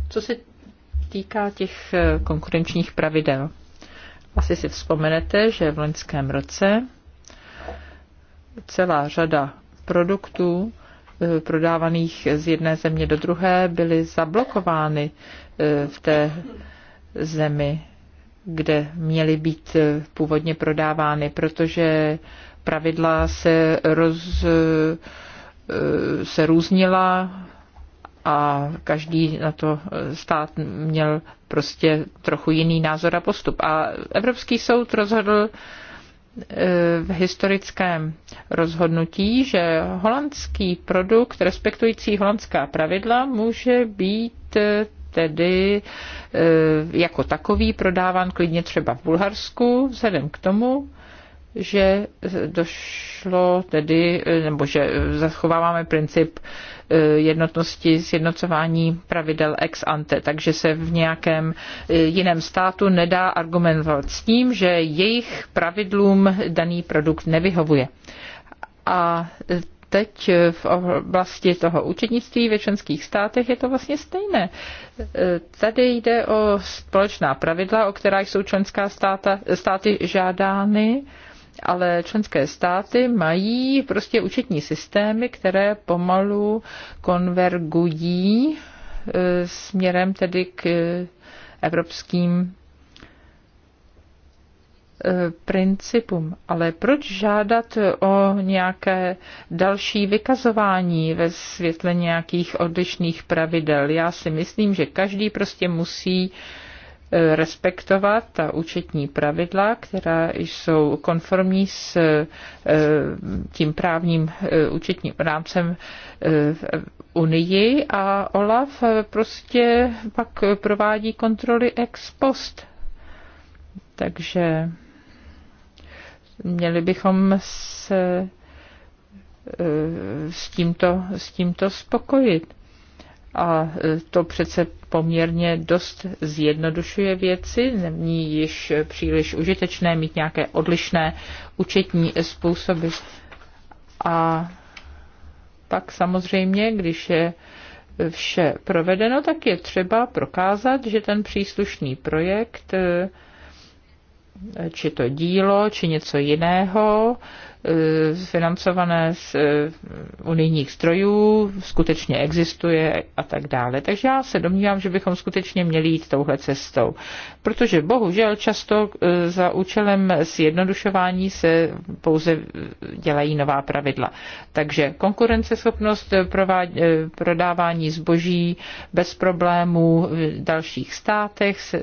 [SPEAKER 3] Co se týká těch eh, konkurenčních pravidel, asi si vzpomenete, že v loňském roce celá řada produktů eh, prodávaných z jedné země do druhé byly zablokovány eh, v té zemi kde měly být eh, původně prodávány, protože pravidla se, roz, eh, se různila a každý na to eh, stát měl prostě trochu jiný názor a postup. A Evropský soud rozhodl v historickém rozhodnutí, že holandský produkt respektující holandská pravidla může být tedy e, jako takový prodáván klidně třeba v Bulharsku, vzhledem k tomu, že došlo tedy, e, nebo že zachováváme princip e, jednotnosti, sjednocování pravidel ex ante, takže se v nějakém jiném státu nedá argumentovat s tím, že jejich pravidlům daný produkt nevyhovuje. A teď v oblasti toho účetnictví ve členských státech je to vlastně stejné. Tady jde o společná pravidla, o která jsou členská státa, státy žádány, ale členské státy mají prostě účetní systémy, které pomalu konvergují e, směrem tedy k e, evropským Eh, principům. Ale proč žádat o nějaké další vykazování ve světle nějakých odlišných pravidel? Já si myslím, že každý prostě musí eh, respektovat ta účetní pravidla, která jsou konformní s eh, tím právním účetním rámcem v Unii a OLAF prostě pak provádí kontroly ex post. Takže Měli bychom se e, s tímto, s tímto spokojit. A e, to přece poměrně dost zjednodušuje věci. Není již příliš užitečné mít nějaké odlišné účetní způsoby. A pak samozřejmě, když je vše provedeno, tak je třeba prokázat, že ten příslušný projekt e, či to dílo, či něco jiného, Eh, financované z eh, unijních strojů, skutečně existuje a tak dále. Takže já se domnívám, že bychom skutečně měli jít touhle cestou, protože bohužel často eh, za účelem zjednodušování se pouze dělají nová pravidla. Takže konkurenceschopnost prodávání zboží bez problémů v dalších státech,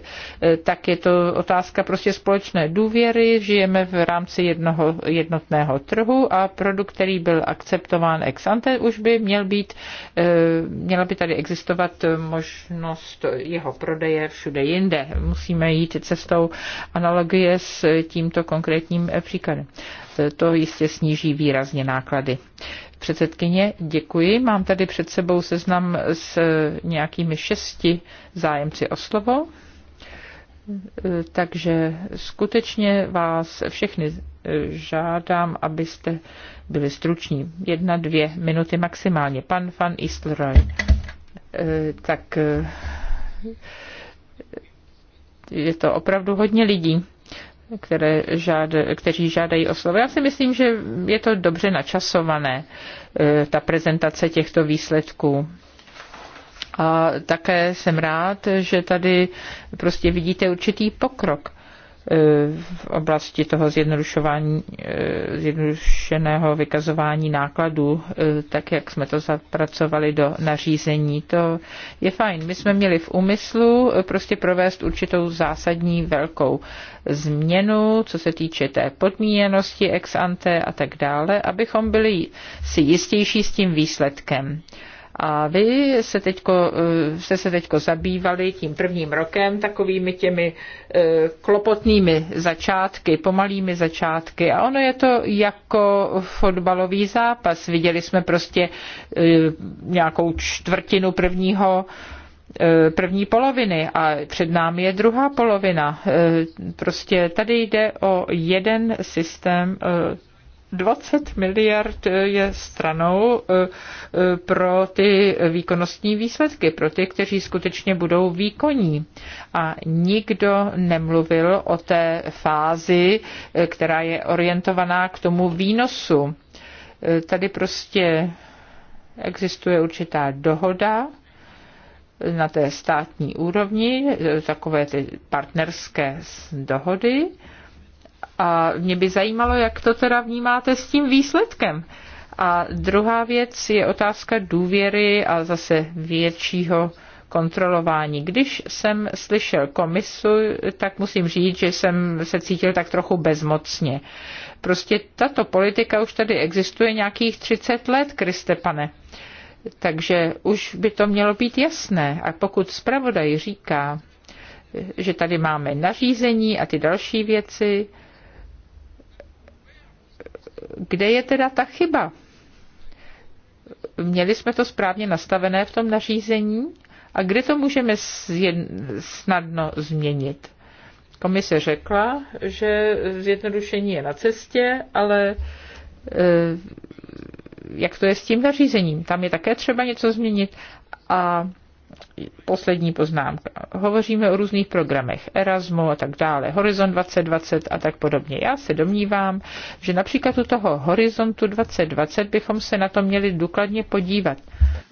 [SPEAKER 3] tak je to otázka prostě společné důvěry, žijeme v rámci jednoho jednotného volného trhu a produkt, který byl akceptován ex ante, už by měl být, eh, měla by tady existovat možnost jeho prodeje všude jinde. Musíme jít cestou analogie s tímto konkrétním příkladem. To jistě sníží výrazně náklady. Předsedkyně, děkuji. Mám tady před sebou seznam s nějakými šesti zájemci o slovo. E, takže skutečně vás všechny e, žádám, abyste byli struční. Jedna, dvě minuty maximálně. Pan Van Isleroy. E, tak je to opravdu hodně lidí, které žádají, kteří žádají o slovo. Já si myslím, že je to dobře načasované, ta prezentace těchto výsledků. A také jsem rád, že tady prostě vidíte určitý pokrok e, v oblasti toho zjednodušování, e, zjednodušeného vykazování nákladů, e, tak jak jsme to zapracovali do nařízení. To je fajn. My jsme měli v úmyslu prostě provést určitou zásadní velkou změnu, co se týče té podmíněnosti ex ante a tak dále, abychom byli si jistější s tím výsledkem. A vy se teďko, eh, jste se teď zabývali tím prvním rokem takovými těmi eh, klopotnými začátky, pomalými začátky. A ono je to jako fotbalový zápas. Viděli jsme prostě eh, nějakou čtvrtinu prvního první poloviny a před námi je druhá polovina. Prostě tady jde o jeden systém 20 miliard je stranou eh, eh, pro ty výkonnostní výsledky, pro ty, kteří skutečně budou výkonní. A nikdo nemluvil o té fázi, eh, která je orientovaná k tomu výnosu. Tady prostě existuje určitá dohoda, na té státní úrovni, takové ty partnerské dohody a mě by zajímalo, jak to teda vnímáte s tím výsledkem. A druhá věc je otázka důvěry a zase většího kontrolování. Když jsem slyšel komisu, tak musím říct, že jsem se cítil tak trochu bezmocně. Prostě tato politika už tady existuje nějakých 30 let, Kriste pane. Takže už by to mělo být jasné. A pokud zpravodaj říká, že tady máme nařízení a ty další věci, kde je teda ta chyba? Měli jsme to správně nastavené v tom nařízení a kde to můžeme snadno změnit? Komise řekla, že zjednodušení je na cestě, ale e, jak to je s tím nařízením? Tam je také třeba něco změnit a poslední poznámka. Hovoříme o různých programech Erasmu a tak dále, Horizon 2020 a tak podobně. Já se domnívám, že například u toho Horizontu 2020 bychom se na to měli důkladně podívat.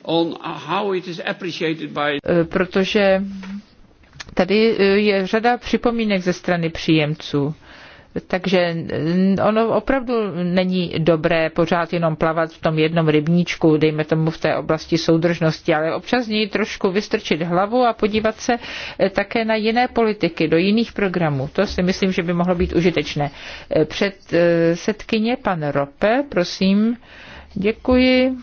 [SPEAKER 3] On how it is appreciated by... E, protože tady e, je řada připomínek ze strany příjemců takže mm, ono opravdu není dobré pořád jenom plavat v tom jednom rybníčku, dejme tomu v té oblasti soudržnosti, ale občas z něj trošku vystrčit hlavu a podívat se eh, také na jiné politiky, do jiných programů. To si myslím, že by mohlo být užitečné. Eh, Před setkyně pan Rope, prosím. Děkuji.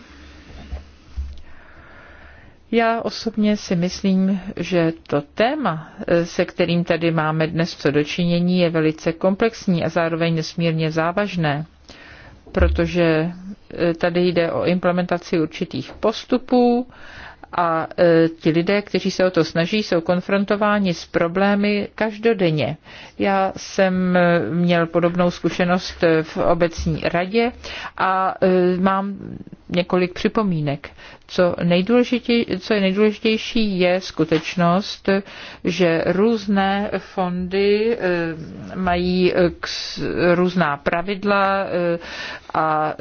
[SPEAKER 3] Já osobně si myslím, že to téma, eh, se kterým tady máme dnes co dočinění, je velice komplexní a zároveň nesmírně závažné, protože eh, tady jde o implementaci určitých postupů a eh, ti lidé, kteří se o to snaží, jsou konfrontováni s problémy každodenně. Já jsem měl podobnou zkušenost v obecní radě a mám několik připomínek. Co, co je nejdůležitější, je skutečnost, že různé fondy eh, mají eh, různá pravidla eh, a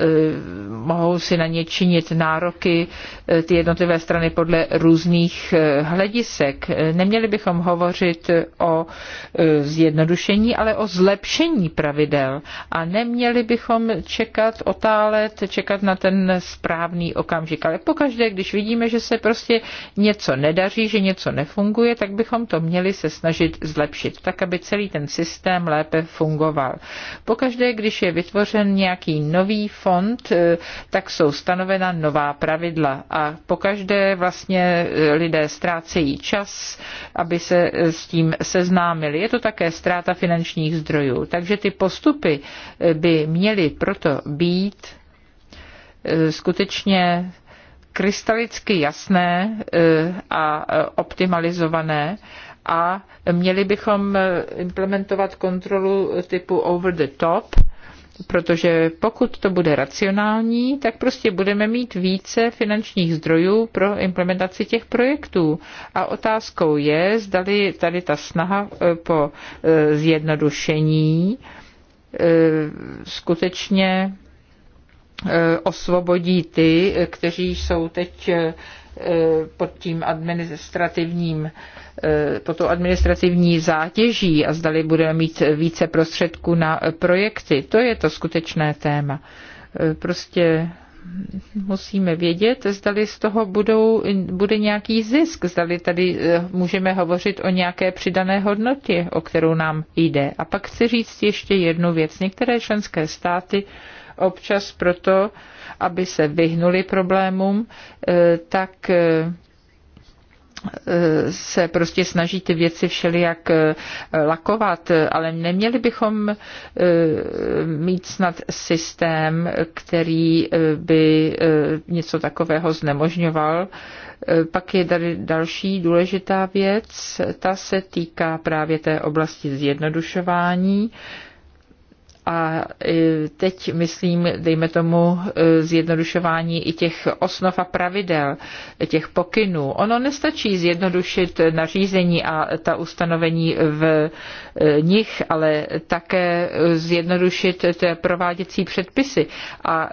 [SPEAKER 3] mohou si na ně činit nároky ty jednotlivé strany podle různých hledisek. Neměli bychom hovořit o zjednodušení, ale o zlepšení pravidel a neměli bychom čekat, otálet, čekat na ten správný okamžik. Ale pokaždé, když vidíme, že se prostě něco nedaří, že něco nefunguje, tak bychom to měli se snažit zlepšit, tak aby celý ten systém lépe fungoval. Pokaždé, když je vytvořen nějaký nový fond, eh, tak jsou stanovena nová pravidla a pokaždé vlastně eh, lidé ztrácejí čas, aby se eh, s tím seznámili. Je to také ztráta finančních zdrojů. Takže ty postupy by měly proto být Eh, skutečně krystalicky jasné eh, a eh, optimalizované a měli bychom implementovat kontrolu typu over the top, protože pokud to bude racionální, tak prostě budeme mít více finančních zdrojů pro implementaci těch projektů. A otázkou je, zdali tady ta snaha po zjednodušení skutečně E, osvobodí ty, kteří jsou teď e, pod tím administrativním, e, pod to administrativní zátěží a zdali budeme mít více prostředků na projekty. To je to skutečné téma. Prostě musíme vědět, zdali z toho budou, bude nějaký zisk, zdali tady můžeme hovořit o nějaké přidané hodnotě, o kterou nám jde. A pak chci říct ještě jednu věc. Některé členské státy občas proto, aby se vyhnuli problémům, e, tak e, e, se prostě snaží ty věci všelijak lakovat, ale neměli bychom mít snad systém, který by něco takového znemožňoval. Pak je tady další důležitá věc, ta se týká právě té oblasti zjednodušování. A e, teď myslím, dejme tomu, e, zjednodušování i těch osnov a pravidel, e, těch pokynů. Ono nestačí zjednodušit nařízení a ta ustanovení v nich, ale také zjednodušit ty prováděcí předpisy. A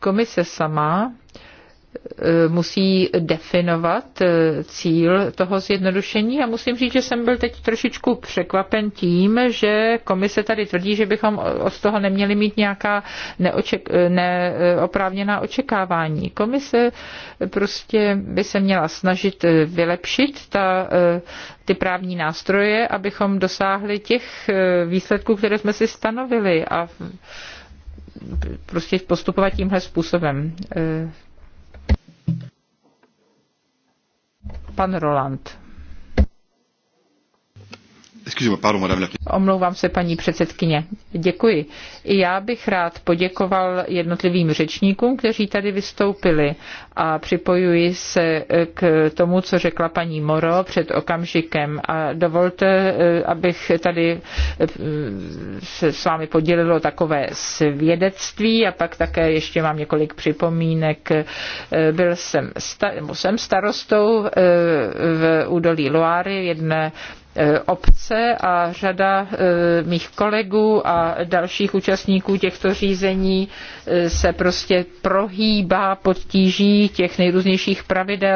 [SPEAKER 3] komise sama Eh, musí definovat eh, cíl toho zjednodušení a musím říct, že jsem byl teď trošičku překvapen tím, že komise tady tvrdí, že bychom od toho neměli mít nějaká neoček, eh, neoprávněná očekávání. Komise prostě by se měla snažit vylepšit ta, ty právní nástroje, abychom dosáhli těch výsledků, které jsme si stanovili a prostě postupovat tímhle způsobem. Pan Roland. Omlouvám se, paní předsedkyně. Děkuji. I já bych rád poděkoval jednotlivým řečníkům, kteří tady vystoupili a připojuji se eh, k tomu, co řekla paní Moro před okamžikem. A dovolte, eh, abych tady eh, se s vámi podělilo takové svědectví a pak také ještě mám několik připomínek. Byl jsem, sta- jsem starostou v údolí Loáry, jedné Eh, obce a řada eh, mých kolegů a dalších účastníků těchto řízení eh, se prostě prohýbá pod tíží těch nejrůznějších pravidel,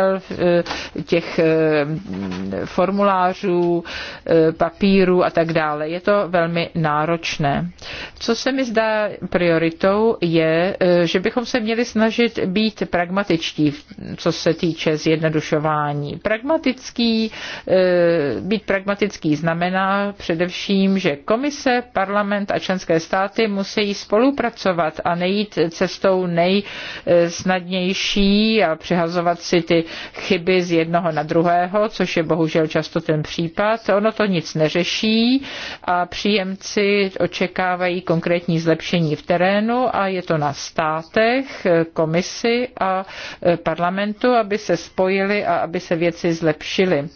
[SPEAKER 3] těch formulářů, papíru a tak dále. Je to velmi náročné. Co se mi zdá prioritou je, že bychom se měli snažit být pragmatičtí, co se týče zjednodušování. Pragmatický, být pragmatický pragmatický znamená především, že komise, parlament a členské státy musí spolupracovat a nejít cestou nejsnadnější a přehazovat si ty chyby z jednoho na druhého, což je bohužel často ten případ. Ono to nic neřeší a příjemci očekávají konkrétní zlepšení v terénu a je to na státech, komisi a parlamentu, aby se spojili a aby se věci zlepšily.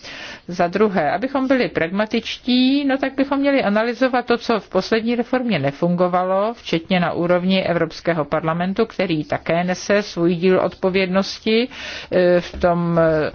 [SPEAKER 3] Za druhé, abychom byli byli pragmatičtí, no tak bychom měli analyzovat to, co v poslední reformě nefungovalo, včetně na úrovni Evropského parlamentu, který také nese svůj díl odpovědnosti e, v, tom, e,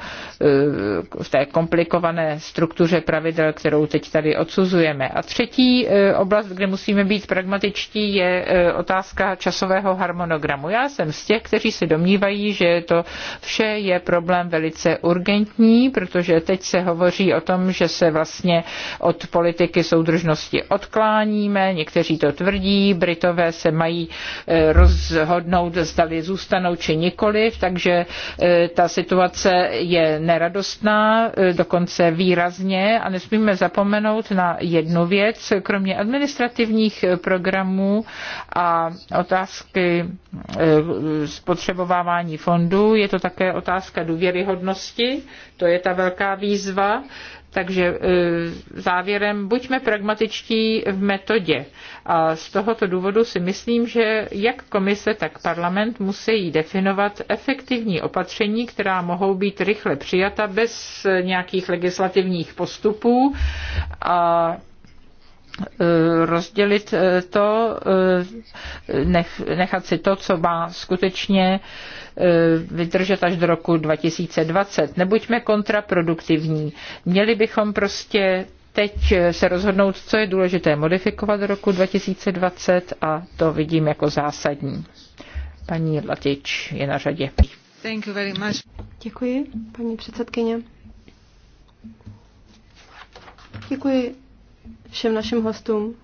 [SPEAKER 3] e, v té komplikované struktuře pravidel, kterou teď tady odsuzujeme. A třetí oblast, kde musíme být pragmatičtí, je otázka časového harmonogramu. Já jsem z těch, kteří se domnívají, že to vše je problém velice urgentní, protože teď se hovoří o tom, že se vlastně od politiky soudržnosti odkláníme. Někteří to tvrdí, Britové se mají e, rozhodnout, zdali zůstanou či nikoliv, takže e, ta situace je neradostná, e, dokonce výrazně a nesmíme zapomenout na jednu věc, kromě administrativních programů a otázky spotřebovávání fondů, je to také otázka důvěryhodnosti, to je ta velká výzva, takže e, závěrem, buďme pragmatičtí v metodě. A z tohoto důvodu si myslím, že jak komise, tak parlament musí definovat efektivní opatření, která mohou být rychle přijata bez nějakých legislativních postupů. A Eh, rozdělit eh, to, eh, nechat si to, co má skutečně vydržet až do roku 2020. Nebuďme kontraproduktivní. Měli bychom prostě teď se rozhodnout, co je důležité modifikovat do roku 2020 a to vidím jako zásadní. Paní Latič je na řadě.
[SPEAKER 1] Thank you very much. Děkuji, paní předsedkyně. Děkuji všem našim hostům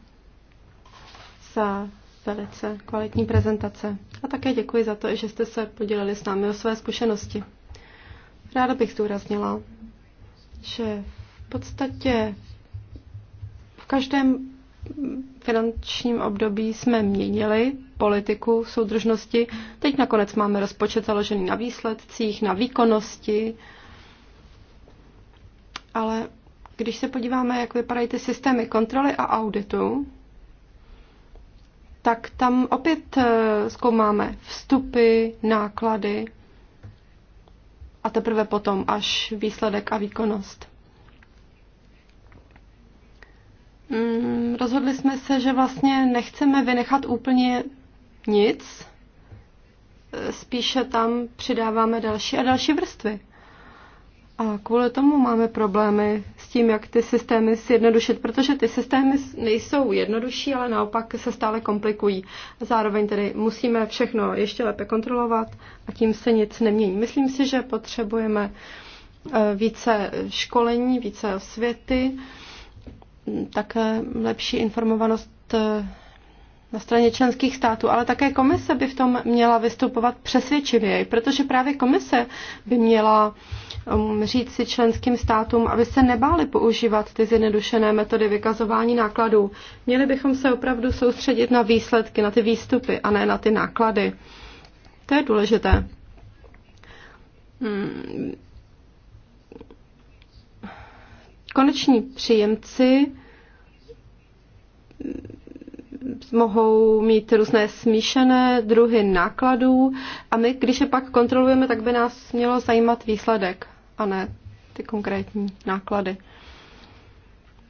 [SPEAKER 1] za velice kvalitní prezentace. A také děkuji za to, že jste se podělili s námi o své zkušenosti. Ráda bych zdůraznila, že v podstatě v každém finančním období jsme měnili politiku soudržnosti. Teď nakonec máme rozpočet založený na výsledcích, na výkonnosti, ale když se podíváme, jak vypadají ty systémy kontroly a auditu, tak tam opět eh, zkoumáme vstupy, náklady a teprve potom až výsledek a výkonnost. Mm, rozhodli jsme se, že vlastně nechceme vynechat úplně nic, eh, spíše tam přidáváme další a další vrstvy. A kvůli tomu máme problémy s tím, jak ty systémy zjednodušit, protože ty systémy nejsou jednodušší, ale naopak se stále komplikují. Zároveň tedy musíme všechno ještě lépe kontrolovat a tím se nic nemění. Myslím si, že potřebujeme eh, více školení, více osvěty, také lepší informovanost eh, na straně členských států, ale také komise by v tom měla vystupovat přesvědčivěji, protože právě komise by měla um, říct si členským státům, aby se nebáli používat ty zjednodušené metody vykazování nákladů. Měli bychom se opravdu soustředit na výsledky, na ty výstupy a ne na ty náklady. To je důležité. Hmm. Koneční příjemci mohou mít různé smíšené druhy nákladů a my, když je pak kontrolujeme, tak by nás mělo zajímat výsledek a ne ty konkrétní náklady.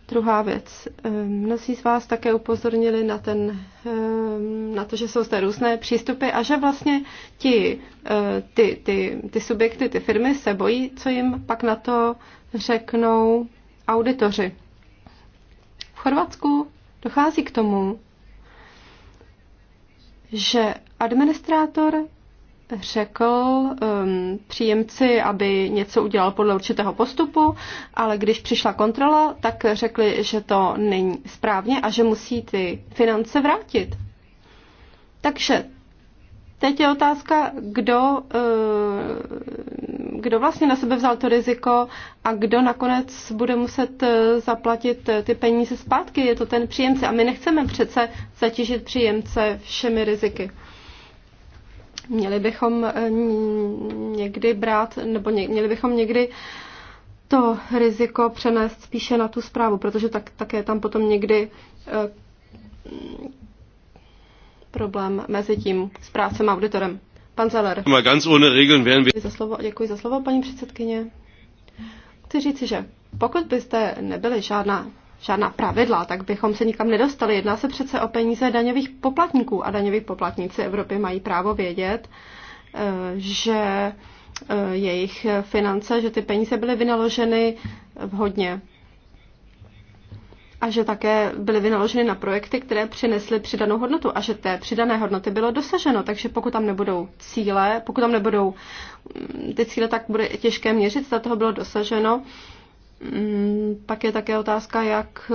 [SPEAKER 1] Druhá věc. Ehm, mnozí z vás také upozornili na, ten, ehm, na to, že jsou zde různé přístupy a že vlastně ti, eh, ty, ty, ty subjekty, ty firmy se bojí, co jim pak na to řeknou auditoři. V Chorvatsku dochází k tomu, že administrátor řekl um, příjemci, aby něco udělal podle určitého postupu, ale když přišla kontrola, tak řekli, že to není správně a že musí ty finance vrátit. Takže Teď je otázka, kdo, eh, kdo vlastně na sebe vzal to riziko a kdo nakonec bude muset eh, zaplatit eh, ty peníze zpátky. Je to ten příjemce a my nechceme přece zatížit příjemce všemi riziky. Měli bychom někdy brát, nebo měli bychom někdy to riziko přenést spíše na tu zprávu, protože tak, také tam potom někdy problém mezi tím správcem a auditorem. Pan Zeller. Děkuji za slovo, děkuji za slovo, paní předsedkyně. Chci říci, že pokud byste nebyli žádná, žádná pravidla, tak bychom se nikam nedostali. Jedná se přece o peníze daňových poplatníků a daňoví poplatníci Evropy mají právo vědět, eh, že eh, jejich finance, že ty peníze byly vynaloženy vhodně a že také byly vynaloženy na projekty, které přinesly přidanou hodnotu a že té přidané hodnoty bylo dosaženo. Takže pokud tam nebudou cíle, pokud tam nebudou mm, ty cíle, tak bude těžké měřit, zda toho bylo dosaženo. Mm, pak je také otázka, jak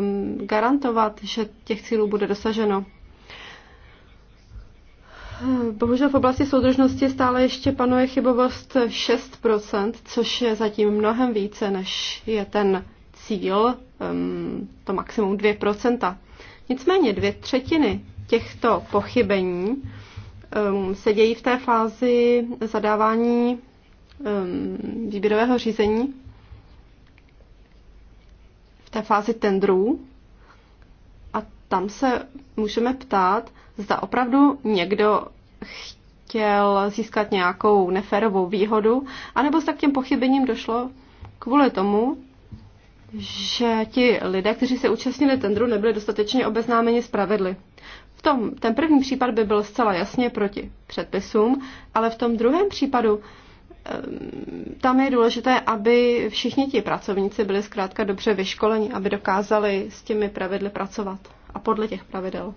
[SPEAKER 1] mm, garantovat, že těch cílů bude dosaženo. Bohužel v oblasti soudržnosti stále ještě panuje chybovost 6%, což je zatím mnohem více, než je ten cíl Um, to maximum 2%. Nicméně dvě třetiny těchto pochybení um, se dějí v té fázi zadávání um, výběrového řízení, v té fázi tendrů. A tam se můžeme ptát, zda opravdu někdo chtěl získat nějakou neférovou výhodu, anebo zda k těm pochybením došlo kvůli tomu, že ti lidé, kteří se účastnili tendru, nebyli dostatečně obeznámeni s pravidly. V tom, ten první případ by byl zcela jasně proti předpisům, ale v tom druhém případu ehm, tam je důležité, aby všichni ti pracovníci byli zkrátka dobře vyškoleni, aby dokázali s těmi pravidly pracovat a podle těch pravidel.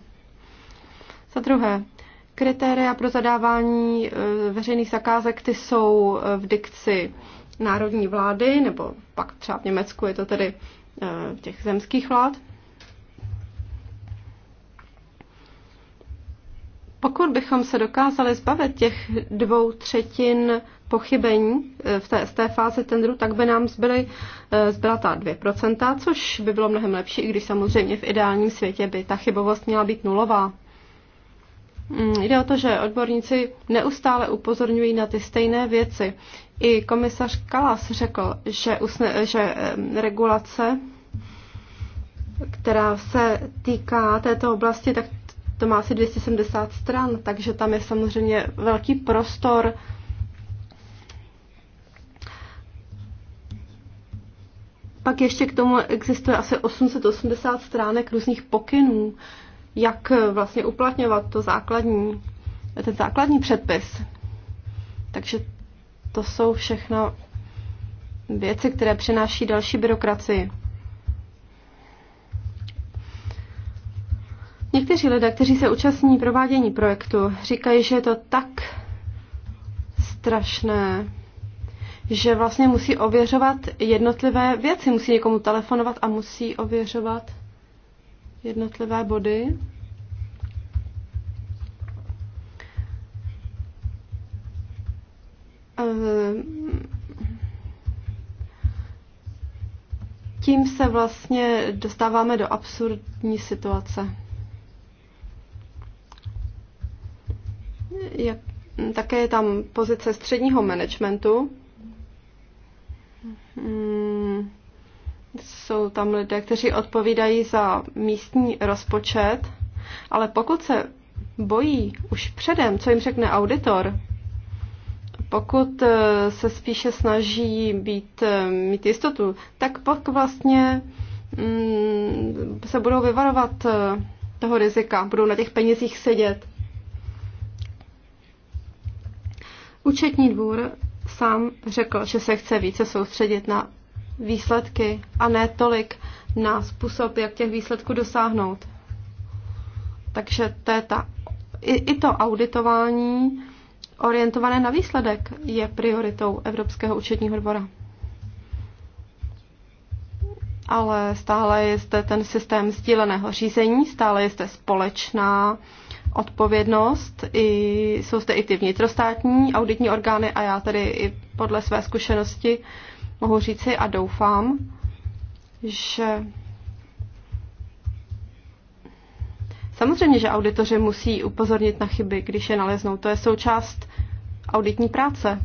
[SPEAKER 1] Za druhé, kritéria pro zadávání e, veřejných zakázek ty jsou e, v dikci národní vlády, nebo pak třeba v Německu je to tedy eh, těch zemských vlád. Pokud bychom se dokázali zbavit těch dvou třetin pochybení eh, v té, z té fáze tendru, tak by nám zbyly, eh, zbyla ta 2%, což by bylo mnohem lepší, i když samozřejmě v ideálním světě by ta chybovost měla být nulová. Mm, jde o to, že odborníci neustále upozorňují na ty stejné věci. I komisař Kalas řekl, že, usne, že regulace, která se týká této oblasti, tak to má asi 270 stran, takže tam je samozřejmě velký prostor Pak ještě k tomu existuje asi 880 stránek různých pokynů, jak eh, vlastně uplatňovat to základní, ten základní předpis. Takže to jsou všechno věci, které přináší další byrokracii. Někteří lidé, kteří se účastní provádění projektu, říkají, že je to tak strašné, že vlastně musí ověřovat jednotlivé věci. Musí někomu telefonovat a musí ověřovat jednotlivé body. Eh, tím se vlastně dostáváme do absurdní situace. Jak, také je tam pozice středního managementu. Hmm jsou tam lidé, kteří odpovídají za místní rozpočet, ale pokud se bojí už předem, co jim řekne auditor, pokud eh, se spíše snaží být, eh, mít jistotu, tak pak vlastně mm, se budou vyvarovat eh, toho rizika, budou na těch penězích sedět. Účetní dvůr sám řekl, že se chce více soustředit na výsledky a ne tolik na způsob, jak těch výsledků dosáhnout. Takže to je ta, i, i to auditování orientované na výsledek je prioritou Evropského účetního dvora. Ale stále jste ten systém sdíleného řízení, stále jste společná odpovědnost, i, jsou zde i ty vnitrostátní auditní orgány a já tedy i podle své zkušenosti uh, mohu říci a doufám, že Samozřejmě, že auditoři musí upozornit na chyby, když je naleznou. To je součást auditní práce.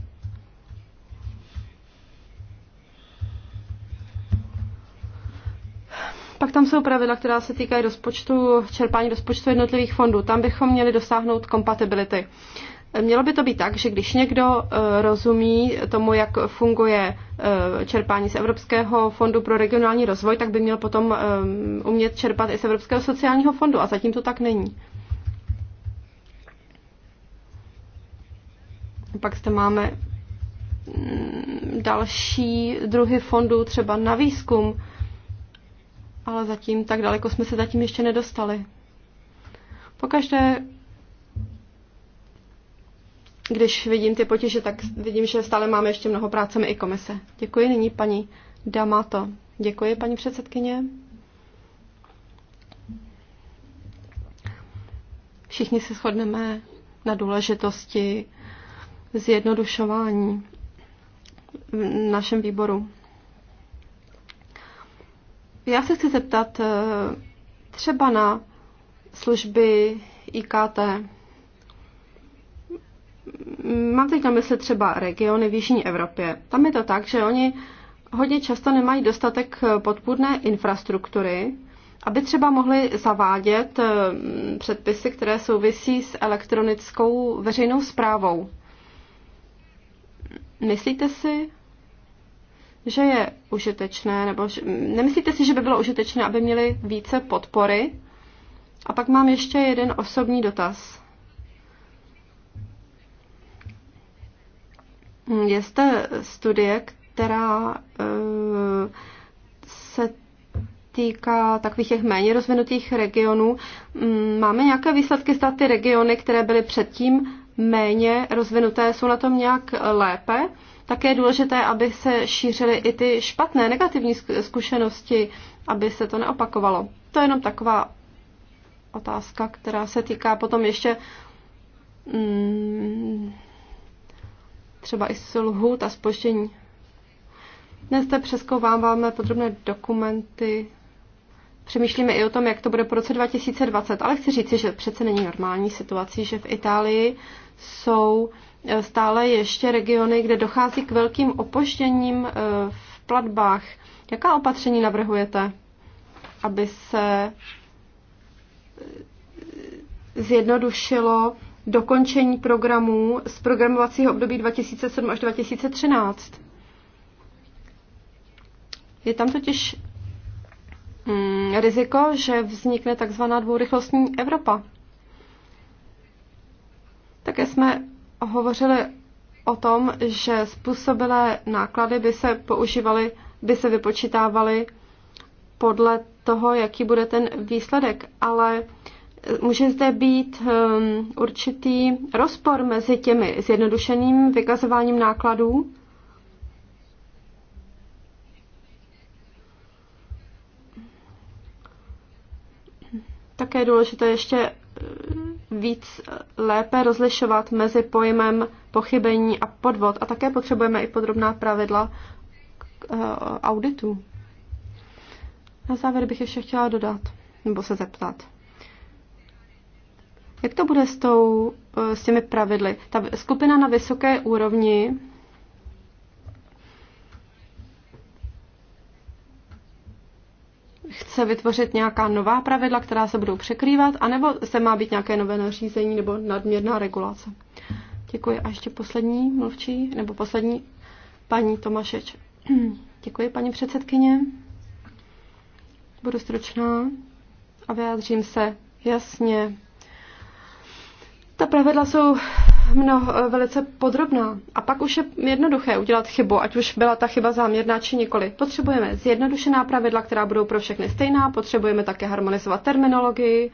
[SPEAKER 1] Pak tam jsou pravidla, která se týkají rozpočtu, čerpání rozpočtu jednotlivých fondů. Tam bychom měli dosáhnout kompatibility. Mělo by to být tak, že když někdo e, rozumí tomu, jak funguje e, čerpání z Evropského fondu pro regionální rozvoj, tak by měl potom e, umět čerpat i z Evropského sociálního fondu a zatím to tak není. Pak zde máme mm, další druhy fondů, třeba na výzkum, ale zatím tak daleko jsme se zatím ještě nedostali. Pokaždé, když vidím ty potíže, tak vidím, že stále máme ještě mnoho práce my i komise. Děkuji nyní paní Damato. Děkuji paní předsedkyně. Všichni se shodneme na důležitosti zjednodušování v našem výboru. Já se chci zeptat eh, třeba na služby IKT mám teď na mysli třeba regiony v Jižní Evropě. Tam je to tak, že oni hodně často nemají dostatek eh, podpůrné infrastruktury, aby třeba mohli zavádět eh, předpisy, které souvisí s elektronickou veřejnou zprávou. Myslíte si, že je užitečné, nebo že, nemyslíte si, že by bylo užitečné, aby měli více podpory? A pak mám ještě jeden osobní dotaz. Je studie, která eh, se týká takových těch méně rozvinutých regionů. Mm, máme nějaké výsledky, z ty regiony, které byly předtím méně rozvinuté, jsou na tom nějak lépe? Také je důležité, aby se šířily i ty špatné negativní zkušenosti, aby se to neopakovalo. To je jenom taková otázka, která se týká potom ještě mm, třeba i s lhůt a spoštění. Dnes se přeskouváváme podrobné dokumenty, přemýšlíme i o tom, jak to bude po roce 2020, ale chci říci, že přece není normální situací, že v Itálii jsou e, stále ještě regiony, kde dochází k velkým opožděním e, v platbách. Jaká opatření navrhujete, aby se e, zjednodušilo dokončení programů z programovacího období 2007 až 2013. Je tam totiž mm, riziko, že vznikne takzvaná dvourychlostní Evropa. Také jsme hovořili o tom, že způsobilé náklady by se používaly, by se vypočítávaly podle toho, jaký bude ten výsledek, ale může zde být um, určitý rozpor mezi těmi zjednodušeným vykazováním nákladů Také je důležité ještě eh, víc eh, lépe rozlišovat mezi pojmem pochybení a podvod a také potřebujeme i podrobná pravidla k eh, auditu. Na závěr bych ještě chtěla dodat, nebo se zeptat. Jak to bude s, tou, eh, s těmi pravidly? Ta skupina na vysoké úrovni chce vytvořit nějaká nová pravidla, která se budou překrývat, anebo se má být nějaké nové nařízení nebo nadměrná regulace. Děkuji. A ještě poslední mluvčí, nebo poslední paní Tomašeč. Děkuji, paní předsedkyně. Budu stručná a vyjádřím se jasně ta pravidla jsou mnoho, eh, velice podrobná a pak už je jednoduché udělat chybu, ať už byla ta chyba záměrná či nikoli. Potřebujeme zjednodušená pravidla, která budou pro všechny stejná, potřebujeme také harmonizovat terminologii,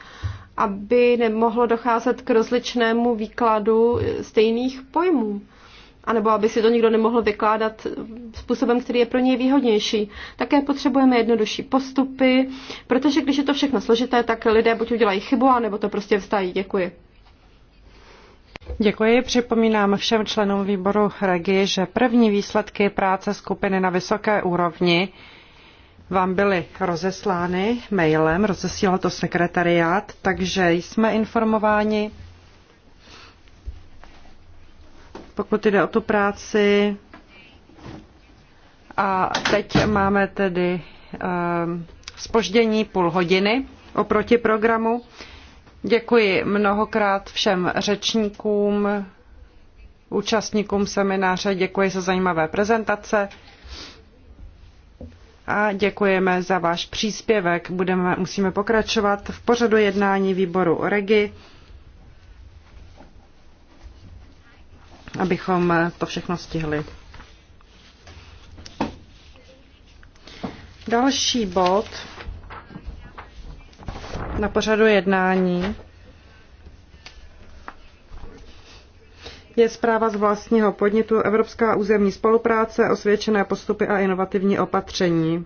[SPEAKER 1] aby nemohlo docházet k rozličnému výkladu eh, stejných pojmů nebo aby si to nikdo nemohl vykládat eh, způsobem, který je pro něj výhodnější. Také potřebujeme jednodušší postupy, protože když je to všechno složité, tak lidé buď udělají chybu, anebo to prostě vstají. Děkuji.
[SPEAKER 2] Děkuji. Připomínám všem členům výboru Regi, že první výsledky práce skupiny na vysoké úrovni vám byly rozeslány mailem, rozesílal to sekretariát, takže jsme informováni. Pokud jde o tu práci, a teď máme tedy um, ehm, spoždění půl hodiny oproti programu. Děkuji mnohokrát všem řečníkům, účastníkům semináře, děkuji za zajímavé prezentace a děkujeme za váš příspěvek. Budeme, musíme pokračovat v pořadu jednání výboru Regi, abychom to všechno stihli. Další bod na pořadu jednání je zpráva z vlastního podnětu Evropská územní spolupráce, osvědčené postupy a inovativní opatření.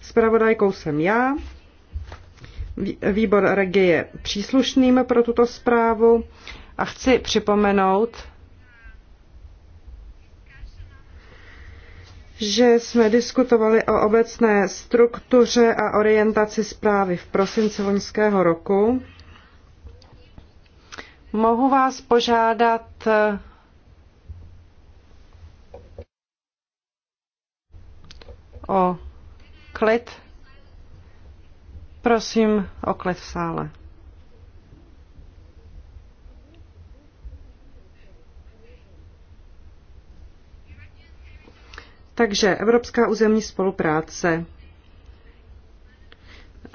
[SPEAKER 2] Spravodajkou jsem já. Výbor regie je příslušným pro tuto zprávu a chci připomenout, že jsme diskutovali o obecné struktuře a orientaci zprávy v prosinci loňského roku. Mohu vás požádat eh, o klid? Prosím o klid v sále. Takže Evropská územní spolupráce,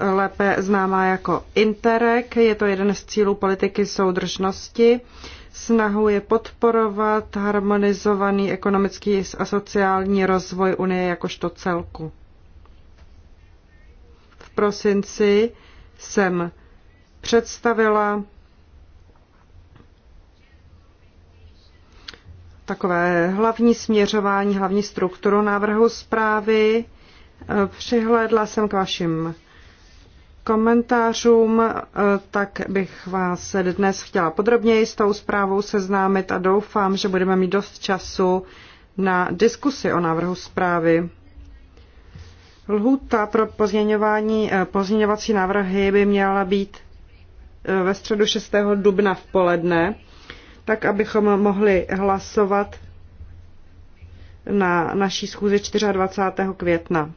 [SPEAKER 2] lépe známá jako Interreg, je to jeden z cílů politiky soudržnosti. Snahou je podporovat harmonizovaný ekonomický a sociální rozvoj Unie jakožto celku. V prosinci jsem představila takové hlavní směřování, hlavní strukturu návrhu zprávy. E, přihlédla jsem k vašim komentářům, e, tak bych vás dnes chtěla podrobněji s tou zprávou seznámit a doufám, že budeme mít dost času na diskusi o návrhu zprávy. Lhůta pro pozměňování, e, pozměňovací návrhy by měla být ve středu 6. dubna v poledne tak abychom mohli hlasovat na naší schůzi 24. května.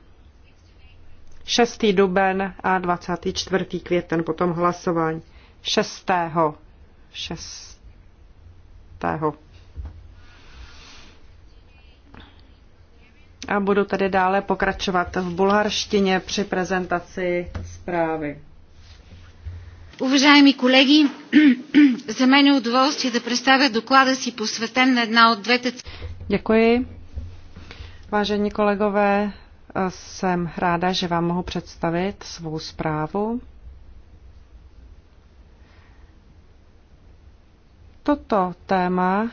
[SPEAKER 2] 6. duben a 24. květen potom hlasování. 6. 6. A budu tedy dále pokračovat v bulharštině při prezentaci zprávy.
[SPEAKER 3] Уважаеми колеги, за мен е удоволствие да представя доклада си посветен на една от
[SPEAKER 2] двете... Děkuji. Vážení kolegové, jsem ráda, že vám mohu představit svou zprávu. Toto téma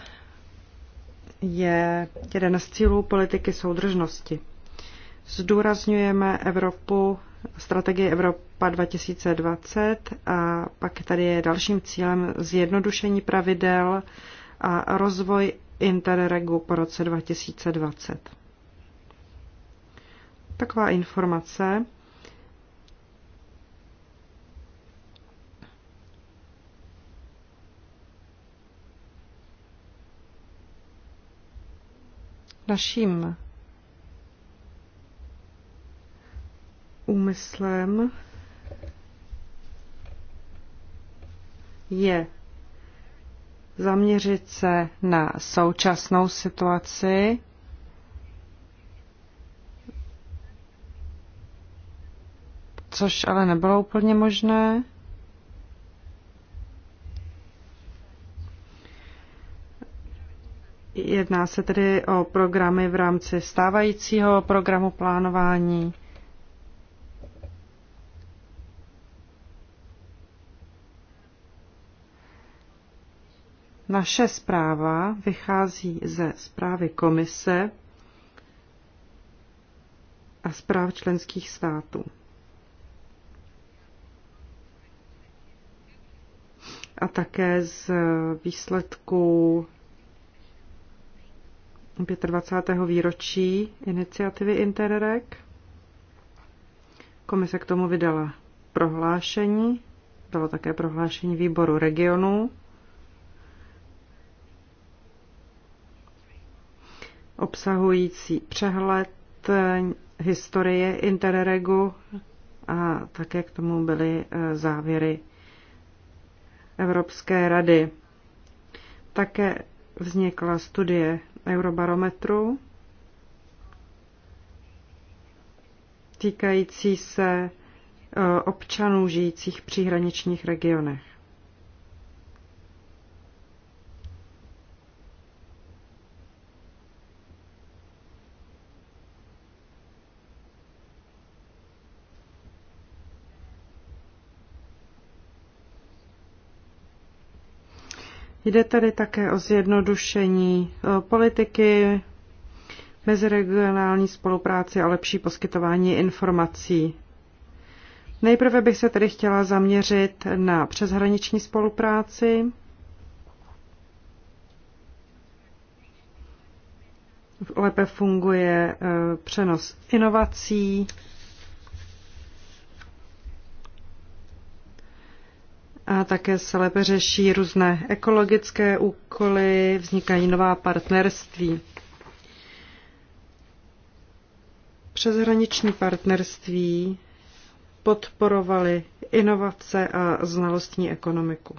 [SPEAKER 2] je jeden z cílů politiky soudržnosti. Zdůrazňujeme Evropu strategie Evropa 2020 a pak tady je dalším cílem zjednodušení pravidel a rozvoj Interregu po roce 2020. Taková informace. Naším úmyslem je zaměřit se na současnou situaci, což ale nebylo úplně možné. Jedná se tedy o programy v rámci stávajícího programu plánování Naše zpráva vychází ze zprávy komise a zpráv členských států. A také z výsledků 25. výročí iniciativy Interreg. Komise k tomu vydala prohlášení, bylo také prohlášení výboru regionů obsahující přehled eh, historie Interregu a také k tomu byly eh, závěry Evropské rady. Také vznikla studie Eurobarometru týkající se eh, občanů žijících v příhraničních regionech. Jde tady také o zjednodušení eh, politiky, meziregionální spolupráci a lepší poskytování informací. Nejprve bych se tedy chtěla zaměřit na přeshraniční spolupráci. Lépe funguje eh, přenos inovací, a také se lépe řeší různé ekologické úkoly, vznikají nová partnerství. Přeshraniční partnerství podporovaly inovace a znalostní ekonomiku.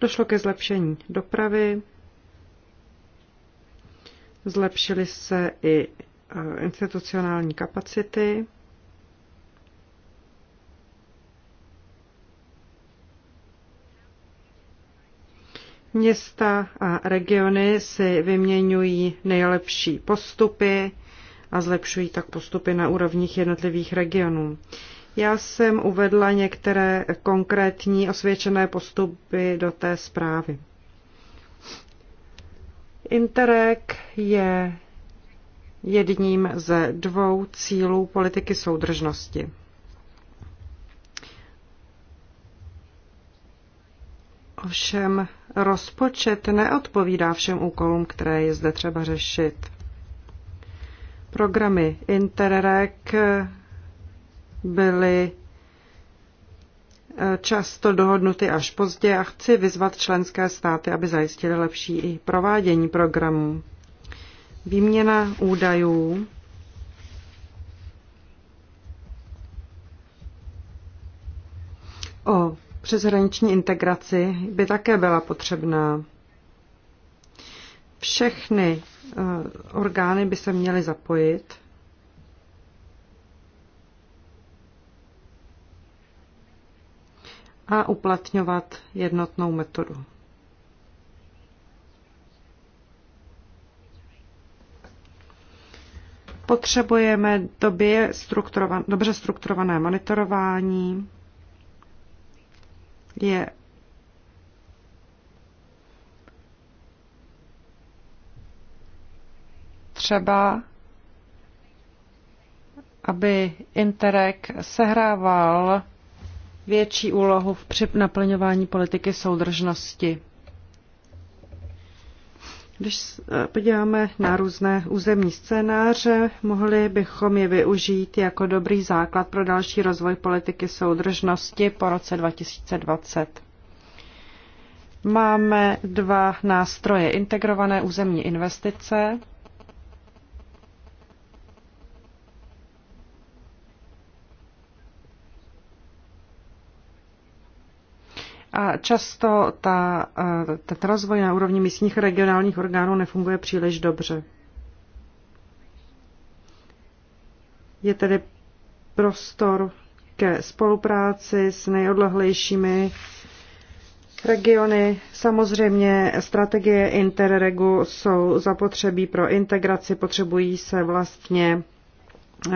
[SPEAKER 2] Došlo ke zlepšení dopravy, zlepšily se i Eh, institucionální kapacity. Města a regiony si vyměňují nejlepší postupy a zlepšují tak postupy na úrovních jednotlivých regionů. Já jsem uvedla některé konkrétní osvědčené postupy do té zprávy. Interreg je jedním ze dvou cílů politiky soudržnosti. Ovšem rozpočet neodpovídá všem úkolům, které je zde třeba řešit. Programy Interreg byly eh, často dohodnuty až pozdě a chci vyzvat členské státy, aby zajistili lepší i provádění programů. Výměna údajů o přeshraniční integraci by také byla potřebná. Všechny eh, orgány by se měly zapojit. a uplatňovat jednotnou metodu. Potřebujeme době strukturovan, dobře strukturované monitorování. Je třeba, aby Interreg sehrával větší úlohu v naplňování politiky soudržnosti. Když podíváme na různé územní scénáře, mohli bychom je využít jako dobrý základ pro další rozvoj politiky soudržnosti po roce 2020. Máme dva nástroje. Integrované územní investice, a často ta, eh, ten rozvoj na úrovni místních regionálních orgánů nefunguje příliš dobře. Je tedy prostor ke spolupráci s nejodlehlejšími regiony. Samozřejmě strategie Interregu jsou zapotřebí pro integraci, potřebují se vlastně eh,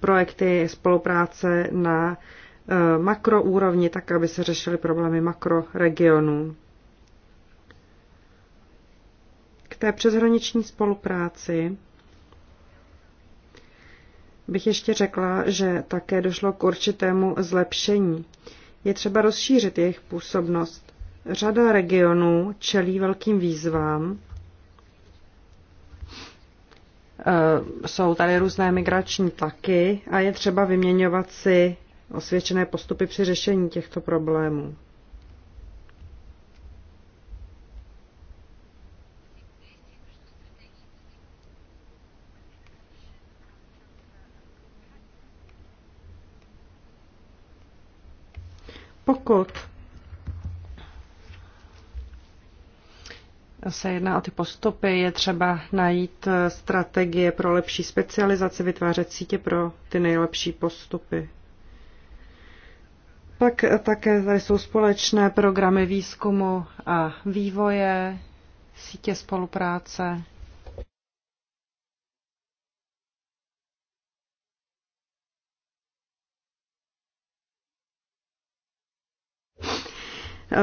[SPEAKER 2] projekty spolupráce na Eh, makroúrovni, tak aby se řešily problémy makroregionů. K té přeshraniční spolupráci bych ještě řekla, že také došlo k určitému zlepšení. Je třeba rozšířit jejich působnost. Řada regionů čelí velkým výzvám. Eh, jsou tady různé migrační tlaky a je třeba vyměňovat si osvědčené postupy při řešení těchto problémů. Pokud se jedná o ty postupy, je třeba najít eh, strategie pro lepší specializaci, vytvářet sítě pro ty nejlepší postupy. Pak také tady jsou společné programy výzkumu a vývoje, sítě spolupráce.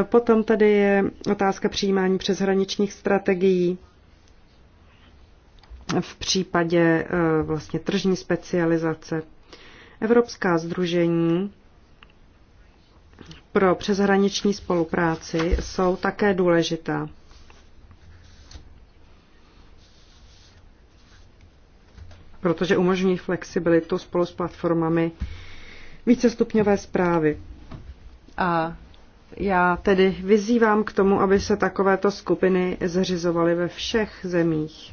[SPEAKER 2] Potom tady je otázka přijímání přeshraničních strategií v případě eh, vlastně tržní specializace. Evropská združení pro přeshraniční spolupráci jsou také důležitá. protože umožní flexibilitu spolu s platformami vícestupňové zprávy. A já tedy vyzývám k tomu, aby se takovéto skupiny zřizovaly ve všech zemích.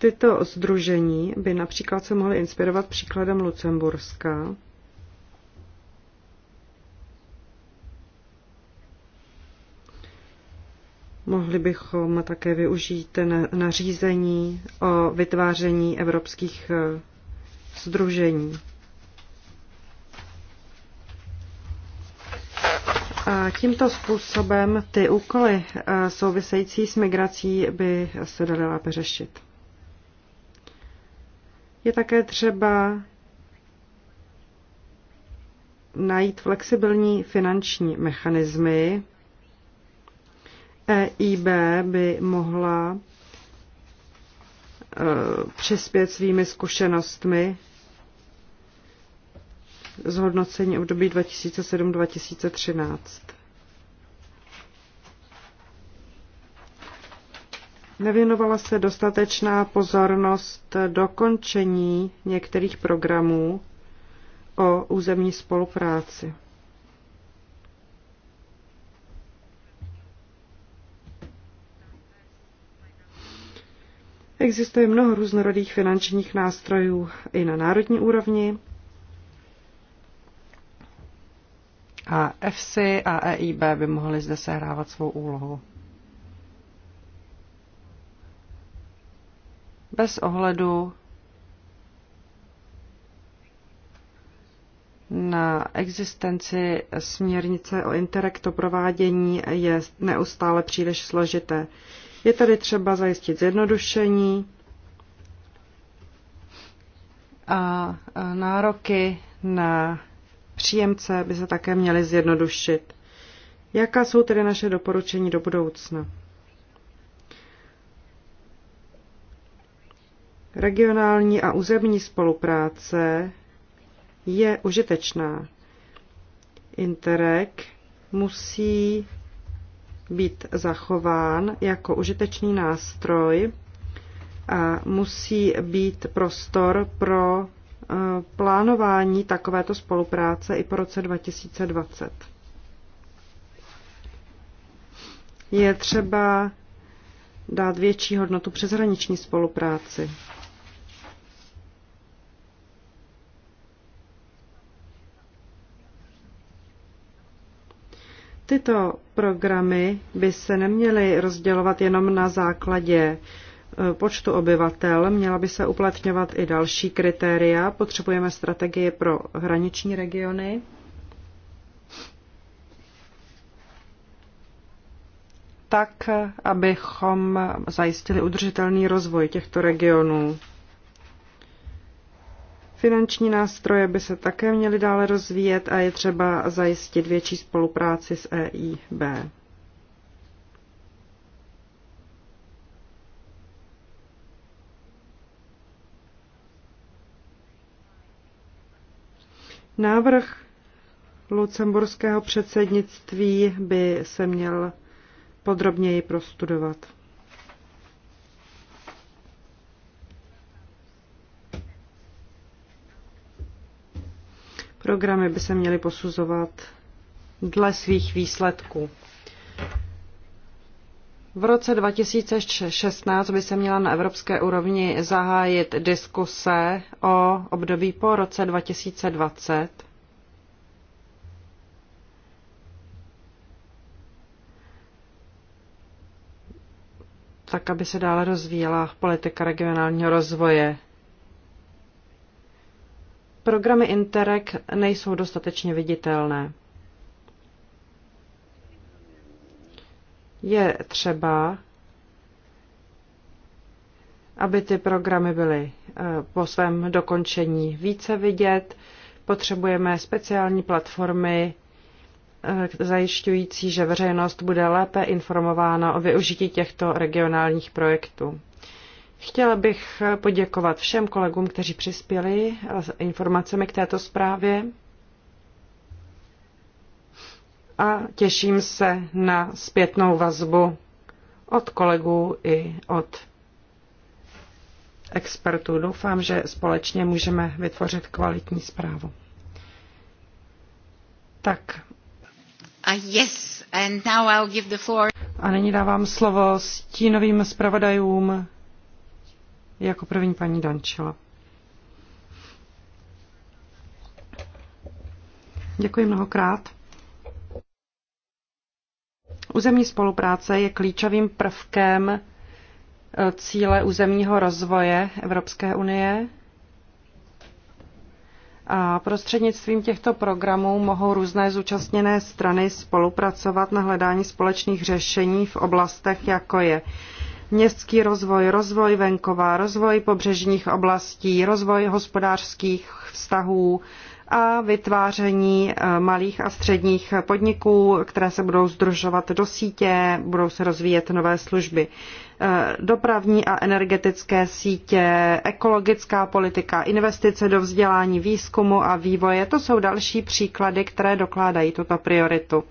[SPEAKER 2] Tyto združení by například se mohly inspirovat příkladem Lucemburska, Mohli bychom také využít nařízení o vytváření evropských združení. Eh, A tímto způsobem ty úkoly eh, související s migrací by se daly lépe řešit. Je také třeba najít flexibilní finanční mechanismy. EIB by mohla e, přispět svými zkušenostmi zhodnocení období 2007-2013. Nevěnovala se dostatečná pozornost dokončení některých programů o územní spolupráci. Existuje mnoho různorodých finančních nástrojů i na národní úrovni. A FC a EIB by mohly zde sehrávat svou úlohu. bez ohledu na existenci směrnice o interakto provádění je neustále příliš složité. Je tady třeba zajistit zjednodušení a nároky na příjemce by se také měly zjednodušit. Jaká jsou tedy naše doporučení do budoucna? Regionální a územní spolupráce je užitečná. Interreg musí být zachován jako užitečný nástroj a musí být prostor pro eh, plánování takovéto spolupráce i po roce 2020. Je třeba dát větší hodnotu přeshraniční spolupráci. Tyto programy by se neměly rozdělovat jenom na základě e, počtu obyvatel, měla by se uplatňovat i další kritéria. Potřebujeme strategie pro hraniční regiony. tak, abychom zajistili udržitelný rozvoj těchto regionů. Finanční nástroje by se také měly dále rozvíjet a je třeba zajistit větší spolupráci s EIB. Návrh lucemburského předsednictví by se měl podrobněji prostudovat. Programy by se měly posuzovat dle svých výsledků. V roce 2016 by se měla na evropské úrovni zahájit diskuse o období po roce 2020. tak aby se dále rozvíjela politika regionálního rozvoje programy Interreg nejsou dostatečně viditelné. Je třeba, aby ty programy byly eh, po svém dokončení více vidět. Potřebujeme speciální platformy eh, zajišťující, že veřejnost bude lépe informována o využití těchto regionálních projektů. Chtěla bych poděkovat všem kolegům, kteří přispěli s informacemi k této zprávě a těším se na zpětnou vazbu od kolegů i od expertů. Doufám, že společně můžeme vytvořit kvalitní zprávu. Tak.
[SPEAKER 3] A ah, yes, and now I'll give the floor.
[SPEAKER 2] A nyní dávám slovo stínovým zpravodajům jako první paní Dančila. Děkuji mnohokrát. Územní spolupráce je klíčovým prvkem eh, cíle územního rozvoje Evropské unie. A prostřednictvím těchto programů mohou různé zúčastněné strany spolupracovat na hledání společných řešení v oblastech, jako je městský rozvoj, rozvoj venkova, rozvoj pobřežních oblastí, rozvoj hospodářských vztahů a vytváření eh, malých a středních podniků, které se budou združovat do sítě, budou se rozvíjet nové služby. Eh, dopravní a energetické sítě, ekologická politika, investice do vzdělání, výzkumu a vývoje. To jsou další příklady, které dokládají tuto prioritu.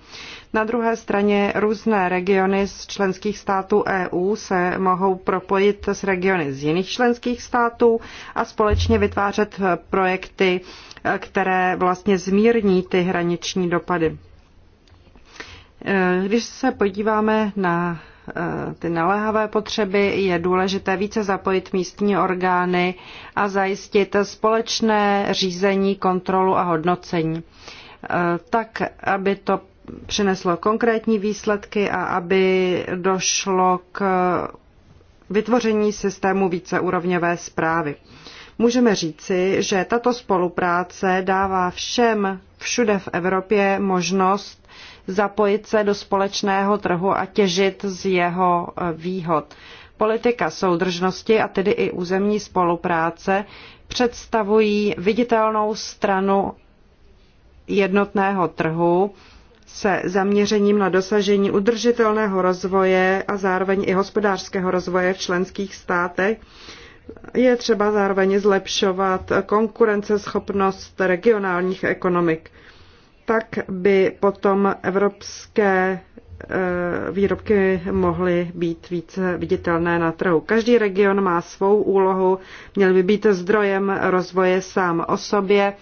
[SPEAKER 2] Na druhé straně různé regiony z členských států EU se mohou propojit s regiony z jiných členských států a společně vytvářet projekty, eh, které vlastně zmírní ty hraniční dopady. Eh, když se podíváme na Eh, ty naléhavé potřeby je důležité více zapojit místní orgány a zajistit společné řízení, kontrolu a hodnocení. Eh, tak, aby to přineslo konkrétní výsledky a aby došlo k vytvoření systému víceúrovňové zprávy. Můžeme říci, že tato spolupráce dává všem všude v Evropě možnost zapojit se do společného trhu a těžit z jeho e, výhod. Politika soudržnosti a tedy i územní spolupráce představují viditelnou stranu jednotného trhu se zaměřením na dosažení udržitelného rozvoje a zároveň i hospodářského rozvoje v členských státech. Je třeba zároveň zlepšovat konkurenceschopnost regionálních ekonomik tak by potom evropské eh, výrobky mohly být více viditelné na trhu. Každý region má svou úlohu, měl by být zdrojem rozvoje sám o sobě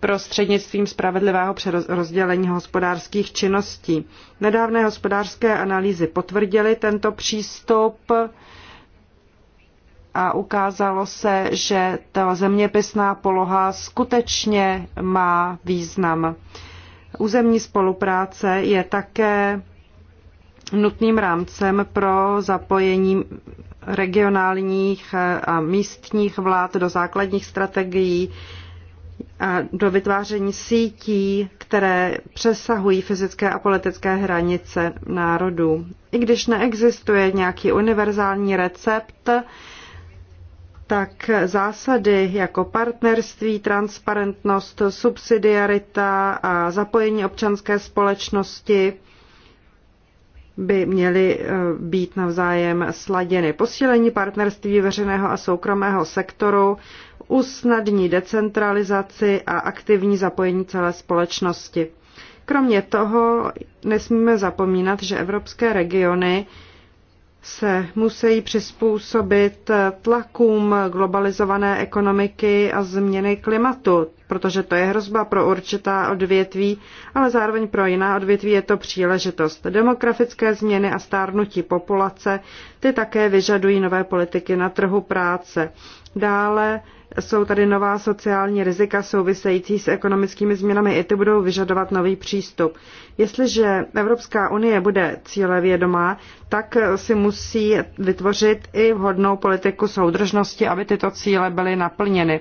[SPEAKER 2] prostřednictvím spravedlivého rozdělení hospodářských činností. Nedávné hospodářské analýzy potvrdily tento přístup a ukázalo se, že ta zeměpisná poloha skutečně má význam. Územní spolupráce je také nutným rámcem pro zapojení regionálních a místních vlád do základních strategií a do vytváření sítí, které přesahují fyzické a politické hranice národů. I když neexistuje nějaký univerzální recept, tak zásady jako partnerství, transparentnost, subsidiarita a zapojení občanské společnosti by měly eh, být navzájem sladěny. Posílení partnerství veřejného a soukromého sektoru usnadní decentralizaci a aktivní zapojení celé společnosti. Kromě toho nesmíme zapomínat, že evropské regiony se musí přizpůsobit tlakům globalizované ekonomiky a změny klimatu, protože to je hrozba pro určitá odvětví, ale zároveň pro jiná odvětví je to příležitost. Demografické změny a stárnutí populace, ty také vyžadují nové politiky na trhu práce. Dále jsou tady nová sociální rizika související s ekonomickými změnami, i ty budou vyžadovat nový přístup. Jestliže Evropská unie bude cíle vědomá, tak si musí vytvořit i vhodnou politiku soudržnosti, aby tyto cíle byly naplněny.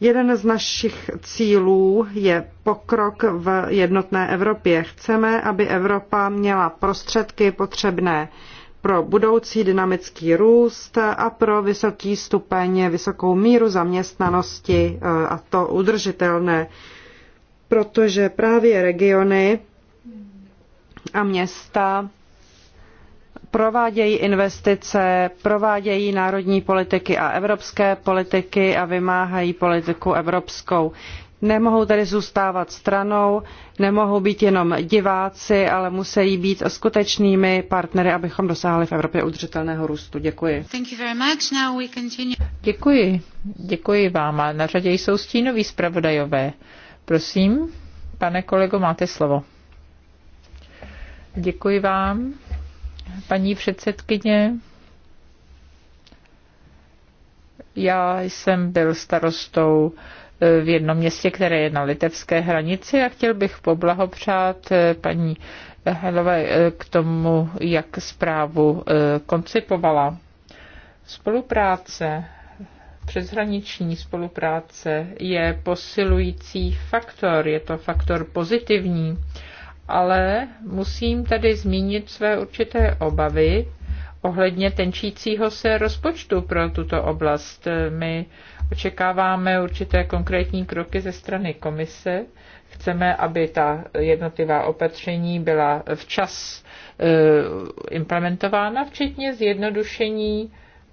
[SPEAKER 2] Jeden z našich cílů je pokrok v jednotné Evropě. Chceme, aby Evropa měla prostředky potřebné pro budoucí dynamický růst a pro vysoký stupeň, vysokou míru zaměstnanosti e, a to udržitelné, protože právě regiony a města provádějí investice, provádějí národní politiky a evropské politiky a vymáhají politiku evropskou nemohou tedy zůstávat stranou, nemohou být jenom diváci, ale musí být skutečnými partnery,
[SPEAKER 3] abychom dosáhli v Evropě udržitelného růstu. Děkuji. Děkuji. Děkuji vám. A na řadě jsou stínoví zpravodajové. Prosím, pane kolego, máte slovo. Děkuji vám, paní předsedkyně. Já jsem byl starostou v jednom městě, které je na litevské hranici a chtěl bych poblahopřát eh, paní Helové eh, k tomu, jak zprávu eh, koncipovala. Spolupráce, přeshraniční spolupráce je posilující faktor, je to faktor pozitivní, ale musím tady zmínit své určité obavy ohledně tenčícího se rozpočtu pro tuto oblast. My Očekáváme určité konkrétní kroky ze strany komise. Chceme, aby ta jednotlivá opatření byla včas eh, implementována, včetně zjednodušení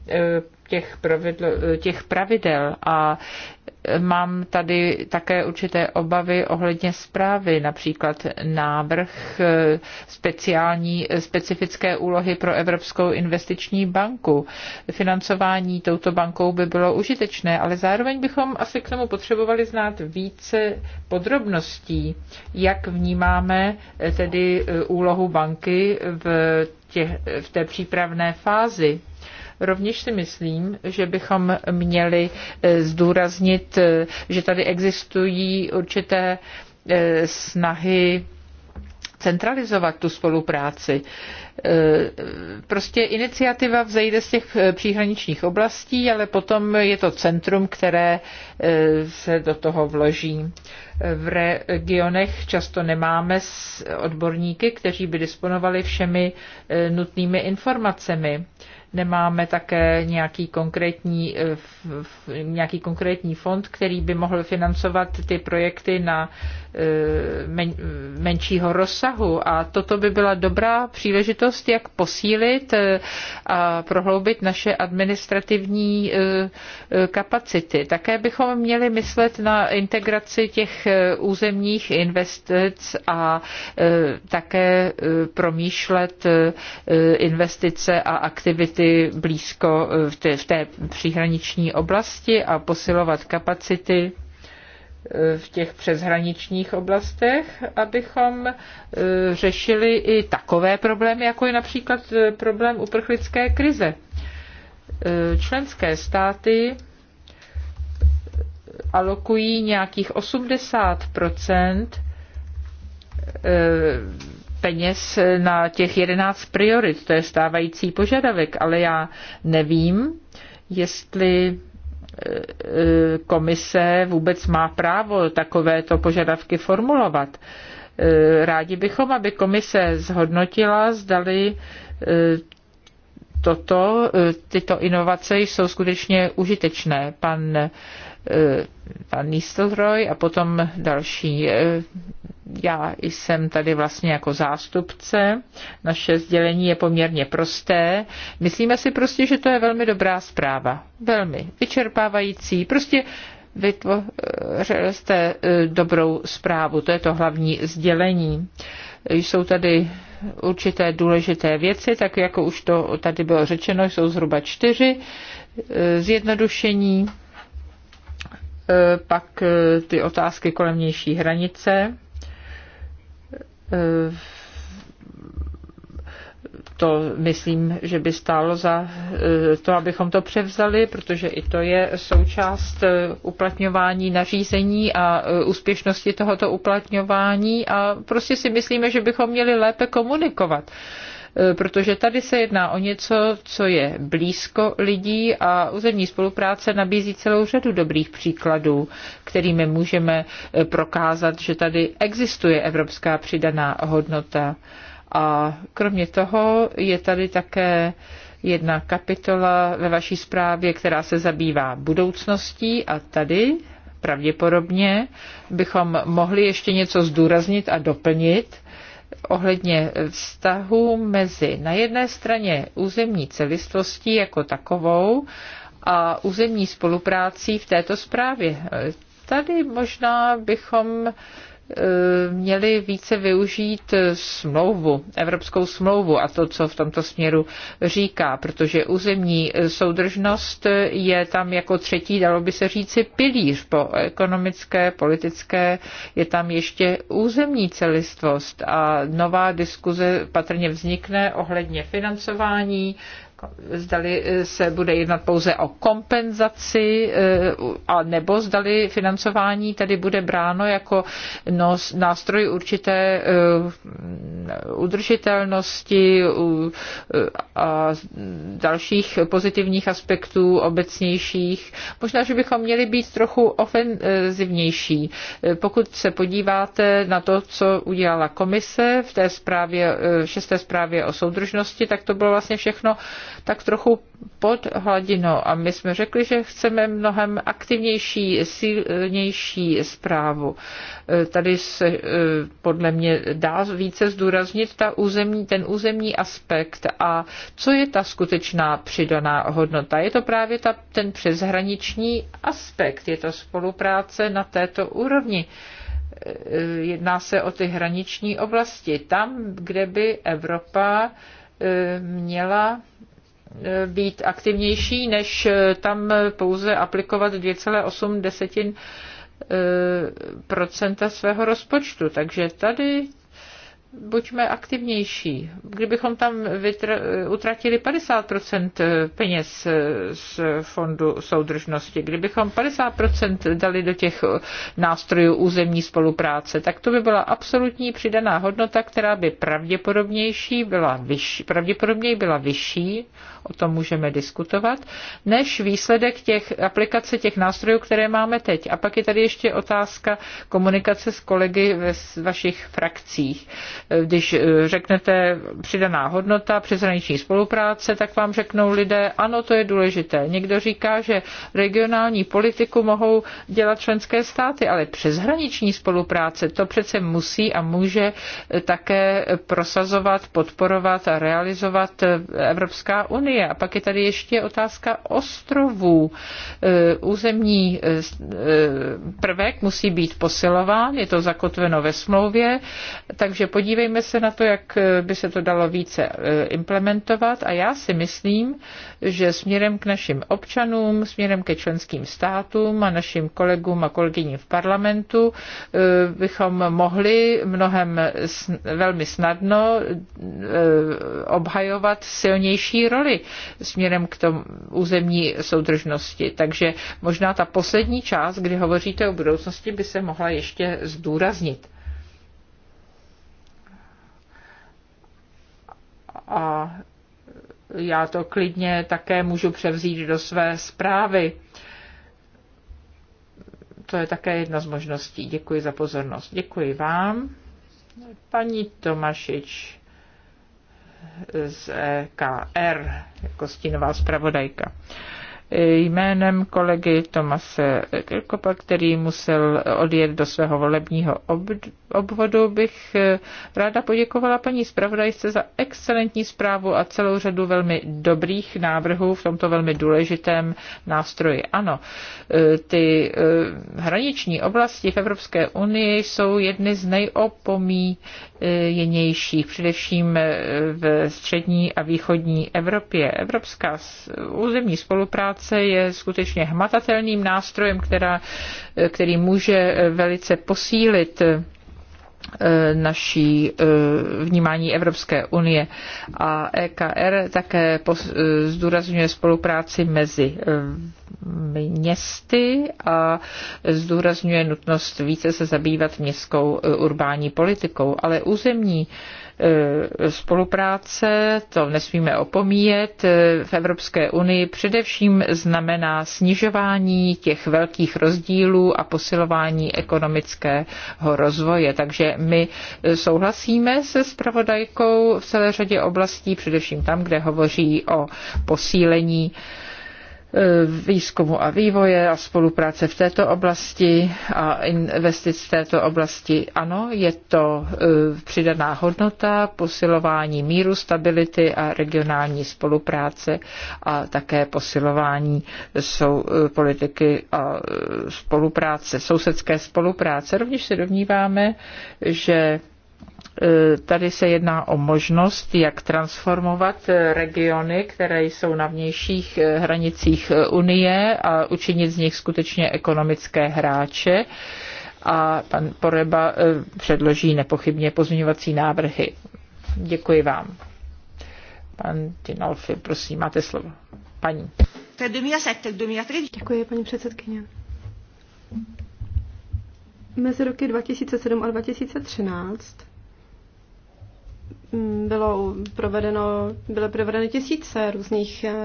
[SPEAKER 3] eh, těch, eh, těch pravidel a Mám tady také určité obavy ohledně zprávy, například návrh eh, speciální, eh, specifické úlohy pro Evropskou investiční banku. Financování touto bankou by bylo užitečné, ale zároveň bychom asi k tomu potřebovali znát více podrobností, jak vnímáme eh, tedy úlohu banky v, tě, v té přípravné fázi Rovněž si myslím, že bychom měli eh, zdůraznit, eh, že tady existují určité eh, snahy centralizovat tu spolupráci. Prostě iniciativa vzejde z těch příhraničních oblastí, ale potom je to centrum, které se do toho vloží. V regionech často nemáme odborníky, kteří by disponovali všemi nutnými informacemi. Nemáme také nějaký konkrétní, eh, nějaký konkrétní fond, který by mohl financovat ty projekty na eh, men, menšího rozsahu. A toto by byla dobrá příležitost, jak posílit eh, a prohloubit naše administrativní kapacity. Také bychom měli myslet na integraci těch územních investic a také promýšlet investice a aktivity kapacity blízko v té, v té příhraniční oblasti a posilovat kapacity eh, v těch přeshraničních oblastech, abychom eh, řešili i takové problémy, jako je například eh, problém uprchlické krize. Členské státy alokují nějakých 80 peněz na těch 11 priorit, to je stávající požadavek, ale já nevím, jestli e, e, komise vůbec má právo takovéto požadavky formulovat. E, rádi bychom, aby komise zhodnotila, zdali toto, tyto inovace jsou skutečně užitečné. Pan Eh, pan Nistelroj a potom další. Eh, já jsem tady vlastně jako zástupce. Naše sdělení je poměrně prosté. Myslíme si prostě, že to je velmi dobrá zpráva. Velmi vyčerpávající. Prostě vytvořili jste eh, dobrou zprávu. To je to hlavní sdělení. Jsou tady určité důležité věci, tak jako už to tady bylo řečeno, jsou zhruba čtyři. Zjednodušení, Eh, pak eh, ty otázky kolem vnější hranice, eh, to myslím, že by stálo za to, abychom to převzali, protože i to je součást uplatňování nařízení a úspěšnosti tohoto uplatňování a prostě si myslíme, že bychom měli lépe komunikovat E, protože tady se jedná o něco, co je blízko lidí a územní spolupráce nabízí celou řadu dobrých příkladů, kterými můžeme e, prokázat, že tady existuje evropská přidaná hodnota. A kromě toho je tady také jedna kapitola ve vaší zprávě, která se zabývá budoucností a tady pravděpodobně bychom mohli ještě něco zdůraznit a doplnit, ohledně vztahu mezi na jedné straně územní celistvostí jako takovou a územní spoluprácí v této zprávě. Tady možná bychom Eh, měli více využít smlouvu, evropskou smlouvu a to, co v tomto směru říká, protože územní soudržnost je tam jako třetí, dalo by se říci, pilíř po ekonomické, politické, je tam ještě územní celistvost a nová diskuze patrně vznikne ohledně financování, zdali eh, se bude jednat pouze o kompenzaci eh, a nebo zdali financování tedy bude bráno jako nástroj určité eh, udržitelnosti a dalších pozitivních aspektů obecnějších. Možná, že bychom měli být trochu ofenzivnější. Pokud se podíváte na to, co udělala komise v té zprávě, v šesté zprávě o soudržnosti, tak to bylo vlastně všechno tak trochu pod hladinou. A my jsme řekli, že chceme mnohem aktivnější, silnější zprávu. E, tady se e, podle mě dá více zdůraznit ta územní, ten územní aspekt a co je ta skutečná přidaná hodnota. Je to právě ta, ten přeshraniční aspekt, je to spolupráce na této úrovni e, jedná se o ty hraniční oblasti, tam, kde by Evropa měla být aktivnější, než eh, tam pouze aplikovat 2,8 desetin eh, procenta svého rozpočtu. Takže tady buďme aktivnější. Kdybychom tam vytr- utratili 50% eh, peněz eh, z fondu soudržnosti, kdybychom 50% dali do těch eh, nástrojů územní spolupráce, tak to by byla absolutní přidaná hodnota, která by pravděpodobnější byla vyšší, pravděpodobněji byla vyšší, o tom můžeme diskutovat, než výsledek těch aplikace těch nástrojů, které máme teď. A pak je tady ještě otázka komunikace s kolegy ve vašich frakcích. Eh, když eh, řeknete přidaná hodnota, přeshraniční spolupráce, tak vám řeknou lidé, ano, to je důležité. Někdo říká, že regionální politiku mohou dělat členské státy, ale přeshraniční spolupráce to přece musí a může eh, také prosazovat, podporovat a realizovat Evropská unie. A pak je tady ještě otázka ostrovů. Územní prvek musí být posilován, je to zakotveno ve smlouvě, takže podívejte podívejme se na to, jak eh, by se to dalo více eh, implementovat a já si myslím, že směrem k našim občanům, směrem ke členským státům a našim kolegům a kolegyním v parlamentu eh, bychom mohli mnohem velmi snadno obhajovat silnější roli směrem k tomu územní soudržnosti. Takže možná ta poslední část, kdy hovoříte o budoucnosti, by se mohla ještě zdůraznit. a já to klidně také můžu převzít do své zprávy. To je také jedna z možností. Děkuji za pozornost. Děkuji vám. Paní Tomašič z e KR jako stínová zpravodajka jménem kolegy Tomase Kirkopa, který musel odjet do svého volebního obvodu, bych eh, ráda poděkovala paní zpravodajce za excelentní zprávu a celou řadu velmi dobrých návrhů v tomto velmi důležitém nástroji. Ano, eh, ty eh, hraniční oblasti v Evropské unii jsou jedny z nejopomí jinějších, především v střední a východní Evropě. Evropská územní spolupráce je skutečně hmatatelným nástrojem, která, který může velice posílit eh, naší eh, vnímání Evropské unie. A EKR také eh, zdůrazňuje spolupráci mezi městy a zdůrazňuje nutnost více se zabývat městskou e, urbání politikou. Ale územní e, spolupráce, to nesmíme opomíjet, e, v Evropské unii především znamená snižování těch velkých rozdílů a posilování ekonomického rozvoje. Takže my souhlasíme se spravodajkou v celé řadě oblastí, především tam, kde hovoří o posílení E, výzkumu a vývoje a spolupráce v této oblasti a investic v této oblasti. Ano, je to e, přidaná hodnota, posilování míru, stability a regionální spolupráce a také posilování sou, e, politiky a spolupráce, sousedské spolupráce. Rovněž se domníváme, že E, tady se jedná o možnost, jak transformovat e, regiony, které jsou na vnějších e, hranicích Unie a učinit z nich skutečně ekonomické hráče a pan Poreba předloží nepochybně pozměňovací návrhy. Děkuji vám. Pan Tinolfi, prosím, máte slovo. Paní.
[SPEAKER 1] Děkuji, paní předsedkyně. Mezi roky 2007 a 2013 Mm, bylo provedeno, byly provedeny tisíce různých eh,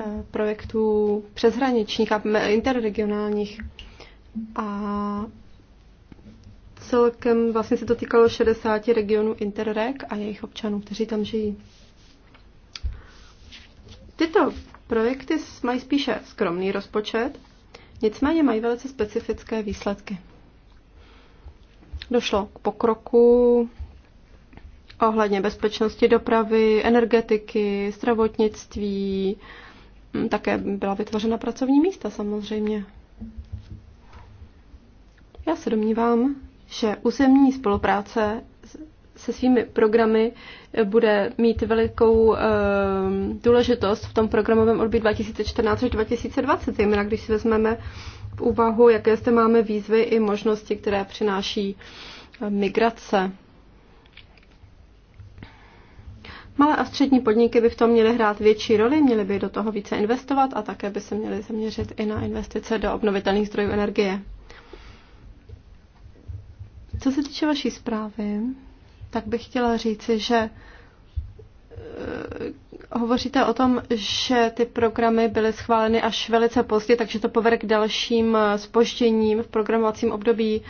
[SPEAKER 1] eh, projektů přeshraničních a interregionálních. A celkem vlastně se to týkalo 60 regionů Interreg a jejich občanů, kteří tam žijí. Tyto projekty mají spíše skromný rozpočet, nicméně mají velice specifické výsledky. Došlo k pokroku ohledně bezpečnosti dopravy, energetiky, zdravotnictví. Hm, také byla vytvořena pracovní místa samozřejmě. Já se domnívám, že územní spolupráce se svými programy bude mít velikou e, důležitost v tom programovém období 2014 až 2020, zejména když si vezmeme v úvahu, jaké zde máme výzvy i možnosti, které přináší eh, migrace. Malé a střední podniky by v tom měly hrát větší roli, měly by do toho více investovat a také by se měly zaměřit i na investice do obnovitelných zdrojů energie. Co se týče vaší zprávy, tak bych chtěla říci, že eh, hovoříte o tom, že ty programy byly schváleny až velice pozdě, takže to povede k dalším spožděním eh, v programovacím období.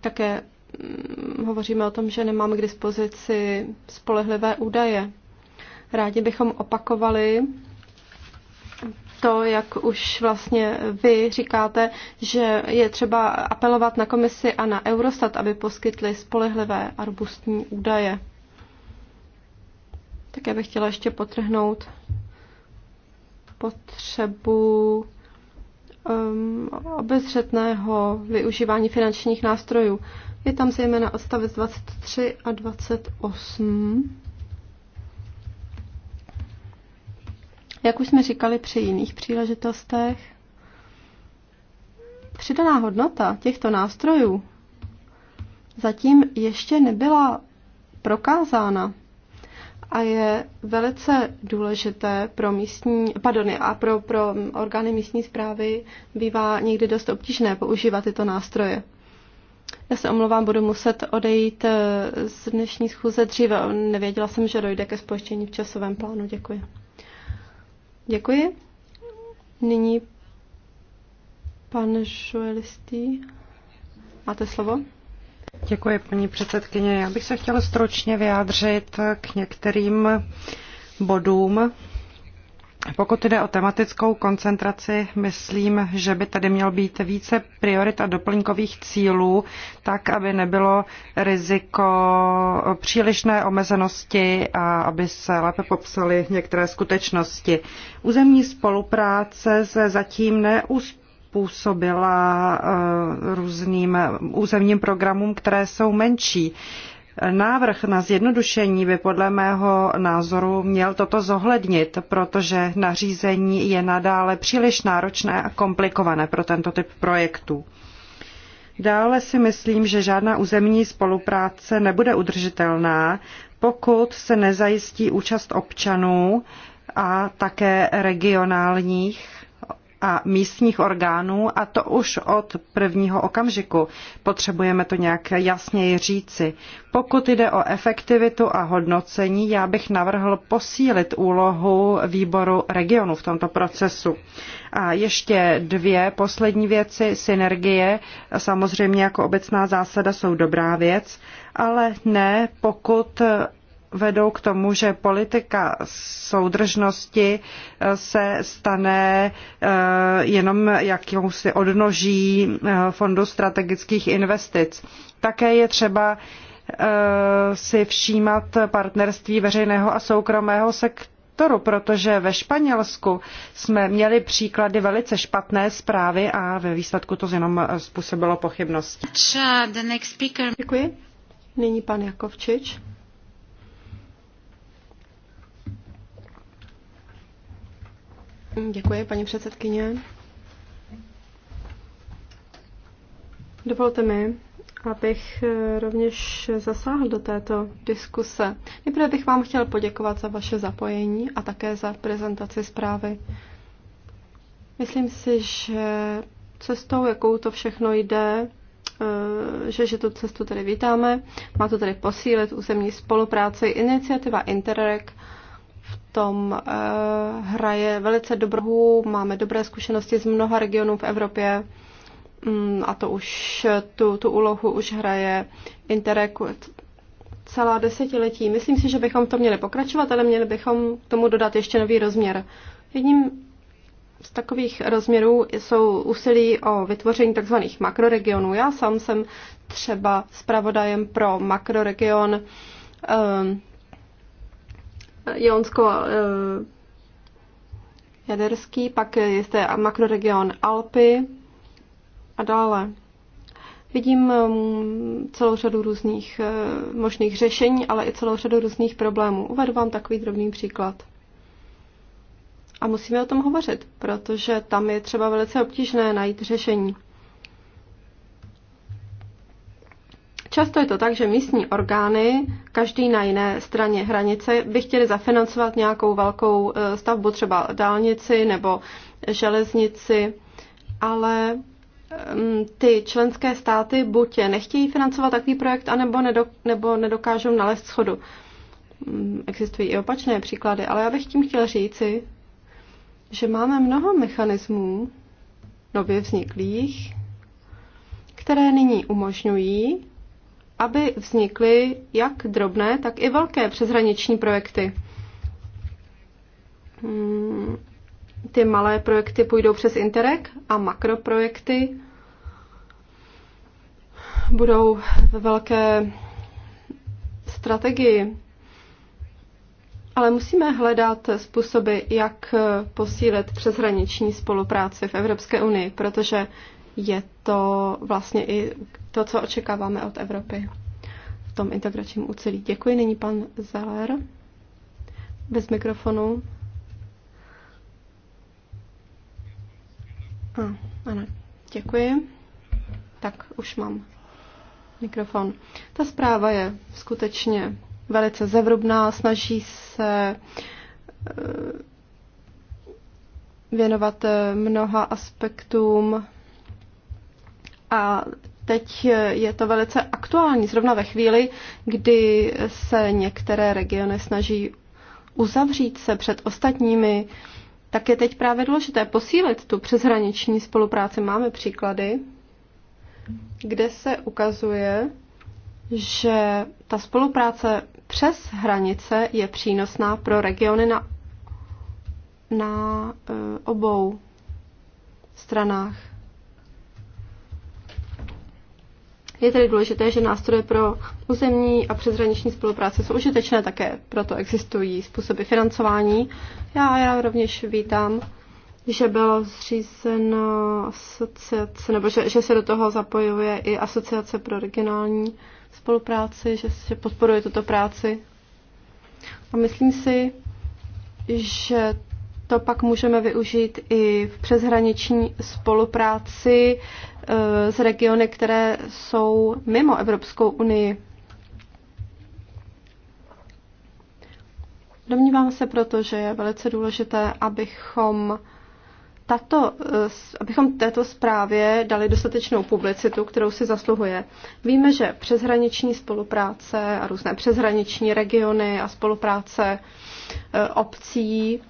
[SPEAKER 1] Také Mm, hovoříme o tom, že nemáme k dispozici spolehlivé údaje. Rádi bychom opakovali to, jak už vlastně vy říkáte, že je třeba apelovat na komisi a na Eurostat, aby poskytli spolehlivé a robustní údaje. Také bych chtěla ještě potrhnout potřebu um, obezřetného využívání finančních nástrojů. Je tam zejména odstavec 23 a 28. Jak už jsme říkali při jiných příležitostech, přidaná hodnota těchto nástrojů zatím ještě nebyla prokázána a je velice důležité pro místní, pardon, a pro, pro orgány místní zprávy bývá někdy dost obtížné používat tyto nástroje. Já se omlouvám, budu muset odejít eh, z dnešní schůze dříve. Nevěděla jsem, že dojde ke spoštění v časovém plánu. Děkuji. Děkuji. Nyní pan Joelistý.
[SPEAKER 2] Máte slovo? Děkuji, paní předsedkyně. Já bych se chtěla stručně vyjádřit k některým bodům, pokud jde o tematickou koncentraci, myslím, že by tady měl být více priorit a doplňkových cílů, tak aby nebylo riziko přílišné omezenosti a aby se lépe popsaly některé skutečnosti. Územní spolupráce se zatím neúspěšná působila eh, různým územním programům, které jsou menší. Návrh na zjednodušení by podle mého názoru měl toto zohlednit, protože nařízení je nadále příliš náročné a komplikované pro tento typ projektů. Dále si myslím, že žádná územní spolupráce nebude udržitelná, pokud se nezajistí účast občanů a také regionálních a místních orgánů a to už od prvního okamžiku. Potřebujeme to nějak jasněji říci. Pokud jde o efektivitu a hodnocení, já bych navrhl posílit úlohu výboru regionu v tomto procesu. A ještě dvě poslední věci. Synergie, samozřejmě jako obecná zásada, jsou dobrá věc, ale ne pokud vedou k tomu, že politika soudržnosti eh, se stane eh, jenom jakousi odnoží eh, fondu strategických investic. Také je třeba si všímat partnerství veřejného a soukromého sektoru, protože ve Španělsku jsme měli příklady velice špatné zprávy a ve výsledku to jenom způsobilo pochybnosti.
[SPEAKER 3] Děkuji.
[SPEAKER 1] Nyní pan Jakovčič. Děkuji, paní předsedkyně. Dovolte mi, abych eh, rovněž zasáhl do této diskuse. Nejprve bych vám chtěl poděkovat za vaše zapojení a také za prezentaci zprávy. Myslím si, že cestou, jakou to všechno jde, eh, že, že tu cestu tady vítáme. Má to tady posílit územní spolupráci. Iniciativa Interreg tom eh, hraje velice dobrou. Máme dobré zkušenosti z mnoha regionů v Evropě mm, a to už tu, tu úlohu už hraje Interreg celá desetiletí. Myslím si, že bychom to měli pokračovat, ale měli bychom tomu dodat ještě nový rozměr. Jedním z takových rozměrů jsou úsilí o vytvoření tzv. makroregionů. Já sám jsem třeba zpravodajem pro makroregion um, Jonsko eh, jaderský, pak je zde makroregion Alpy a dále. Vidím mm, celou řadu různých eh, možných řešení, ale i celou řadu různých problémů. Uvedu vám takový drobný příklad. A musíme o tom hovořit, protože tam je třeba velice obtížné najít řešení. Často je to tak, že místní orgány, každý na jiné straně hranice, by chtěli zafinancovat nějakou velkou e, stavbu, třeba dálnici nebo železnici, ale mm, ty členské státy buď nechtějí financovat takový projekt, anebo nedok- nebo nedokážou nalézt schodu. Mm, existují i opačné příklady, ale já bych tím chtěl říci, že máme mnoho mechanismů nově vzniklých, které nyní umožňují aby vznikly jak drobné, tak i velké přeshraniční projekty. Hmm, ty malé projekty půjdou přes Interreg a makroprojekty budou ve velké strategii. Ale musíme hledat způsoby, jak posílit přeshraniční spolupráci v Evropské unii, protože je to vlastně i to, co očekáváme od Evropy v tom integračním úcelí. Děkuji. Nyní pan Zeller bez mikrofonu. A, ano, děkuji. Tak už mám mikrofon. Ta zpráva je skutečně velice zevrubná, snaží se eh, věnovat eh, mnoha aspektům a teď je to velice aktuální, zrovna ve chvíli, kdy se některé regiony snaží uzavřít se před ostatními, tak je teď právě důležité posílit tu přeshraniční spolupráci. Máme příklady, kde se ukazuje, že ta spolupráce přes hranice je přínosná pro regiony na, na eh, obou stranách. Je tedy důležité, že nástroje pro územní a přeshraniční spolupráce jsou užitečné, také proto existují způsoby financování. Já, já rovněž vítám, že bylo zřízeno asociace, nebo že, že se do toho zapojuje i asociace pro regionální spolupráci, že se podporuje tuto práci. A myslím si, že to pak můžeme využít i v přeshraniční spolupráci Eh, z regiony, které jsou mimo Evropskou unii. Domnívám se proto, že je velice důležité, abychom, tato, eh, abychom této zprávě dali dostatečnou publicitu, kterou si zasluhuje. Víme, že přeshraniční spolupráce a různé přeshraniční regiony a spolupráce eh, obcí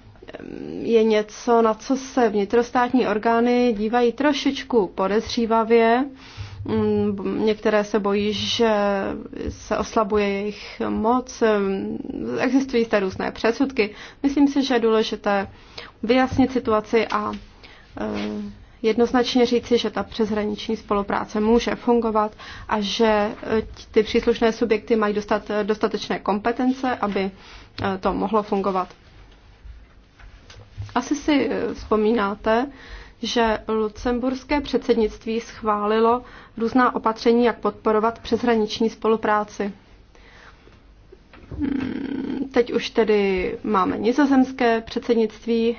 [SPEAKER 1] je něco, na co se vnitrostátní orgány dívají trošičku podezřívavě. Mm, některé se bojí, že se oslabuje jejich moc. Existují zde různé předsudky. Myslím si, že je důležité vyjasnit situaci a e, jednoznačně říci, že ta přeshraniční spolupráce může fungovat a že e, ty příslušné subjekty mají dostat e, dostatečné kompetence, aby to mohlo fungovat. Asi si eh, vzpomínáte, že lucemburské předsednictví schválilo různá opatření, jak podporovat přeshraniční spolupráci. Hmm, teď už tedy máme nizozemské předsednictví,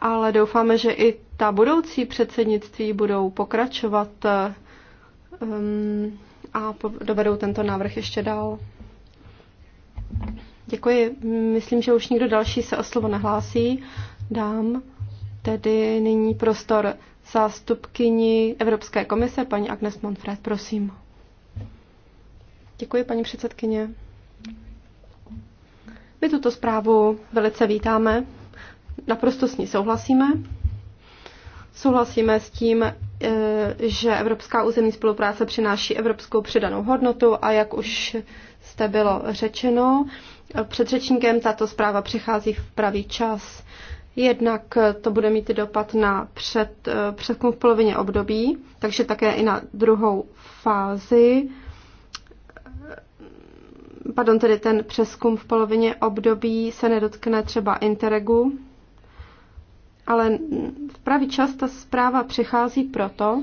[SPEAKER 1] ale doufáme, že i ta budoucí předsednictví budou pokračovat um, a dovedou tento návrh ještě dál. Děkuji. Myslím, že už někdo další se o slovo nehlásí. Dám tedy nyní prostor zástupkyni Evropské komise, paní Agnes Monfred, prosím. Děkuji, paní předsedkyně. My tuto zprávu velice vítáme, naprosto s ní souhlasíme. Souhlasíme s tím, e, že evropská územní spolupráce přináší evropskou přidanou hodnotu a jak už jste bylo řečeno, předřečníkem, tato zpráva přichází v pravý čas. Jednak to bude mít dopad na před, eh, předkum v polovině období, takže také i na druhou fázi. Pardon, tedy ten přeskum v polovině období se nedotkne třeba Interregu, ale v pravý čas ta zpráva přichází proto,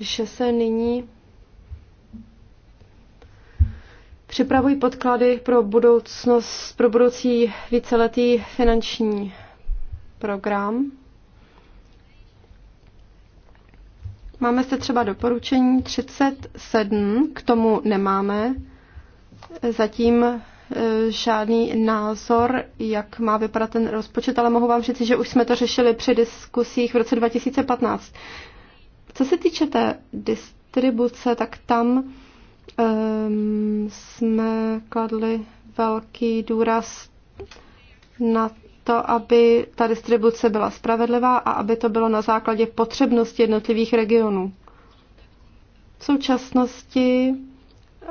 [SPEAKER 1] že se nyní připravují podklady pro budoucnost, pro budoucí víceletý finanční program. Máme se třeba doporučení 37, k tomu nemáme zatím e, žádný názor, jak má vypadat ten rozpočet, ale mohu vám říct, že už jsme to řešili při diskusích v roce 2015. Co se týče té distribuce, tak tam um, jsme kladli velký důraz na to, aby ta distribuce byla spravedlivá a aby to bylo na základě potřebnosti jednotlivých regionů. V současnosti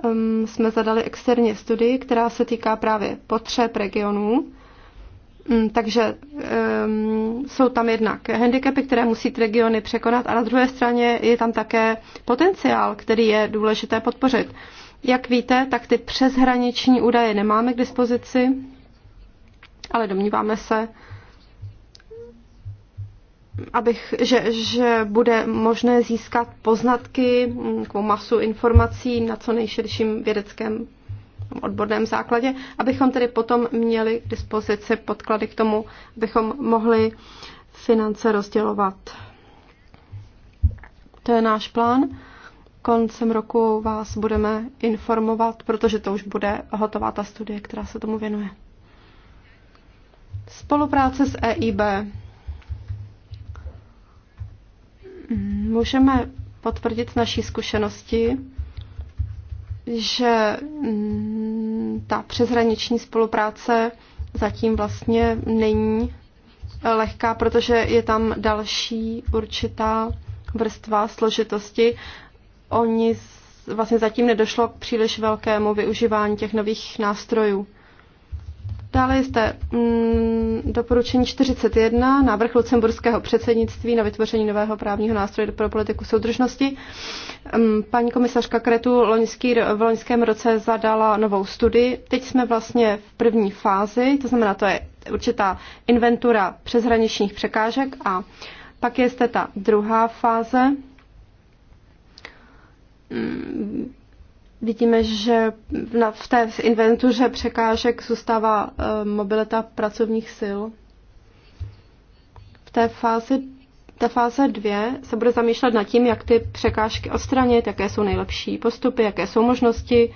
[SPEAKER 1] um, jsme zadali externě studii, která se týká právě potřeb regionů Mm, takže um, jsou tam jednak handicapy, které musí ty regiony překonat, a na druhé straně je tam také potenciál, který je důležité podpořit. Jak víte, tak ty přeshraniční údaje nemáme k dispozici, ale domníváme se, abych, že, že bude možné získat poznatky, mm, masu informací na co nejširším vědeckém odborném základě, abychom tedy potom měli k dispozici podklady k tomu, abychom mohli finance rozdělovat. To je náš plán. Koncem roku vás budeme informovat, protože to už bude hotová ta studie, která se tomu věnuje. Spolupráce s EIB. Můžeme potvrdit naší zkušenosti, že mm, ta přeshraniční spolupráce zatím vlastně není lehká, protože je tam další určitá vrstva složitosti. Oni vlastně zatím nedošlo k příliš velkému využívání těch nových nástrojů. Dále je zde mm, doporučení 41, návrh lucemburského předsednictví na vytvoření nového právního nástroje pro politiku soudržnosti. Mm, paní komisařka Kretu loňský, v loňském roce zadala novou studii. Teď jsme vlastně v první fázi, to znamená, to je určitá inventura přeshraničních překážek a pak je zde ta druhá fáze mm, Vidíme, že v té inventuře překážek zůstává eh, mobilita pracovních sil. V té fázi ta fáze dvě se bude zamýšlet nad tím, jak ty překážky odstranit, jaké jsou nejlepší postupy, jaké jsou možnosti.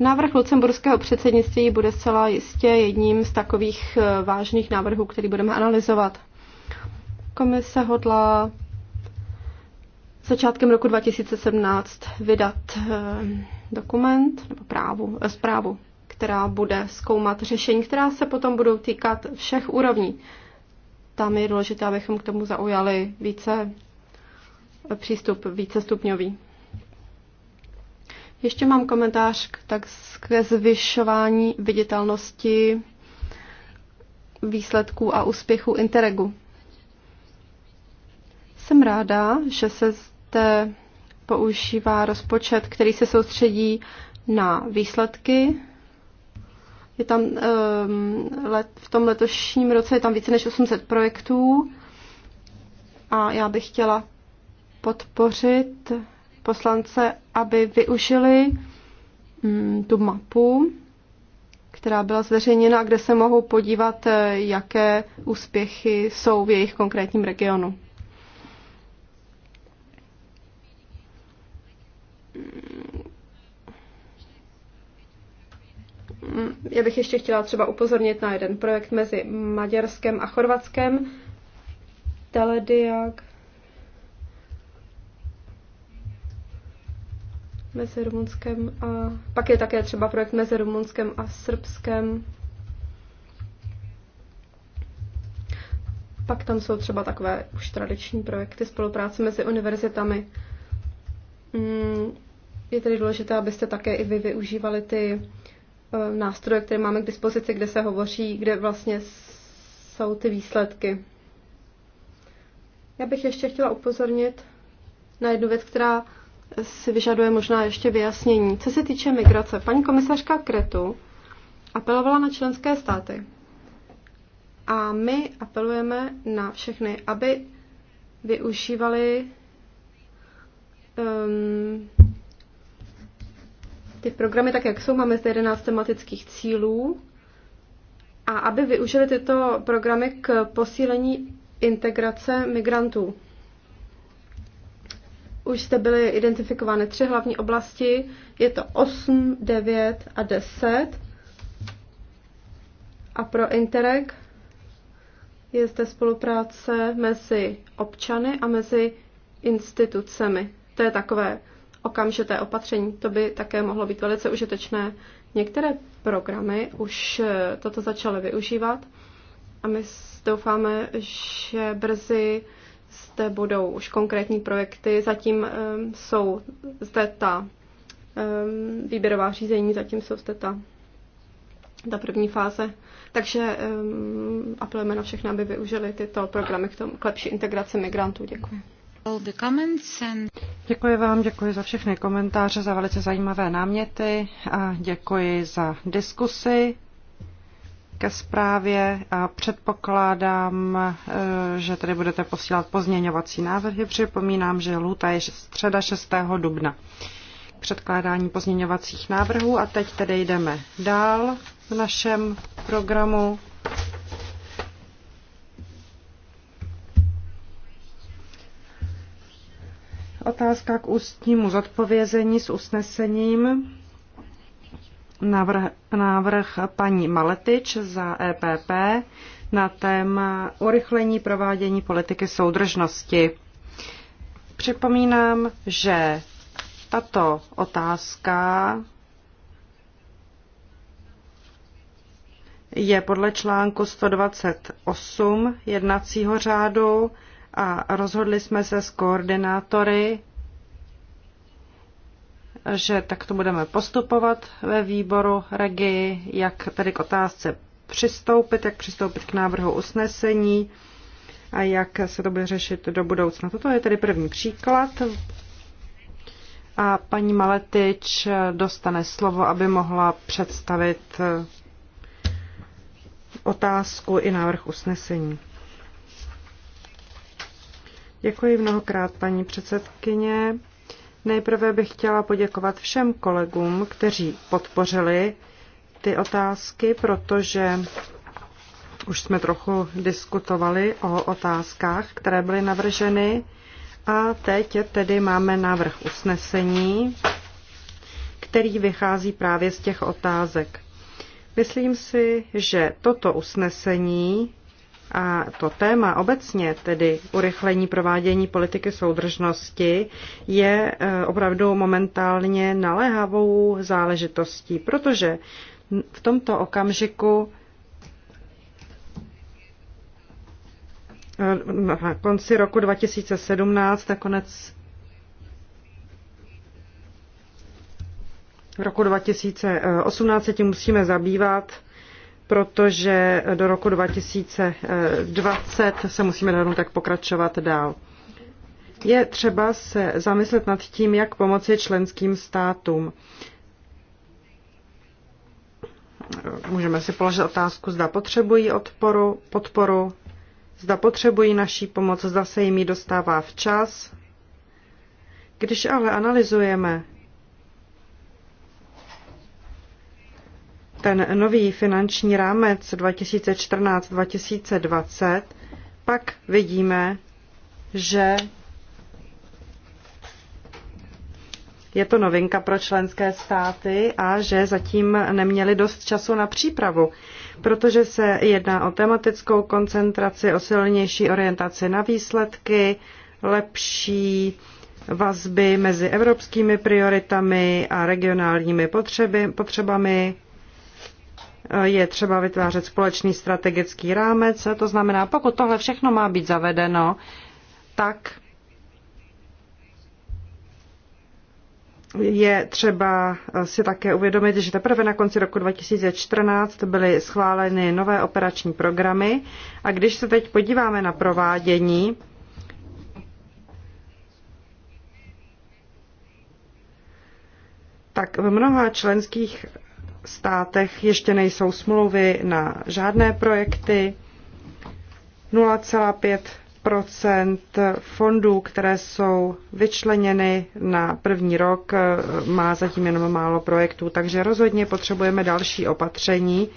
[SPEAKER 1] Návrh lucemburského předsednictví bude zcela jistě jedním z takových eh, vážných návrhů, který budeme analyzovat. Komise hodlá začátkem roku 2017 vydat eh, dokument nebo právu, eh, zprávu, která bude zkoumat řešení, která se potom budou týkat všech úrovní. Tam je důležité, abychom k tomu zaujali více eh, přístup, více stupňový. Ještě mám komentář k, tak ke zvyšování viditelnosti výsledků a úspěchů Interregu. Jsem ráda, že se Eh, používá rozpočet, který se soustředí na výsledky. Je tam, ehm, let, v tom letošním roce je tam více než 800 projektů a já bych chtěla podpořit poslance, aby využili mm, tu mapu, která byla zveřejněna, kde se mohou podívat, eh, jaké úspěchy jsou v jejich konkrétním regionu. Mm, já bych ještě chtěla třeba upozornit na jeden projekt mezi Maďarskem a Chorvatskem. telediak Mezi Rumunskem a... Pak je také třeba projekt mezi Rumunskem a Srbskem. Pak tam jsou třeba takové už tradiční projekty spolupráce mezi univerzitami. Mm, je tedy důležité, abyste také i vy využívali ty e, nástroje, které máme k dispozici, kde se hovoří, kde vlastně jsou ty výsledky. Já bych ještě chtěla upozornit na jednu věc, která si vyžaduje možná ještě vyjasnění. Co se týče migrace, paní komisařka Kretu apelovala na členské státy. A my apelujeme na všechny, aby využívali um, ty programy tak, jak jsou, máme zde 11 tematických cílů. A aby využili tyto programy k posílení integrace migrantů. Už jste byly identifikovány tři hlavní oblasti. Je to 8, 9 a 10. A pro Interreg je zde spolupráce mezi občany a mezi institucemi to je takové okamžité opatření. To by také mohlo být velice užitečné. Některé programy už eh, toto začaly využívat a my doufáme, že brzy zde budou už konkrétní projekty. Zatím um, jsou zde ta um, výběrová řízení, zatím jsou zde ta, ta první fáze. Takže um, apelujeme na všechny, aby využili tyto programy k, tomu, k lepší integraci migrantů. Děkuji.
[SPEAKER 2] Děkuji vám, děkuji za všechny komentáře, za velice zajímavé náměty a děkuji za diskusy ke zprávě a předpokládám, eh, že tady budete posílat pozměňovací návrhy. Připomínám, že lhůta je středa 6. dubna k předkládání pozměňovacích návrhů a teď tedy jdeme dál v našem programu. otázka k ústnímu zodpovězení s usnesením. Návrh, návrh paní Maletič za EPP na téma urychlení provádění politiky soudržnosti. Připomínám, že tato otázka je podle článku 128 jednacího řádu a rozhodli jsme se s koordinátory, že takto budeme postupovat ve výboru Regi, jak tedy k otázce přistoupit, jak přistoupit k návrhu usnesení a jak se to bude řešit do budoucna. Toto je tedy první příklad. A paní Maletič dostane slovo, aby mohla představit otázku i návrh usnesení. Děkuji mnohokrát, paní předsedkyně. Nejprve bych chtěla poděkovat všem kolegům, kteří podpořili ty otázky, protože už jsme trochu diskutovali o otázkách, které byly navrženy. A teď tedy máme návrh usnesení, který vychází právě z těch otázek. Myslím si, že toto usnesení a to téma obecně, tedy urychlení provádění politiky soudržnosti, je eh, opravdu momentálně naléhavou záležitostí, protože v tomto okamžiku eh, na konci roku 2017, na konec roku 2018 tím musíme zabývat protože do roku 2020 se musíme dohodnout, jak pokračovat dál. Je třeba se zamyslet nad tím, jak pomoci členským státům. Můžeme si položit otázku, zda potřebují odporu, podporu, zda potřebují naší pomoc, zda se jim ji dostává včas. Když ale analyzujeme ten nový finanční rámec 2014-2020, pak vidíme, že je to novinka pro členské státy a že zatím neměli dost času na přípravu, protože se jedná o tematickou koncentraci, o silnější orientaci na výsledky, lepší vazby mezi evropskými prioritami a regionálními potřeby, potřebami, je třeba vytvářet společný strategický rámec. To znamená, pokud tohle všechno má být zavedeno, tak je třeba si také uvědomit, že teprve na konci roku 2014 byly schváleny nové operační programy a když se teď podíváme na provádění, tak v mnoha členských státech ještě nejsou smlouvy na žádné projekty. 0,5 fondů, které jsou vyčleněny na první rok, má zatím jenom málo projektů, takže rozhodně potřebujeme další opatření,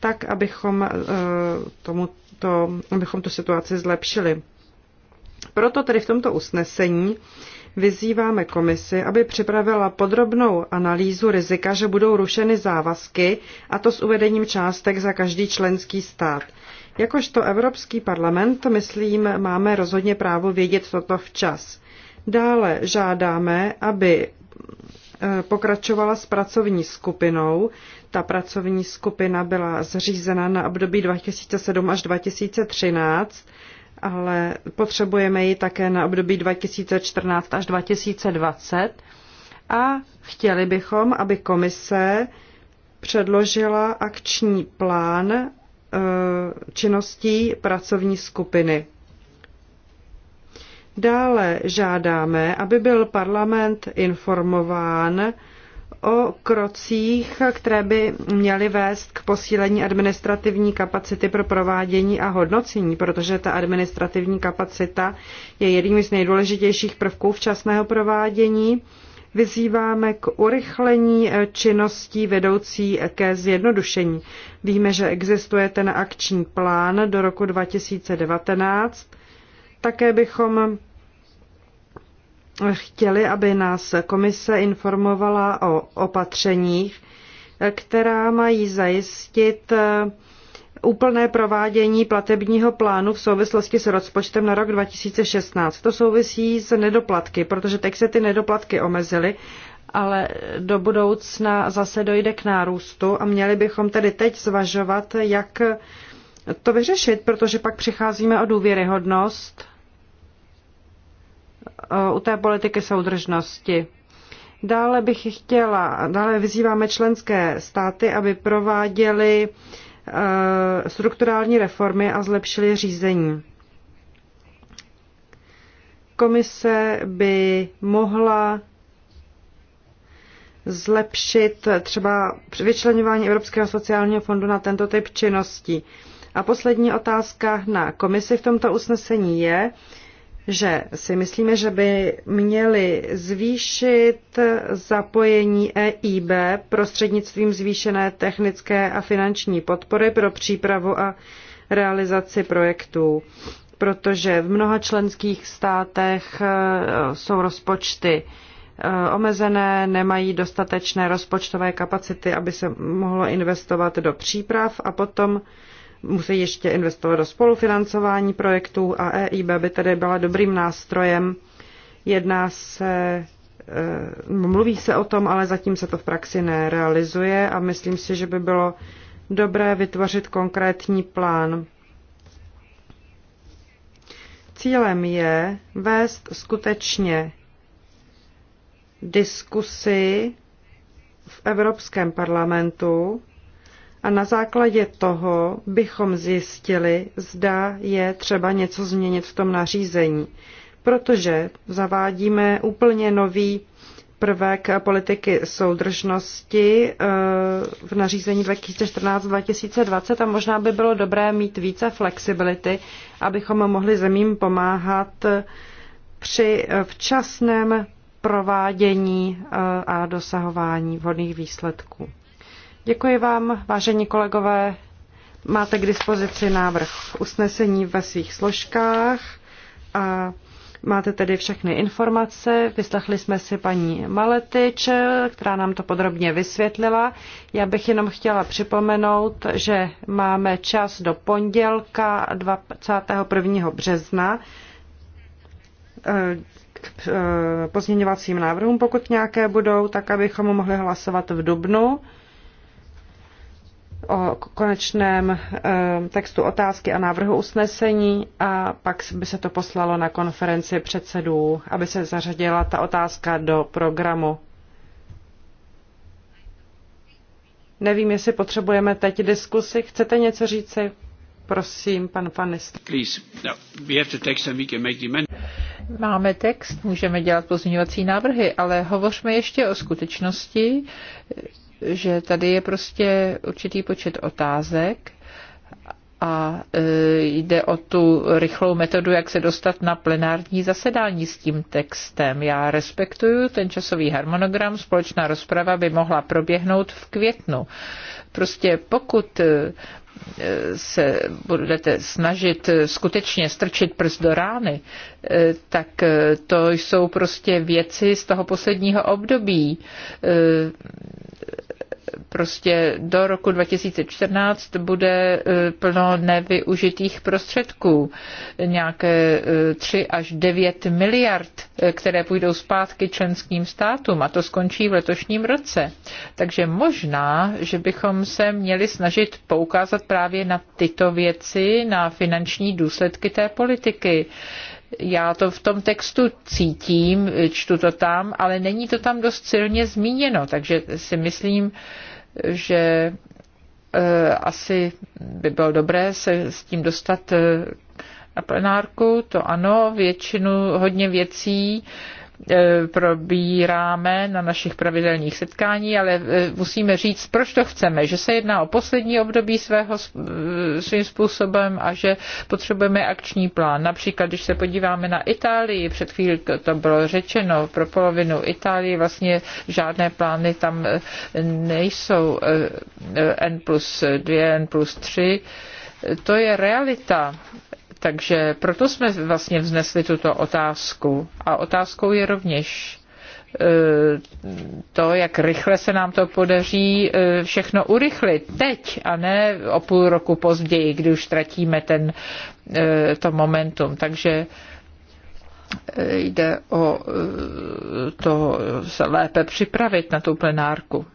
[SPEAKER 2] tak abychom, eh, tomuto, abychom tu situaci zlepšili. Proto tedy v tomto usnesení vyzýváme komisi, aby připravila podrobnou analýzu rizika, že budou rušeny závazky, a to s uvedením částek za každý členský stát. Jakožto Evropský parlament, myslím, máme rozhodně právo vědět toto včas. Dále žádáme, aby eh, pokračovala s pracovní skupinou. Ta pracovní skupina byla zřízena na období 2007 až 2013 ale potřebujeme ji také na období 2014 až 2020 a chtěli bychom, aby komise předložila akční plán e, činností pracovní skupiny. Dále žádáme, aby byl parlament informován o krocích, které by měly vést k posílení administrativní kapacity pro provádění a hodnocení, protože ta administrativní kapacita je jedním z nejdůležitějších prvků včasného provádění. Vyzýváme k urychlení činností vedoucí ke zjednodušení. Víme, že existuje ten akční plán do roku 2019. Také bychom chtěli, aby nás komise informovala o opatřeních, která mají zajistit eh, úplné provádění platebního plánu v souvislosti s rozpočtem na rok 2016. To souvisí s nedoplatky, protože teď se ty nedoplatky omezily, ale do budoucna zase dojde k nárůstu a měli bychom tedy teď zvažovat, jak to vyřešit, protože pak přicházíme o důvěryhodnost Eh, u té politiky soudržnosti. Dále bych chtěla, dále vyzýváme členské státy, aby prováděly eh, strukturální reformy a zlepšili řízení. Komise by mohla zlepšit třeba vyčlenování Evropského sociálního fondu na tento typ činností. A poslední otázka na komisi v tomto usnesení je, že si myslíme, že by měli zvýšit zapojení EIB prostřednictvím zvýšené technické a finanční podpory pro přípravu a realizaci projektů, protože v mnoha členských státech e, jsou rozpočty e, omezené, nemají dostatečné rozpočtové kapacity, aby se mohlo investovat do příprav a potom musí ještě investovat do spolufinancování projektů a EIB by tedy byla dobrým nástrojem. Jedná se e, mluví se o tom, ale zatím se to v praxi nerealizuje a myslím si, že by bylo dobré vytvořit konkrétní plán. Cílem je vést skutečně diskusy v Evropském parlamentu a na základě toho bychom zjistili, zda je třeba něco změnit v tom nařízení, protože zavádíme úplně nový prvek politiky soudržnosti eh, v nařízení 2014-2020 a možná by bylo dobré mít více flexibility, abychom mohli zemím pomáhat při včasném provádění eh, a dosahování vhodných výsledků. Děkuji vám, vážení kolegové. Máte k dispozici návrh usnesení ve svých složkách a máte tedy všechny informace. Vyslechli jsme si paní Maletič, která nám to podrobně vysvětlila. Já bych jenom chtěla připomenout, že máme čas do pondělka 21. března eh, k pozměňovacím návrhům, pokud nějaké budou, tak abychom mohli hlasovat v Dubnu o konečném eh, textu otázky a návrhu usnesení a pak by se to poslalo na konferenci předsedů, aby se zařadila ta otázka do programu. Nevím, jestli potřebujeme teď diskusy. Chcete něco
[SPEAKER 3] říci? Prosím, pan Fanist. Please, no, we have the text and we can make the Máme text, můžeme dělat pozměňovací návrhy, ale hovořme ještě o skutečnosti, že tady je prostě určitý počet otázek a e, jde o tu rychlou metodu, jak se dostat na plenární zasedání s tím textem. Já respektuju ten časový harmonogram, společná rozprava by mohla proběhnout v květnu. Prostě pokud e, se budete snažit skutečně strčit prst do rány, e, tak to jsou prostě věci z toho posledního období prostě do roku 2014 bude e, plno nevyužitých prostředků, nějaké 3 e, až 9 miliard, e, které půjdou zpátky členským státům a to skončí v letošním roce. Takže možná, že bychom se měli snažit poukázat právě na tyto věci, na finanční důsledky té politiky já to v tom textu cítím, čtu to tam, ale není to tam dost silně zmíněno, takže si myslím, že eh, asi by bylo dobré se s tím dostat eh, na plenárku, to ano, většinu, hodně věcí E, probíráme na našich pravidelných setkání, ale e, musíme říct, proč to chceme, že se jedná o poslední období svého, e, svým způsobem a že potřebujeme akční plán. Například, když se podíváme na Itálii, před chvílí to bylo řečeno, pro polovinu Itálie vlastně žádné plány tam nejsou N plus 2, N plus 3, to je realita takže proto jsme vlastně vznesli tuto otázku. A otázkou je rovněž e, to, jak rychle se nám to podaří e, všechno urychlit teď a ne o půl roku později, kdy už ztratíme ten, e, to momentum. Takže jde o to se lépe připravit na tu plenárku.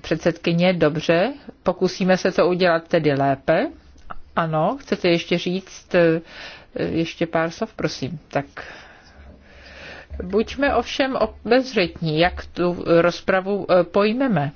[SPEAKER 3] Předsedkyně, dobře, pokusíme se to udělat tedy lépe. Ano, chcete ještě říct eh, ještě pár slov, prosím. Tak buďme ovšem obezřetní, jak tu rozpravu eh, pojmeme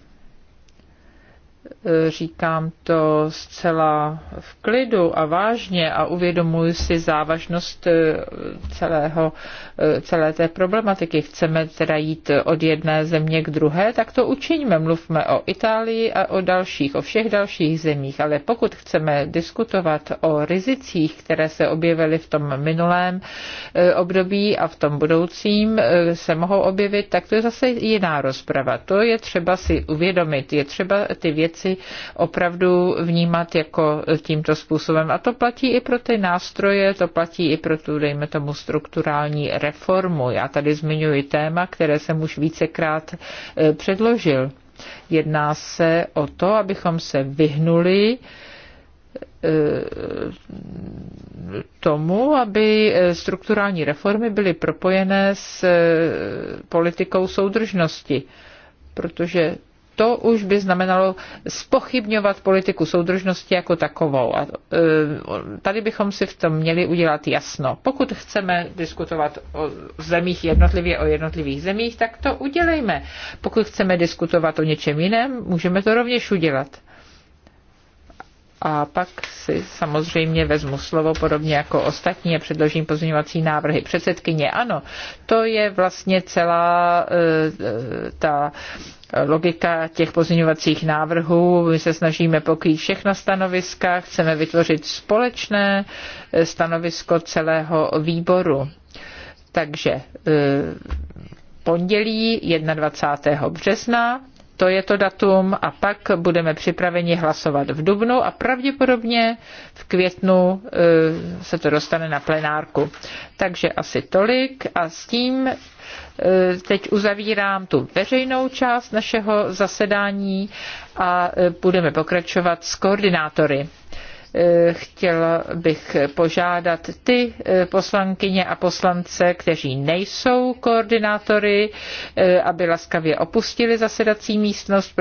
[SPEAKER 3] říkám to zcela v klidu a vážně a uvědomuji si závažnost eh, celého, eh, celé té problematiky. Chceme teda jít od jedné země k druhé, tak to učiníme Mluvme o Itálii a o dalších, o všech dalších zemích, ale pokud chceme diskutovat o rizicích, které se objevily v tom minulém eh, období a v tom budoucím se mohou objevit, tak to je zase jiná rozprava. To je třeba si uvědomit, je třeba ty věci věci opravdu vnímat jako tímto způsobem. A to platí i pro ty nástroje, to platí i pro tu, dejme tomu, strukturální reformu. Já tady zmiňuji téma, které jsem už vícekrát e, předložil. Jedná se o to, abychom se vyhnuli e, tomu, aby e, strukturální reformy byly propojené s politikou soudržnosti, protože to už by znamenalo spochybňovat politiku soudržnosti jako takovou. A eh, tady bychom si v tom měli udělat jasno. Pokud chceme diskutovat o zemích jednotlivě, o jednotlivých zemích, tak to udělejme. Pokud chceme diskutovat o něčem jiném, můžeme to rovněž udělat a pak si samozřejmě vezmu slovo podobně jako ostatní a předložím pozměňovací návrhy. Předsedkyně, ano, to je vlastně celá e, e, ta logika těch pozměňovacích návrhů. My se snažíme pokrýt všechna stanoviska, chceme vytvořit společné e, stanovisko celého výboru. Takže pondělí 21. března to je to datum a pak budeme připraveni hlasovat v Dubnu a pravděpodobně v květnu eh, se to dostane na plenárku. Takže asi tolik a s tím eh, teď uzavírám tu veřejnou část našeho zasedání a eh, budeme pokračovat s koordinátory. Eh, chtěla bych požádat ty eh, poslankyně a poslance, kteří nejsou koordinátory, eh, aby laskavě opustili zasedací místnost,